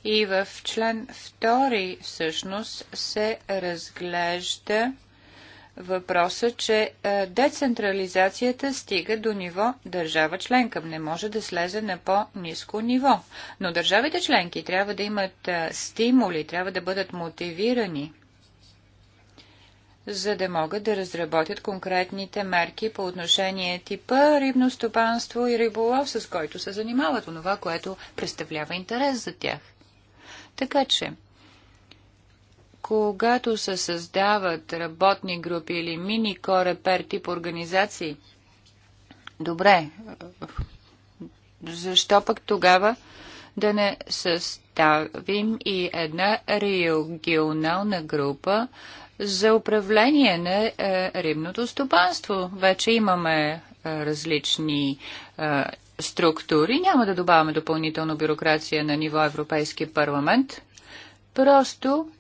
И в член 2 всъщност се разглежда въпроса, че е, децентрализацията стига до ниво държава членка. Не може да слезе на по-низко ниво. Но държавите членки трябва да имат е, стимули, трябва да бъдат мотивирани, за да могат да разработят конкретните мерки по отношение типа рибно стопанство и риболов, с който се занимават, онова, което представлява интерес за тях. Така че, когато се създават работни групи или мини корепер тип организации, добре, защо пък тогава да не съставим и една регионална група за управление на е, рибното стопанство? Вече имаме е, различни е, структури. Няма да добавяме допълнително бюрокрация на ниво Европейски парламент. Просто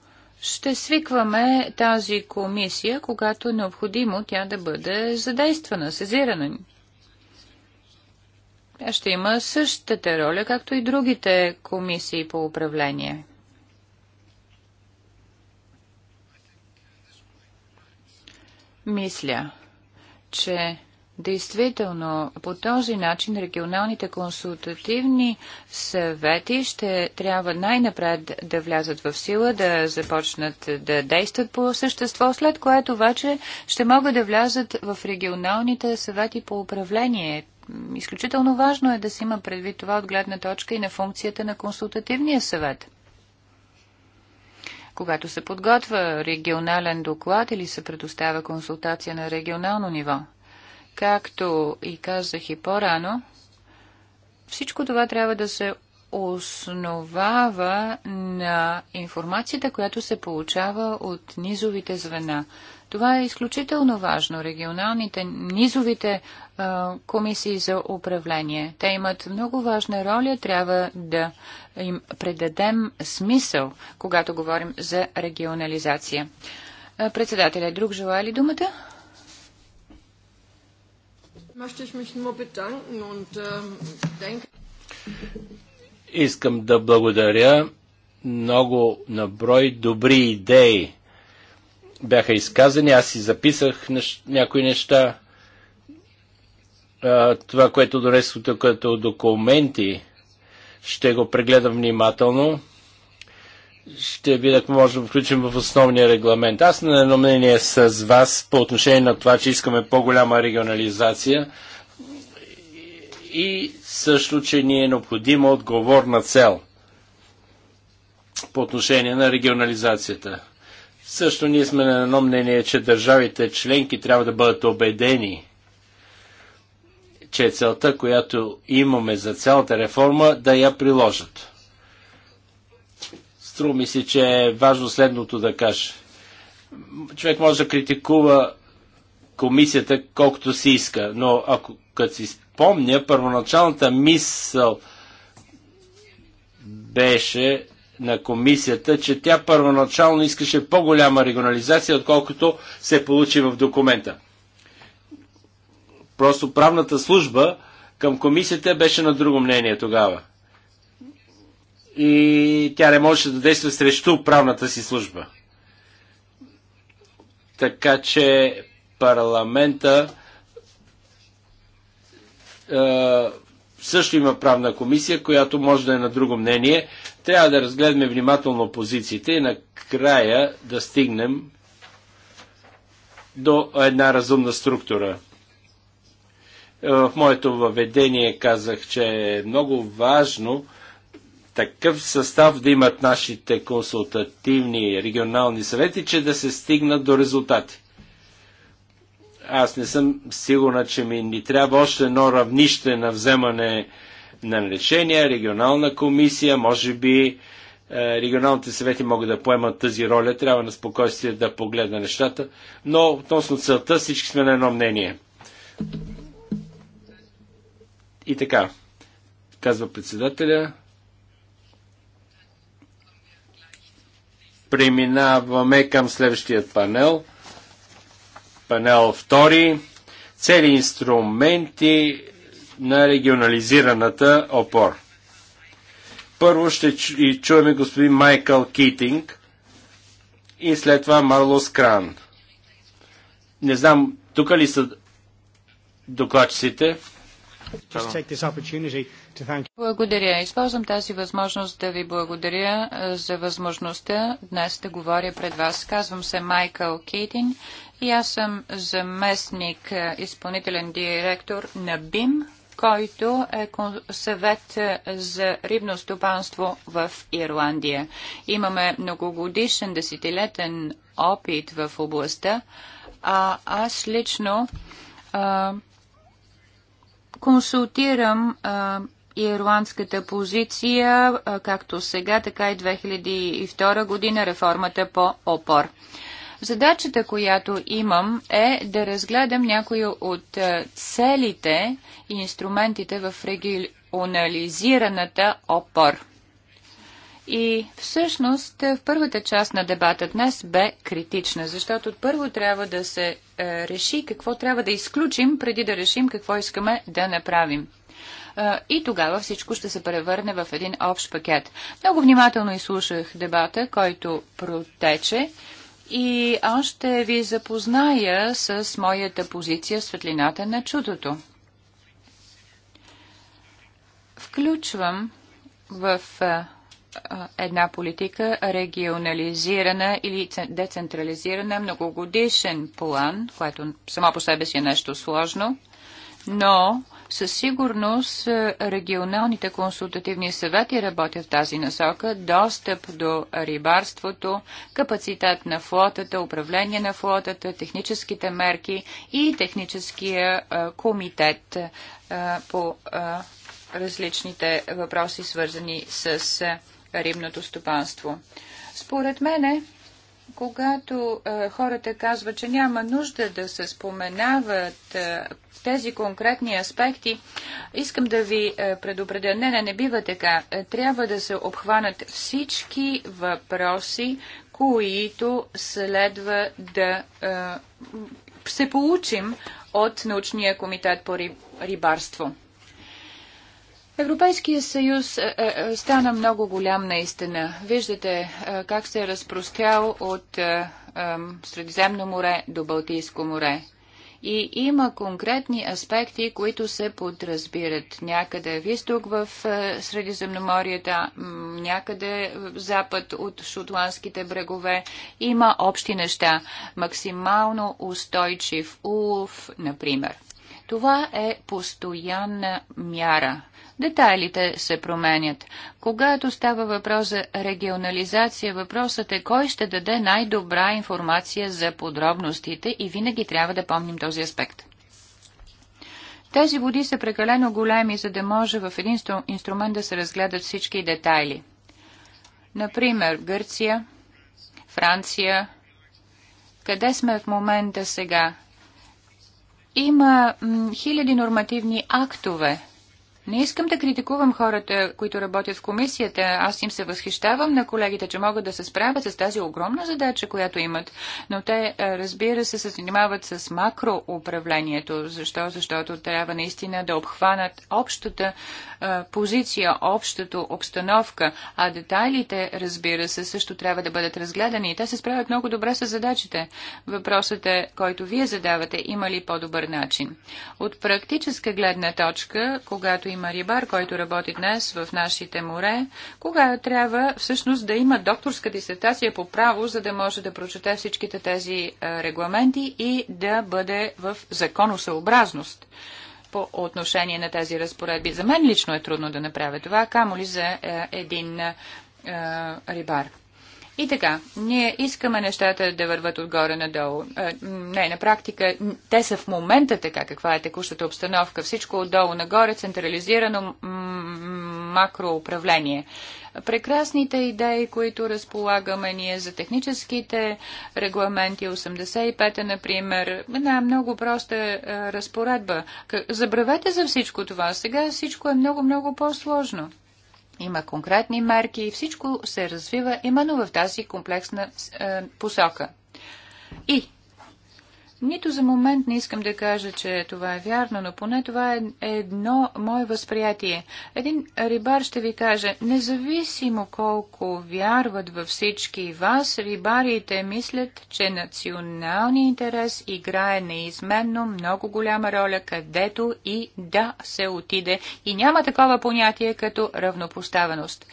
ще свикваме тази комисия, когато е необходимо тя да бъде задействана, сезирана. Тя ще има същата роля, както и другите комисии по управление. Мисля, че Действително, по този начин регионалните консултативни съвети ще трябва най-напред да влязат в сила, да започнат да действат по същество, след което обаче ще могат да влязат в регионалните съвети по управление. Изключително важно е да се има предвид това от гледна точка и на функцията на консултативния съвет. Когато се подготвя регионален доклад или се предоставя консултация на регионално ниво – Както и казах и по-рано, всичко това трябва да се основава на информацията, която се получава от низовите звена. Това е изключително важно. Регионалните, низовите а, комисии за управление, те имат много важна роля. Трябва да им предадем смисъл, когато говорим за регионализация. Председателя, друг желая ли думата? Ähm, Искам да благодаря много на брой добри идеи бяха изказани. Аз си записах някои неща. А, това, което донесох тук като документи, ще го прегледам внимателно ще видя ако може да включим в основния регламент. Аз на едно мнение с вас по отношение на това, че искаме по-голяма регионализация и също, че ни е необходима отговорна цел по отношение на регионализацията. Също ние сме на едно мнение, че държавите членки трябва да бъдат убедени, че целта, която имаме за цялата реформа, да я приложат ми се, че е важно следното да каже. Човек може да критикува комисията колкото си иска, но ако като си спомня, първоначалната мисъл беше на комисията, че тя първоначално искаше по-голяма регионализация, отколкото се получи в документа. Просто правната служба към комисията беше на друго мнение тогава и тя не можеше да действа срещу правната си служба. Така че парламента е, също има правна комисия, която може да е на друго мнение. Трябва да разгледаме внимателно позициите и накрая да стигнем до една разумна структура. Е, в моето въведение казах, че е много важно такъв състав да имат нашите консултативни регионални съвети, че да се стигнат до резултати. Аз не съм сигурна, че ми ни трябва още едно равнище на вземане на решения, регионална комисия, може би е, регионалните съвети могат да поемат тази роля, трябва на спокойствие да погледна нещата, но относно целта всички сме на едно мнение. И така, казва председателя. Преминаваме към следващия панел. Панел 2. Цели инструменти на регионализираната опор. Първо ще чуваме господин Майкъл Китинг и след това Марлос Кран. Не знам, тук ли са докладчиците? Just take this opportunity благодаря. Използвам тази възможност да ви благодаря за възможността днес да говоря пред вас. Казвам се Майкъл Кейтин и аз съм заместник изпълнителен директор на БИМ, който е съвет за рибно стопанство в Ирландия. Имаме многогодишен десетилетен опит в областта, а аз лично а, консултирам а, ирландската позиция, както сега, така и 2002 година реформата по опор. Задачата, която имам е да разгледам някои от целите и инструментите в регионализираната опор. И всъщност в първата част на дебата днес бе критична, защото първо трябва да се е, реши какво трябва да изключим, преди да решим какво искаме да направим и тогава всичко ще се превърне в един общ пакет. Много внимателно изслушах дебата, който протече. И аз ще ви запозная с моята позиция в светлината на чудото. Включвам в една политика регионализирана или децентрализирана многогодишен план, което само по себе си е нещо сложно, но със сигурност е, регионалните консултативни съвети работят в тази насока. Достъп до рибарството, капацитет на флотата, управление на флотата, техническите мерки и техническия е, комитет е, по различните въпроси, свързани с рибното стопанство. Според мене, когато е, хората казват, че няма нужда да се споменават е, тези конкретни аспекти, искам да ви е, предупредя. Не, не, не бива така. Е, трябва да се обхванат всички въпроси, които следва да е, се получим от научния комитет по рибарство. Европейския съюз е, е, е, стана много голям наистина. Виждате е, как се е разпрострял от е, е, Средиземно море до Балтийско море. И има конкретни аспекти, които се подразбират. Някъде в изток в Средиземноморията, някъде в запад от шотландските брегове. Има общи неща. Максимално устойчив улов, например. Това е постоянна мяра – Детайлите се променят. Когато става въпрос за регионализация, въпросът е кой ще даде най-добра информация за подробностите и винаги трябва да помним този аспект. Тези води са прекалено големи, за да може в един инструмент да се разгледат всички детайли. Например, Гърция, Франция, къде сме в момента сега? Има м, хиляди нормативни актове, не искам да критикувам хората, които работят в комисията. Аз им се възхищавам на колегите, че могат да се справят с тази огромна задача, която имат. Но те, е, разбира се, се занимават с макроуправлението. Защо? Защото трябва наистина да обхванат общата е, позиция, общата обстановка. А детайлите, разбира се, също трябва да бъдат разгледани. И те се справят много добре с задачите. Въпросът е, който вие задавате, има ли по-добър начин? От практическа гледна точка, когато има рибар, който работи днес в нашите море, кога трябва всъщност да има докторска дисертация по право, за да може да прочете всичките тези е, регламенти и да бъде в законосъобразност по отношение на тези разпоредби. За мен лично е трудно да направя това, камо ли за е, един е, рибар. И така, ние искаме нещата да върват отгоре надолу. Е, не, на практика те са в момента така, каква е текущата обстановка. Всичко отдолу нагоре, централизирано макроуправление. Прекрасните идеи, които разполагаме ние за техническите регламенти 85-та, например, една много проста е, разпоредба. Забравете за всичко това. Сега всичко е много-много по-сложно има конкретни мерки и всичко се развива именно в тази комплексна е, посока. И нито за момент не искам да кажа, че това е вярно, но поне това е едно мое възприятие. Един рибар ще ви каже, независимо колко вярват във всички вас, рибарите мислят, че националният интерес играе неизменно много голяма роля, където и да се отиде. И няма такова понятие като равнопоставеност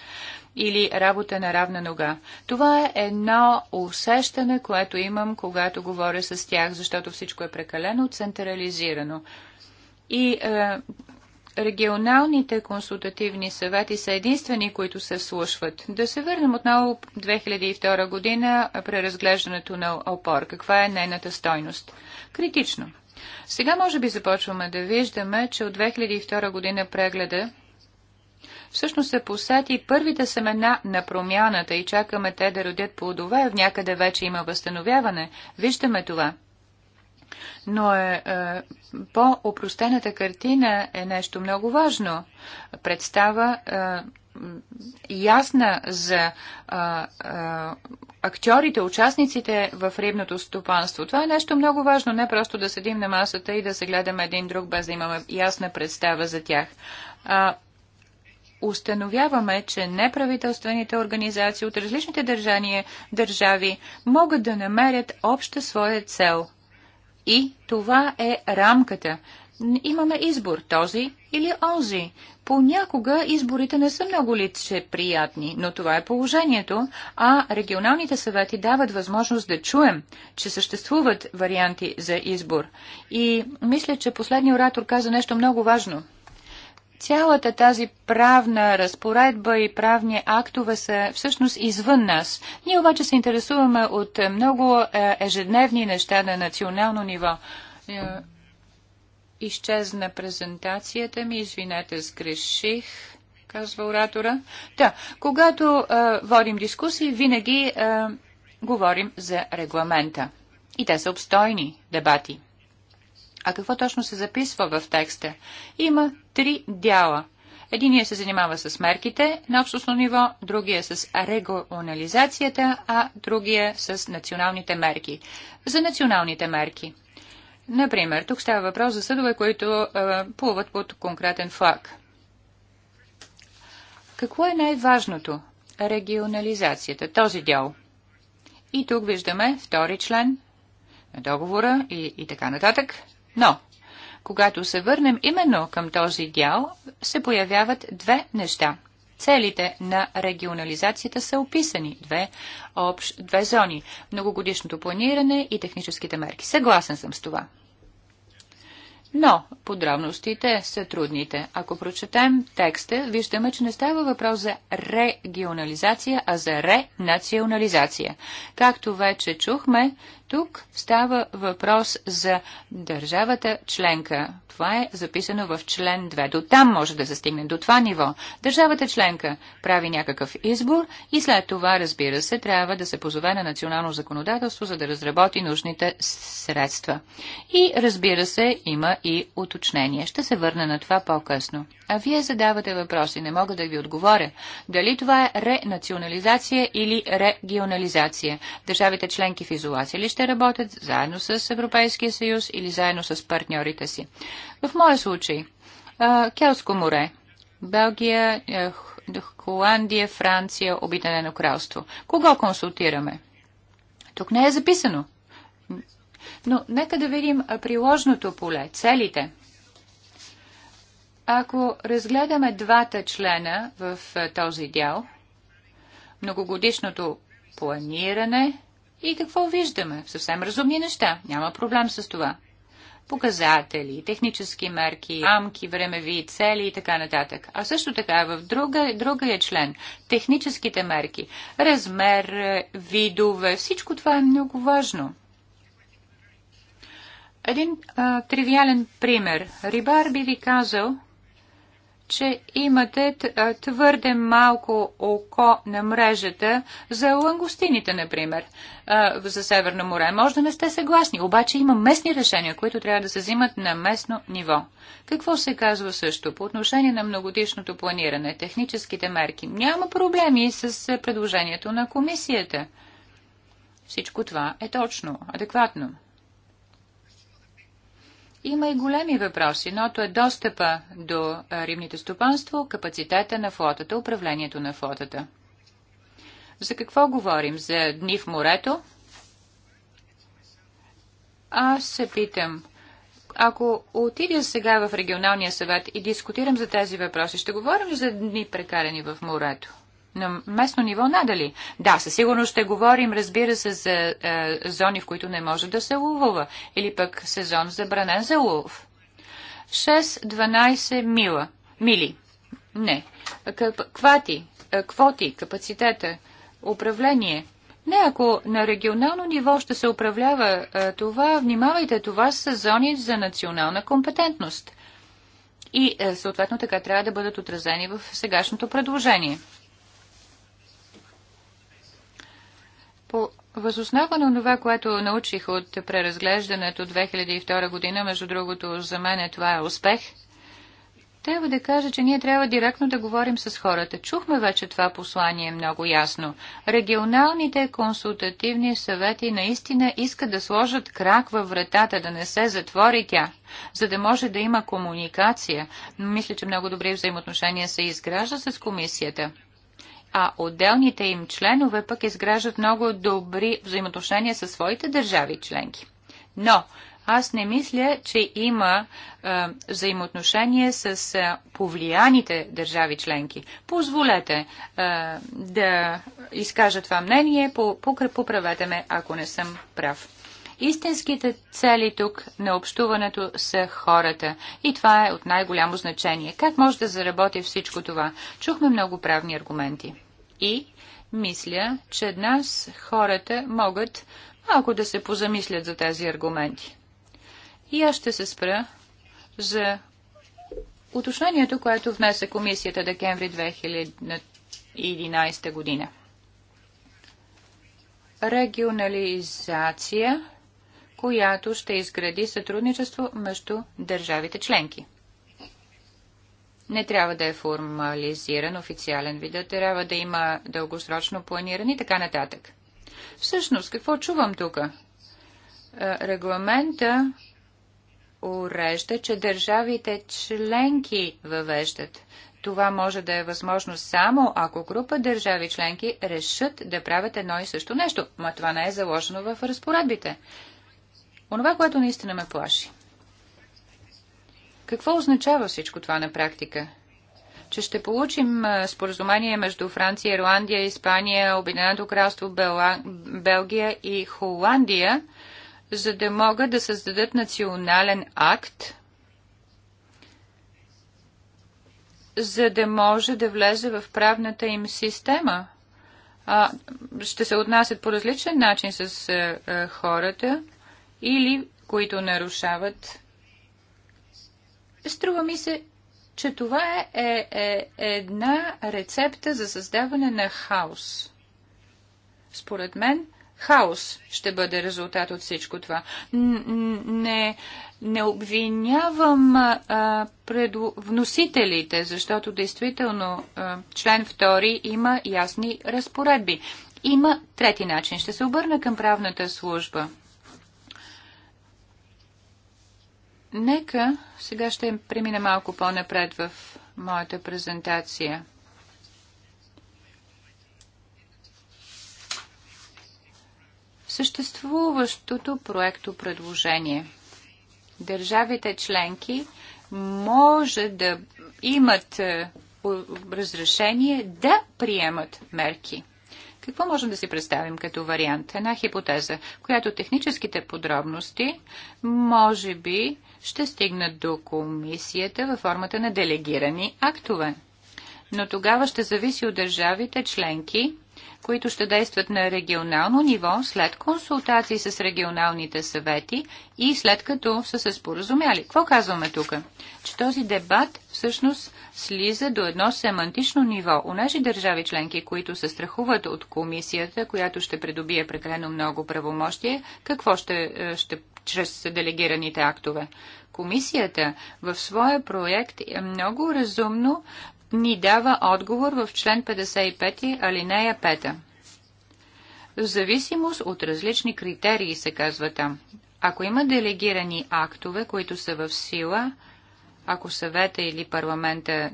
или работа на равна нога. Това е едно усещане, което имам, когато говоря с тях, защото всичко е прекалено централизирано. И е, регионалните консултативни съвети са единствени, които се слушват. Да се върнем отново 2002 година преразглеждането на опор. Каква е нейната стойност? Критично. Сега може би започваме да виждаме, че от 2002 година прегледа всъщност са посети първите семена на промяната и чакаме те да родят плодове. В някъде вече има възстановяване. Виждаме това. Но е, е, по-опростената картина е нещо много важно. Представа е, ясна за а, е, а, е, актьорите, участниците в рибното стопанство. Това е нещо много важно, не просто да седим на масата и да се гледаме един друг, без да имаме ясна представа за тях. А, установяваме, че неправителствените организации от различните държания, държави могат да намерят обща своя цел. И това е рамката. Имаме избор този или онзи. Понякога изборите не са много лице приятни, но това е положението, а регионалните съвети дават възможност да чуем, че съществуват варианти за избор. И мисля, че последният оратор каза нещо много важно. Цялата тази правна разпоредба и правни актове са всъщност извън нас. Ние обаче се интересуваме от много е, ежедневни неща на национално ниво. Е, изчезна презентацията ми, извинете, сгреших казва оратора. Да, когато а, е, водим дискусии, винаги а, говорим за регламента. И те са обстойни дебати. А какво точно се записва в текста? Има три дяла. Единия се занимава с мерките на общностно ниво, другия с регионализацията, а другия с националните мерки. За националните мерки. Например, тук става въпрос за съдове, които е, плуват под конкретен флаг. Какво е най-важното? Регионализацията, този дял. И тук виждаме втори член на договора и, и така нататък – но, когато се върнем именно към този дял, се появяват две неща. Целите на регионализацията са описани. Две, общ, две зони. Многогодишното планиране и техническите мерки. Съгласен съм с това. Но подробностите са трудните. Ако прочетем текста, виждаме, че не става въпрос за регионализация, а за ренационализация. Както вече чухме, тук става въпрос за държавата членка. Това е записано в член 2. До там може да се стигне, до това ниво. Държавата членка прави някакъв избор и след това, разбира се, трябва да се позове на национално законодателство, за да разработи нужните средства. И разбира се, има и уточнение. Ще се върна на това по-късно. А вие задавате въпроси, не мога да ви отговоря. Дали това е ренационализация или регионализация? Държавите членки в изолация ли ще работят заедно с Европейския съюз или заедно с партньорите си? В моя случай, Келско море, Белгия, е, Холандия, Франция, Обединено кралство. Кого консултираме? Тук не е записано. Но нека да видим приложното поле, целите – ако разгледаме двата члена в е, този дял, многогодишното планиране и какво виждаме? Съвсем разумни неща. Няма проблем с това. Показатели, технически мерки, рамки, времеви цели и така нататък. А също така в друга, другия член техническите мерки, размер, е, видове, всичко това е много важно. Един а, тривиален пример. Рибар би ви казал, че имате твърде малко око на мрежата за лангустините, например, за Северно море. Може да не сте съгласни, обаче има местни решения, които трябва да се взимат на местно ниво. Какво се казва също по отношение на многодишното планиране, техническите мерки? Няма проблеми с предложението на комисията. Всичко това е точно, адекватно. Има и големи въпроси, но то е достъпа до рибните стопанство, капацитета на флотата, управлението на флотата. За какво говорим? За дни в морето? Аз се питам, ако отидя сега в регионалния съвет и дискутирам за тези въпроси, ще говорим ли за дни прекарани в морето? на местно ниво надали. Да, със сигурност ще говорим, разбира се, за е, зони, в които не може да се лувува, или пък сезон забранен за лув. 6-12 мила. Мили. Не. Квати, е, квоти, капацитета, управление. Не, ако на регионално ниво ще се управлява е, това, внимавайте, това са зони за национална компетентност. И е, съответно така трябва да бъдат отразени в сегашното предложение. По възоснова на това, което научих от преразглеждането 2002 година, между другото, за мен е това е успех, трябва да кажа, че ние трябва директно да говорим с хората. Чухме вече това послание много ясно. Регионалните консултативни съвети наистина искат да сложат крак във вратата, да не се затвори тя, за да може да има комуникация. Мисля, че много добри взаимоотношения се изгражда с комисията а отделните им членове пък изграждат много добри взаимоотношения със своите държави членки. Но аз не мисля, че има е, взаимоотношение с е, повлияните държави членки. Позволете е, да изкажа това мнение, по, поправете ме, ако не съм прав. Истинските цели тук на общуването са хората. И това е от най-голямо значение. Как може да заработи всичко това? Чухме много правни аргументи. И мисля, че днес хората могат малко да се позамислят за тези аргументи. И аз ще се спра за уточнението, което внесе комисията декември 2011 година. Регионализация която ще изгради сътрудничество между държавите членки. Не трябва да е формализиран официален вид, трябва да има дългосрочно планиране и така нататък. Всъщност, какво чувам тук? Е, регламента урежда, че държавите членки въвеждат. Това може да е възможно само ако група държави членки решат да правят едно и също нещо. Ма това не е заложено в разпоредбите. Онова, което наистина ме плаши. Какво означава всичко това на практика? че ще получим споразумение между Франция, Ирландия, Испания, Обединеното кралство, Бела... Белгия и Холандия, за да могат да създадат национален акт, за да може да влезе в правната им система. А, ще се отнасят по различен начин с а, хората или които нарушават. Струва ми се, че това е, е, е една рецепта за създаване на хаос. Според мен, хаос ще бъде резултат от всичко това. Не, не обвинявам а, пред вносителите, защото действително а, член 2 има ясни разпоредби. Има трети начин. Ще се обърна към правната служба. Нека сега ще премина малко по-напред в моята презентация. Съществуващото проекто предложение. Държавите членки може да имат е, разрешение да приемат мерки. Какво можем да си представим като вариант? Една хипотеза, която техническите подробности може би ще стигнат до комисията във формата на делегирани актове. Но тогава ще зависи от държавите членки, които ще действат на регионално ниво след консултации с регионалните съвети и след като са се споразумяли. Какво казваме тук? Че този дебат всъщност слиза до едно семантично ниво. Унежи държави членки, които се страхуват от комисията, която ще придобие прекалено много правомощие, какво ще, е, ще чрез делегираните актове. Комисията в своя проект е много разумно ни дава отговор в член 55 алинея 5. В зависимост от различни критерии се казва там. Ако има делегирани актове, които са в сила, ако съвета или парламента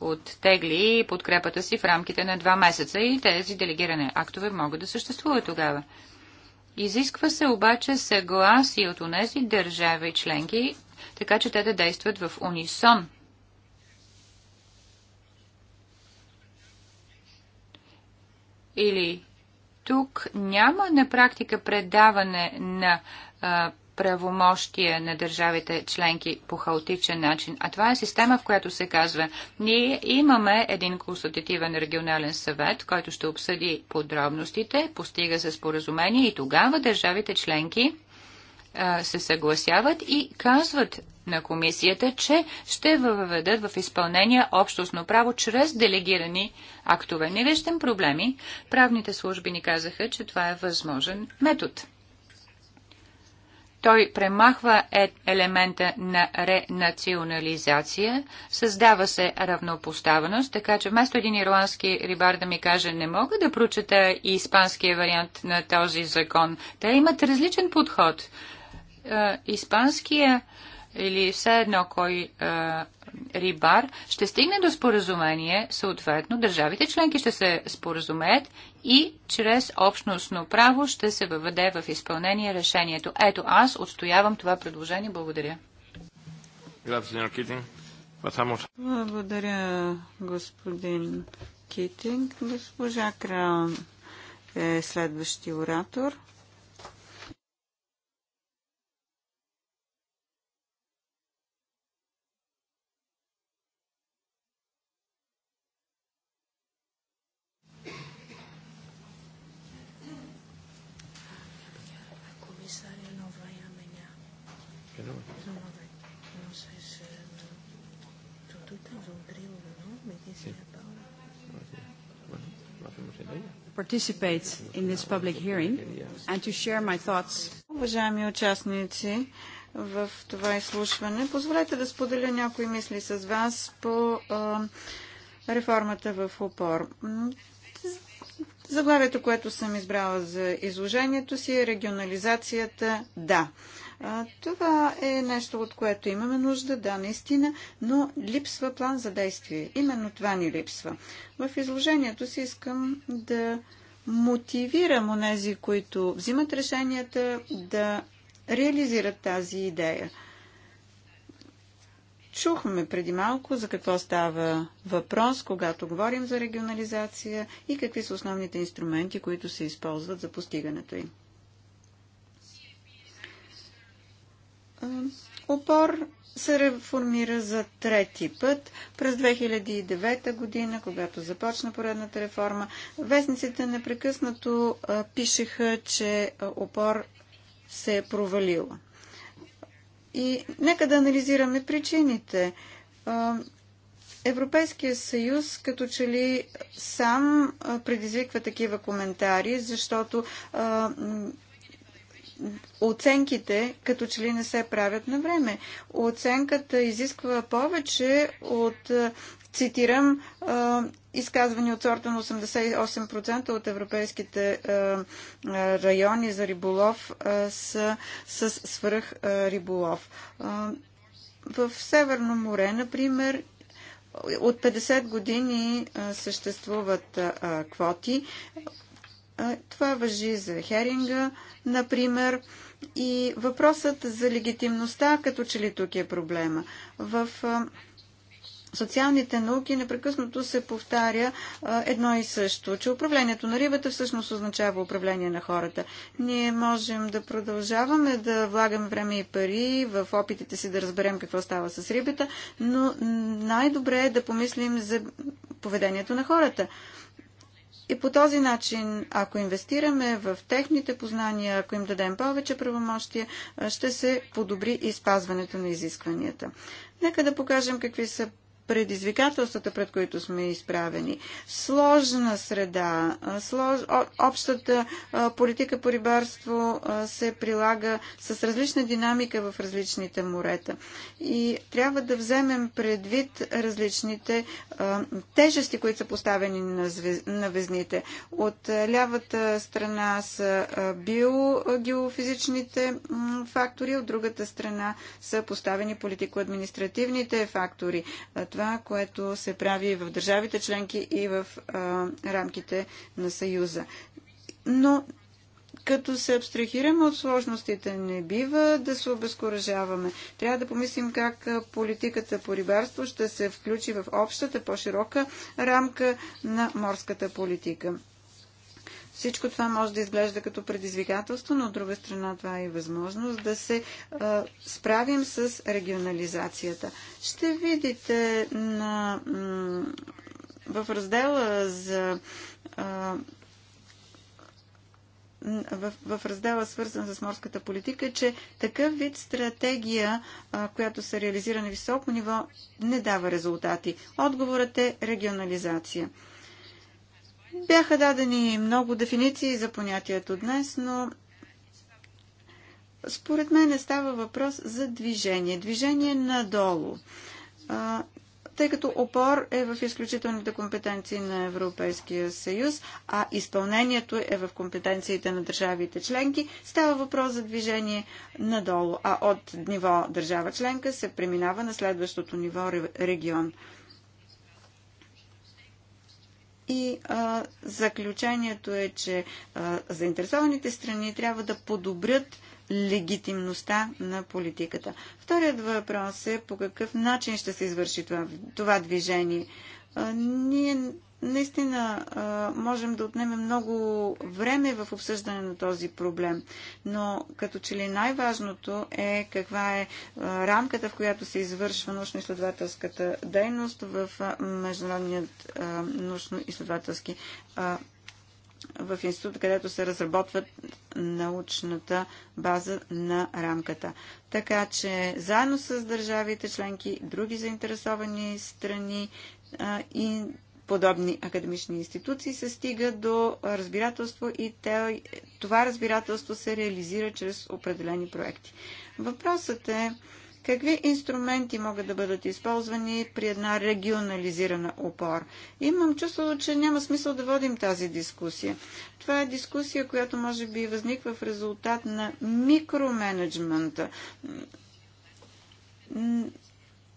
оттегли подкрепата си в рамките на два месеца и тези делегирани актове могат да съществуват тогава. Изисква се обаче съгласие от унези държави членки, така че те да действат в унисон. Или тук няма на практика предаване на а, правомощия на държавите членки по хаотичен начин. А това е система, в която се казва, ние имаме един консултативен регионален съвет, който ще обсъди подробностите, постига се споразумение и тогава държавите членки се съгласяват и казват на комисията, че ще въведат в изпълнение общностно право чрез делегирани актове. Не виждам проблеми. Правните служби ни казаха, че това е възможен метод. Той премахва е елемента на ренационализация, създава се равнопоставеност, така че вместо един ирландски рибар да ми каже не мога да прочета и испанския вариант на този закон, те имат различен подход. Е, испанския или все едно кой е, Рибар ще стигне до споразумение, съответно държавите членки ще се споразумеят и чрез общностно право ще се въведе в изпълнение решението. Ето аз отстоявам това предложение. Благодаря. Благодаря, господин Китинг. Госпожа Краун е следващи оратор. participate in this public hearing and to share my thoughts. Уважаеми участници в това изслушване, позволете да споделя някои мисли с вас по реформата в опор. Заглавието, което съм избрала за изложението си е регионализацията «Да». Това е нещо, от което имаме нужда, да, наистина, но липсва план за действие. Именно това ни липсва. В изложението си искам да мотивирам онези, които взимат решенията да реализират тази идея. Чухме преди малко за какво става въпрос, когато говорим за регионализация и какви са основните инструменти, които се използват за постигането им. опор се реформира за трети път. През 2009 година, когато започна поредната реформа, вестниците непрекъснато пишеха, че опор се е провалила. И нека да анализираме причините. Европейския съюз като че ли сам предизвиква такива коментари, защото оценките като че ли не се правят на време. Оценката изисква повече от, цитирам, изказвани от сорта на 88% от европейските райони за риболов с, с свръх риболов. В Северно море, например, от 50 години съществуват квоти. Това въжи за Херинга, например. И въпросът за легитимността, като че ли тук е проблема. В социалните науки непрекъснато се повтаря едно и също, че управлението на рибата всъщност означава управление на хората. Ние можем да продължаваме да влагаме време и пари в опитите си да разберем какво става с рибата, но най-добре е да помислим за поведението на хората. И по този начин, ако инвестираме в техните познания, ако им дадем повече правомощия, ще се подобри и спазването на изискванията. Нека да покажем какви са предизвикателствата, пред които сме изправени. Сложна среда, слож... общата политика по рибарство се прилага с различна динамика в различните морета. И трябва да вземем предвид различните тежести, които са поставени на, звез... на везните. От лявата страна са биогеофизичните фактори, от другата страна са поставени политико-административните фактори. Това това, което се прави в държавите членки и в а, рамките на Съюза. Но като се абстрахираме от сложностите, не бива да се обезкуражаваме. Трябва да помислим как политиката по рибарство ще се включи в общата, по-широка рамка на морската политика. Всичко това може да изглежда като предизвикателство, но от друга страна това е и възможност да се а, справим с регионализацията. Ще видите на, в раздела за а, в, в раздела свързан с морската политика, че такъв вид стратегия, а, която се реализира на високо ниво, не дава резултати. Отговорът е регионализация. Бяха дадени много дефиниции за понятието днес, но според мен става въпрос за движение. Движение надолу. тъй като опор е в изключителните компетенции на Европейския съюз, а изпълнението е в компетенциите на държавите членки, става въпрос за движение надолу, а от ниво държава членка се преминава на следващото ниво регион. И а, заключението е, че а, заинтересованите страни трябва да подобрят легитимността на политиката. Вторият въпрос е по какъв начин ще се извърши това, това движение. А, ние Наистина можем да отнемем много време в обсъждане на този проблем, но като че ли най-важното е каква е рамката, в която се извършва научно-изследователската дейност в Международният научно-изследователски в института, където се разработват научната база на рамката. Така че заедно с държавите членки, други заинтересовани страни и подобни академични институции, се стига до разбирателство и те, това разбирателство се реализира чрез определени проекти. Въпросът е какви инструменти могат да бъдат използвани при една регионализирана опор. Имам чувство, че няма смисъл да водим тази дискусия. Това е дискусия, която може би възниква в резултат на микроменеджмента.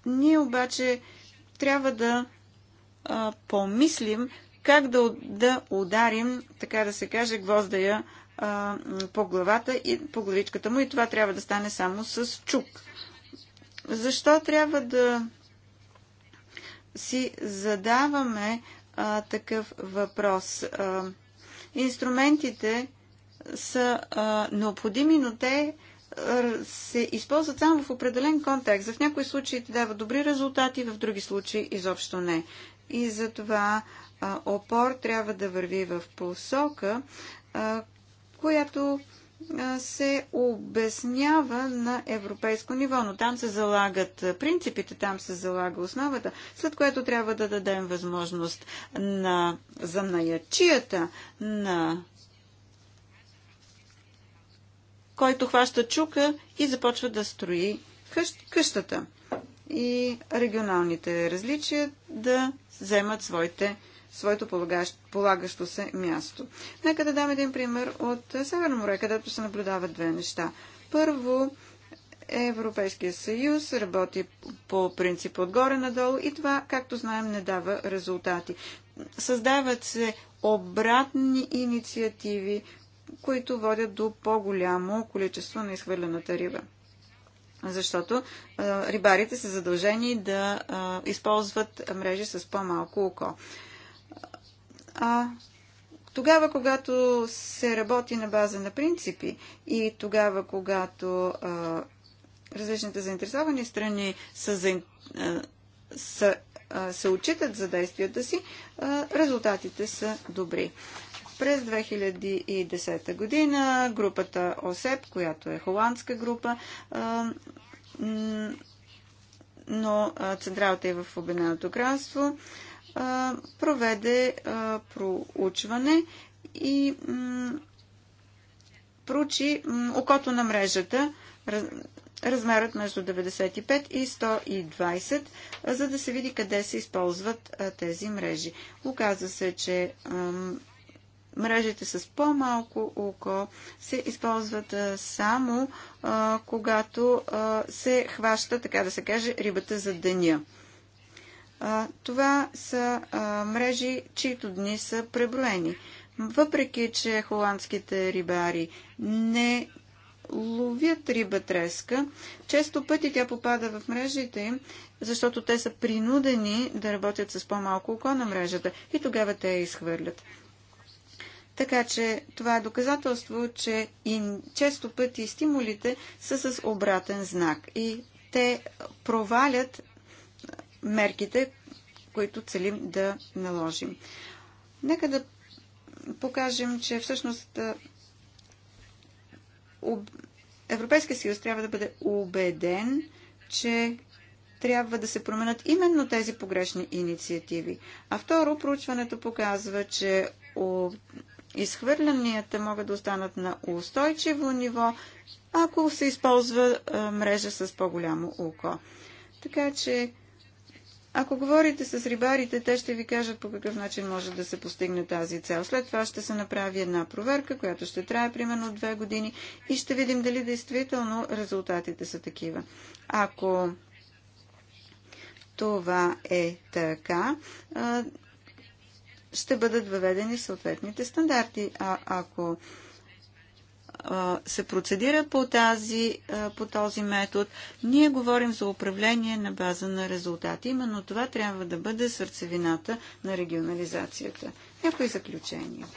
Ние обаче трябва да а, помислим как да, да ударим, така да се каже, гвоздая а, по главата и по главичката му и това трябва да стане само с чук. Защо трябва да си задаваме а, такъв въпрос? А, инструментите са а, необходими, но те се използват само в определен контекст. В някои случаи те дават добри резултати, в други случаи изобщо не и затова опор трябва да върви в посока, която се обяснява на европейско ниво, но там се залагат принципите, там се залага основата, след което трябва да дадем възможност на занаячията, на който хваща чука и започва да строи къщ, къщата и регионалните различия да вземат своите, своето полагащо, полагащо се място. Нека да дам един пример от Северно море, където се наблюдават две неща. Първо, Европейския съюз работи по принцип отгоре надолу и това, както знаем, не дава резултати. Създават се обратни инициативи, които водят до по-голямо количество на изхвърлената риба защото а, рибарите са задължени да а, използват мрежи с по-малко око. А тогава, когато се работи на база на принципи и тогава, когато а, различните заинтересовани страни са, за, а, са, а, се отчитат за действията си, а, резултатите са добри. През 2010 година групата ОСЕП, която е холандска група, но централата е в Обединеното кралство, проведе проучване и проучи окото на мрежата, размерът между 95 и 120, за да се види къде се използват тези мрежи. Оказва се, че мрежите с по-малко око се използват само а, когато а, се хваща, така да се каже, рибата за деня. А, това са мрежи, чието дни са преброени. Въпреки, че холандските рибари не ловят риба треска, често пъти тя попада в мрежите им, защото те са принудени да работят с по-малко око на мрежата и тогава те я изхвърлят. Така че това е доказателство, че и често пъти стимулите са с обратен знак и те провалят мерките, които целим да наложим. Нека да покажем, че всъщност Европейския съюз трябва да бъде убеден, че трябва да се променят именно тези погрешни инициативи. А второ, проучването показва, че изхвърлянията могат да останат на устойчиво ниво, ако се използва мрежа с по-голямо око. Така че, ако говорите с рибарите, те ще ви кажат по какъв начин може да се постигне тази цел. След това ще се направи една проверка, която ще трае примерно две години и ще видим дали действително резултатите са такива. Ако това е така, ще бъдат въведени съответните стандарти. А ако се процедира по, тази, по този метод, ние говорим за управление на база на резултати. Именно това трябва да бъде сърцевината на регионализацията. Някои заключения.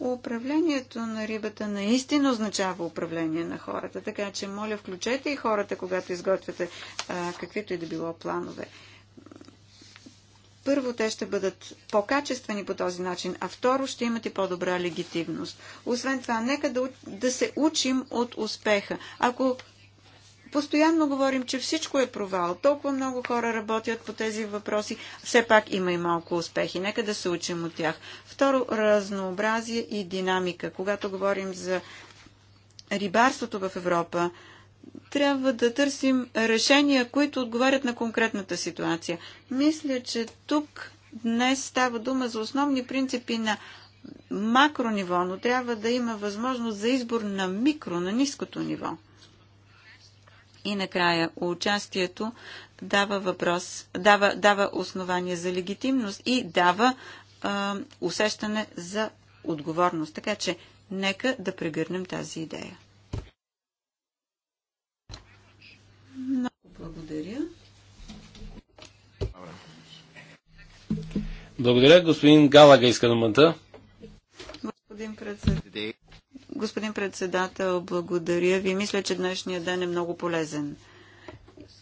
Управлението на рибата наистина означава управление на хората, така че моля включете и хората, когато изготвяте а, каквито и да било планове първо те ще бъдат по-качествени по този начин, а второ ще имат и по-добра легитимност. Освен това, нека да, да се учим от успеха. Ако постоянно говорим, че всичко е провал, толкова много хора работят по тези въпроси, все пак има и малко успехи. Нека да се учим от тях. Второ, разнообразие и динамика. Когато говорим за рибарството в Европа, трябва да търсим решения, които отговарят на конкретната ситуация. Мисля, че тук днес става дума за основни принципи на макро ниво, но трябва да има възможност за избор на микро, на ниското ниво. И накрая участието дава въпрос, дава, дава основание за легитимност и дава а, усещане за отговорност. Така че нека да прегърнем тази идея. Много благодаря. Благодаря. Господин Галага иска думата. Господин председател, господин председател, благодаря ви. Мисля, че днешния ден е много полезен.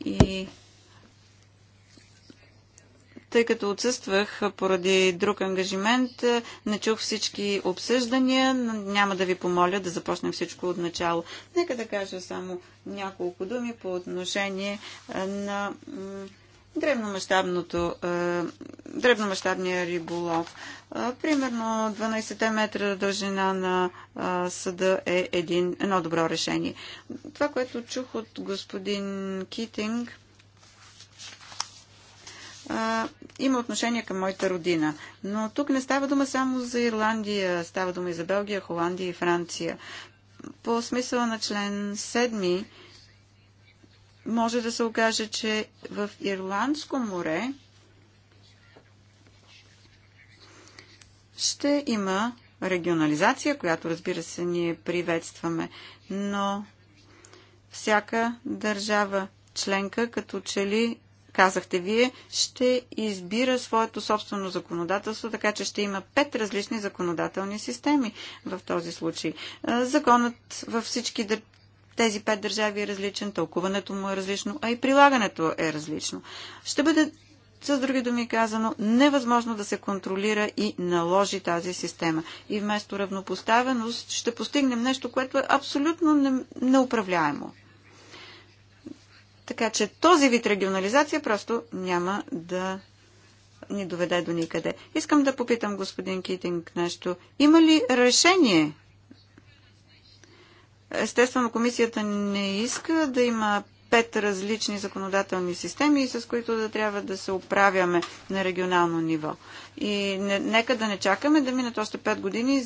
И тъй като отсъствах поради друг ангажимент, е, не чух всички обсъждания, няма да ви помоля да започнем всичко от начало. Нека да кажа само няколко думи по отношение е, на древномащабното, е, древномащабния риболов. Примерно 12 метра дължина на съда е един, едно добро решение. Това, което чух от господин Китинг, а, има отношение към моята родина. Но тук не става дума само за Ирландия, става дума и за Белгия, Холандия и Франция. По смисъла на член 7 може да се окаже, че в Ирландско море ще има регионализация, която разбира се ние приветстваме, но всяка държава членка като че ли казахте вие, ще избира своето собствено законодателство, така че ще има пет различни законодателни системи в този случай. Законът във всички тези пет държави е различен, тълкуването му е различно, а и прилагането е различно. Ще бъде с други думи казано, невъзможно да се контролира и наложи тази система. И вместо равнопоставеност ще постигнем нещо, което е абсолютно неуправляемо. Не така че този вид регионализация просто няма да ни доведе до никъде. Искам да попитам господин Китинг нещо. Има ли решение? Естествено, комисията не иска да има пет различни законодателни системи, с които да трябва да се оправяме на регионално ниво. И не, нека да не чакаме да минат още пет години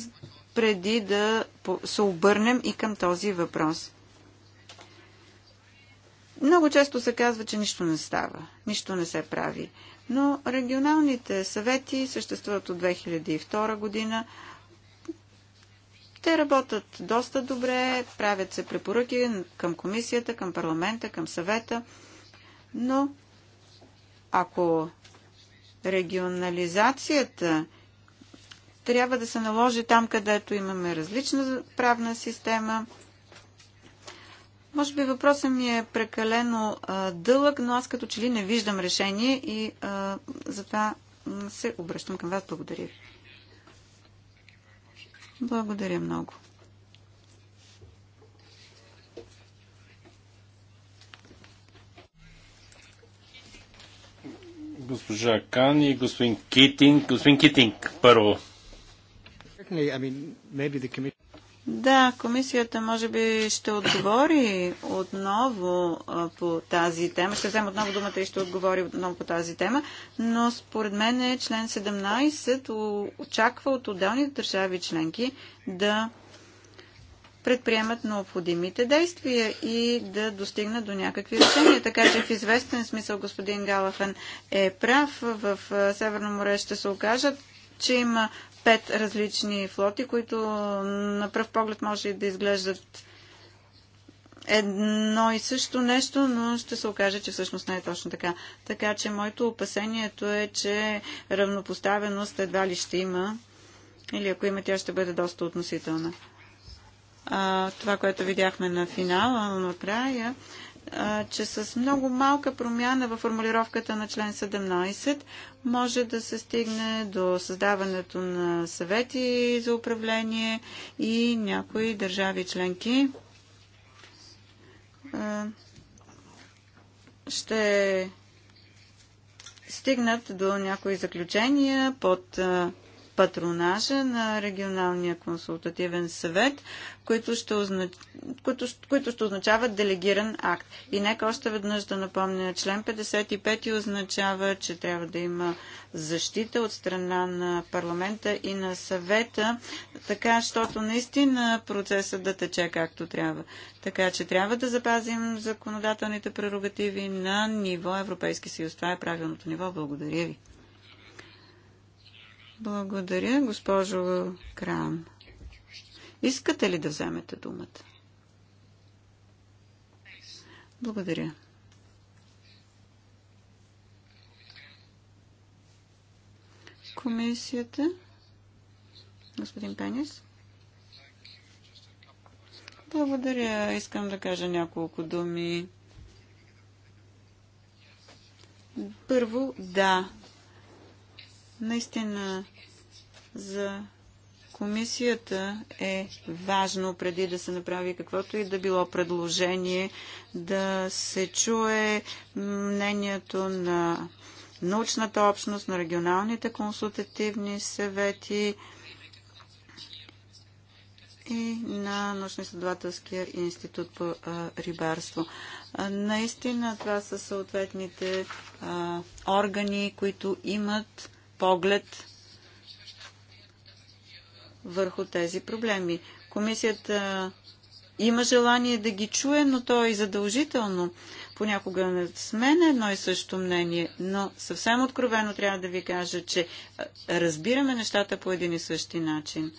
преди да се обърнем и към този въпрос. Много често се казва, че нищо не става, нищо не се прави. Но регионалните съвети съществуват от 2002 година. Те работят доста добре, правят се препоръки към комисията, към парламента, към съвета, но ако регионализацията трябва да се наложи там, където имаме различна правна система, може би въпросът ми е прекалено а, дълъг, но аз като че ли не виждам решение и а, затова се обръщам към вас. Благодаря ви. Благодаря много. Госпожа Кан и господин Китинг. Господин Китинг, първо. Да, комисията може би ще отговори отново по тази тема. Ще взема отново думата и ще отговори отново по тази тема. Но според мен е член 17 очаква от отделните държави членки да предприемат необходимите действия и да достигнат до някакви решения. Така че в известен смисъл господин Галафен е прав. В Северно море ще се окажат че има пет различни флоти, които на пръв поглед може да изглеждат едно и също нещо, но ще се окаже, че всъщност не е точно така. Така че моето опасението е, че равнопоставеност едва ли ще има, или ако има, тя ще бъде доста относителна. А, това, което видяхме на финала, на края, че с много малка промяна във формулировката на член 17 може да се стигне до създаването на съвети за управление и някои държави членки ще стигнат до някои заключения под патронажа на регионалния консултативен съвет, които ще, означ... които, които ще означават делегиран акт. И нека още веднъж да напомня, член 55 означава, че трябва да има защита от страна на парламента и на съвета, така, щото наистина процесът да тече както трябва. Така че трябва да запазим законодателните прерогативи на ниво Европейски съюз. Това е правилното ниво. Благодаря ви. Благодаря, госпожо Крам. Искате ли да вземете думата? Благодаря. Комисията. Господин Пенис. Благодаря. Искам да кажа няколко думи. Първо, да, Наистина за комисията е важно преди да се направи каквото и да било предложение да се чуе мнението на научната общност, на регионалните консултативни съвети и на научно-изследователския институт по рибарство. наистина това са съответните органи, които имат поглед върху тези проблеми. Комисията има желание да ги чуе, но то е задължително. Понякога не сме на едно и също мнение, но съвсем откровено трябва да ви кажа, че разбираме нещата по един и същи начин.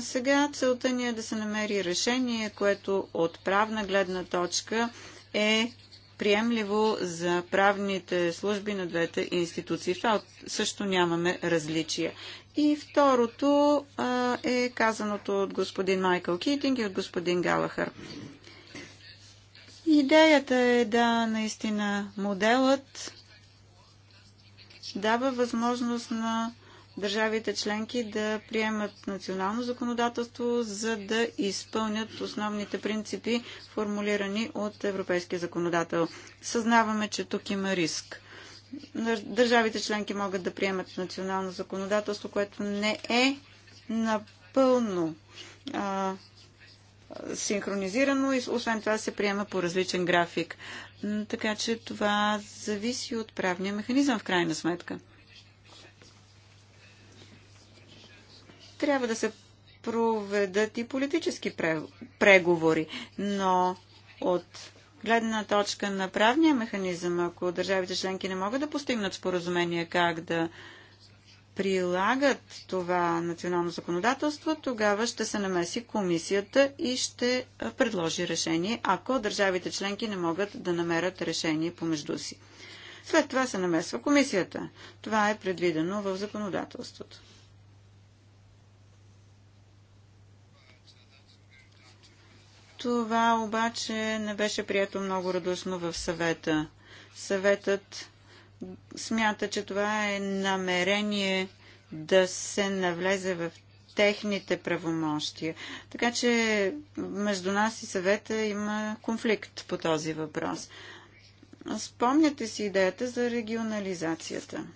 Сега целта ни е да се намери решение, което от правна гледна точка е приемливо за правните служби на двете институции. това също нямаме различия. И второто а, е казаното от господин Майкъл Китинг и от господин Галахър. Идеята е да наистина моделът дава възможност на държавите членки да приемат национално законодателство, за да изпълнят основните принципи, формулирани от европейския законодател. Съзнаваме, че тук има риск. Държавите членки могат да приемат национално законодателство, което не е напълно а, синхронизирано и освен това се приема по различен график. Така че това зависи от правния механизъм в крайна сметка. Трябва да се проведат и политически преговори, но от гледна точка на правния механизъм, ако държавите членки не могат да постигнат споразумение как да прилагат това национално законодателство, тогава ще се намеси комисията и ще предложи решение, ако държавите членки не могат да намерят решение помежду си. След това се намесва комисията. Това е предвидено в законодателството. Това обаче не беше прието много радушно в съвета. Съветът смята, че това е намерение да се навлезе в техните правомощия. Така че между нас и съвета има конфликт по този въпрос. Спомняте си идеята за регионализацията.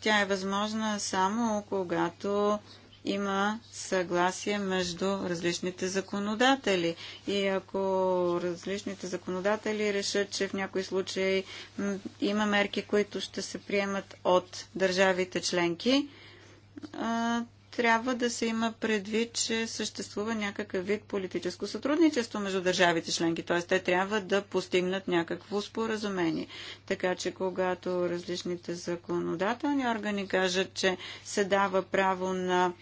Тя е възможна само когато има съгласие между различните законодатели. И ако различните законодатели решат, че в някои случаи има мерки, които ще се приемат от държавите членки, трябва да се има предвид, че съществува някакъв вид политическо сътрудничество между държавите членки, т.е. те трябва да постигнат някакво споразумение. Така че когато различните законодателни органи кажат, че се дава право на,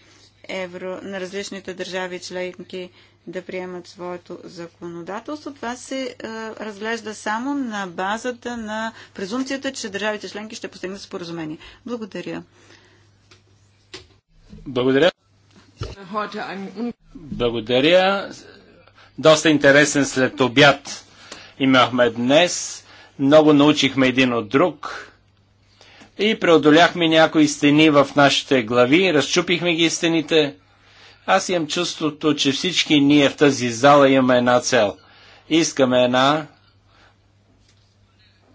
евро, на различните държави членки да приемат своето законодателство. Това се е, разглежда само на базата на презумцията, че държавите членки ще постигнат споразумение. Благодаря. Благодаря. Благодаря. Доста интересен след обяд имахме днес. Много научихме един от друг и преодоляхме някои стени в нашите глави, разчупихме ги стените. Аз имам чувството, че всички ние в тази зала имаме една цел. Искаме една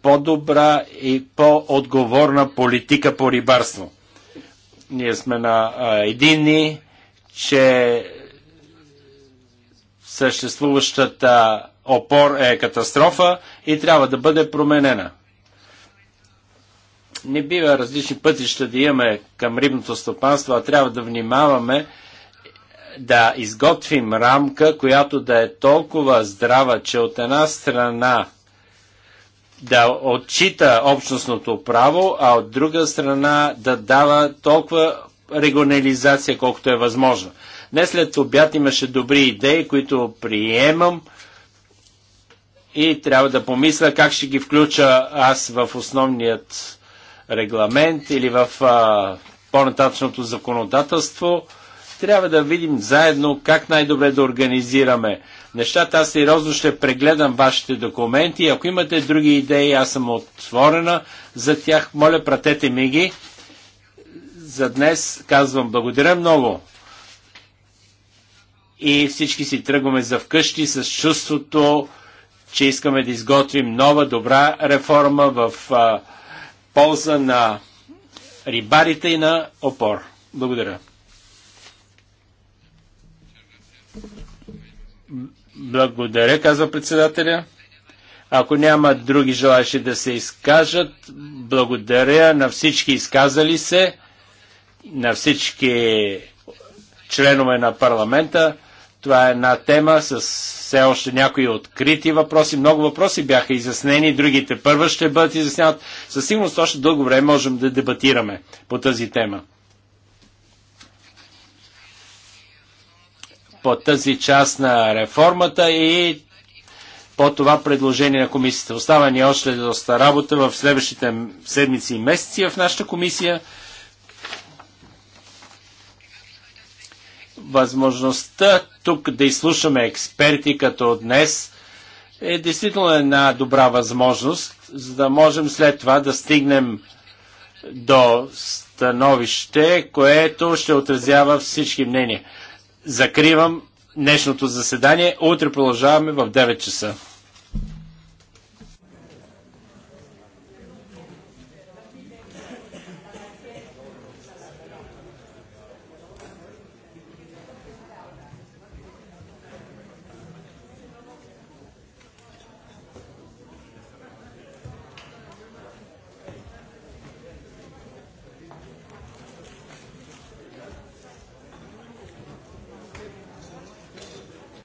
по-добра и по-отговорна политика по рибарство ние сме на единни, че съществуващата опор е катастрофа и трябва да бъде променена. Не бива различни пътища да имаме към рибното стопанство, а трябва да внимаваме да изготвим рамка, която да е толкова здрава, че от една страна да отчита общностното право, а от друга страна да дава толкова регионализация, колкото е възможно. Днес след обяд имаше добри идеи, които приемам и трябва да помисля как ще ги включа аз в основният регламент или в по-нататъчното законодателство. Трябва да видим заедно как най-добре да организираме нещата. Аз сериозно ще прегледам вашите документи. Ако имате други идеи, аз съм отворена за тях. Моля, пратете ми ги. За днес казвам благодаря много. И всички си тръгваме за вкъщи с чувството, че искаме да изготвим нова, добра реформа в а, полза на рибарите и на опор. Благодаря. Благодаря, казва председателя. Ако няма други желащи да се изкажат, благодаря на всички изказали се, на всички членове на парламента. Това е една тема с все още някои открити въпроси. Много въпроси бяха изяснени, другите първа ще бъдат изясняват. Със сигурност още дълго време можем да дебатираме по тази тема. по тази част на реформата и по това предложение на комисията. Остава ни още доста работа в следващите седмици и месеци в нашата комисия. Възможността тук да изслушаме експерти като днес е действително една добра възможност, за да можем след това да стигнем до становище, което ще отразява всички мнения. Закривам днешното заседание. Утре продължаваме в 9 часа.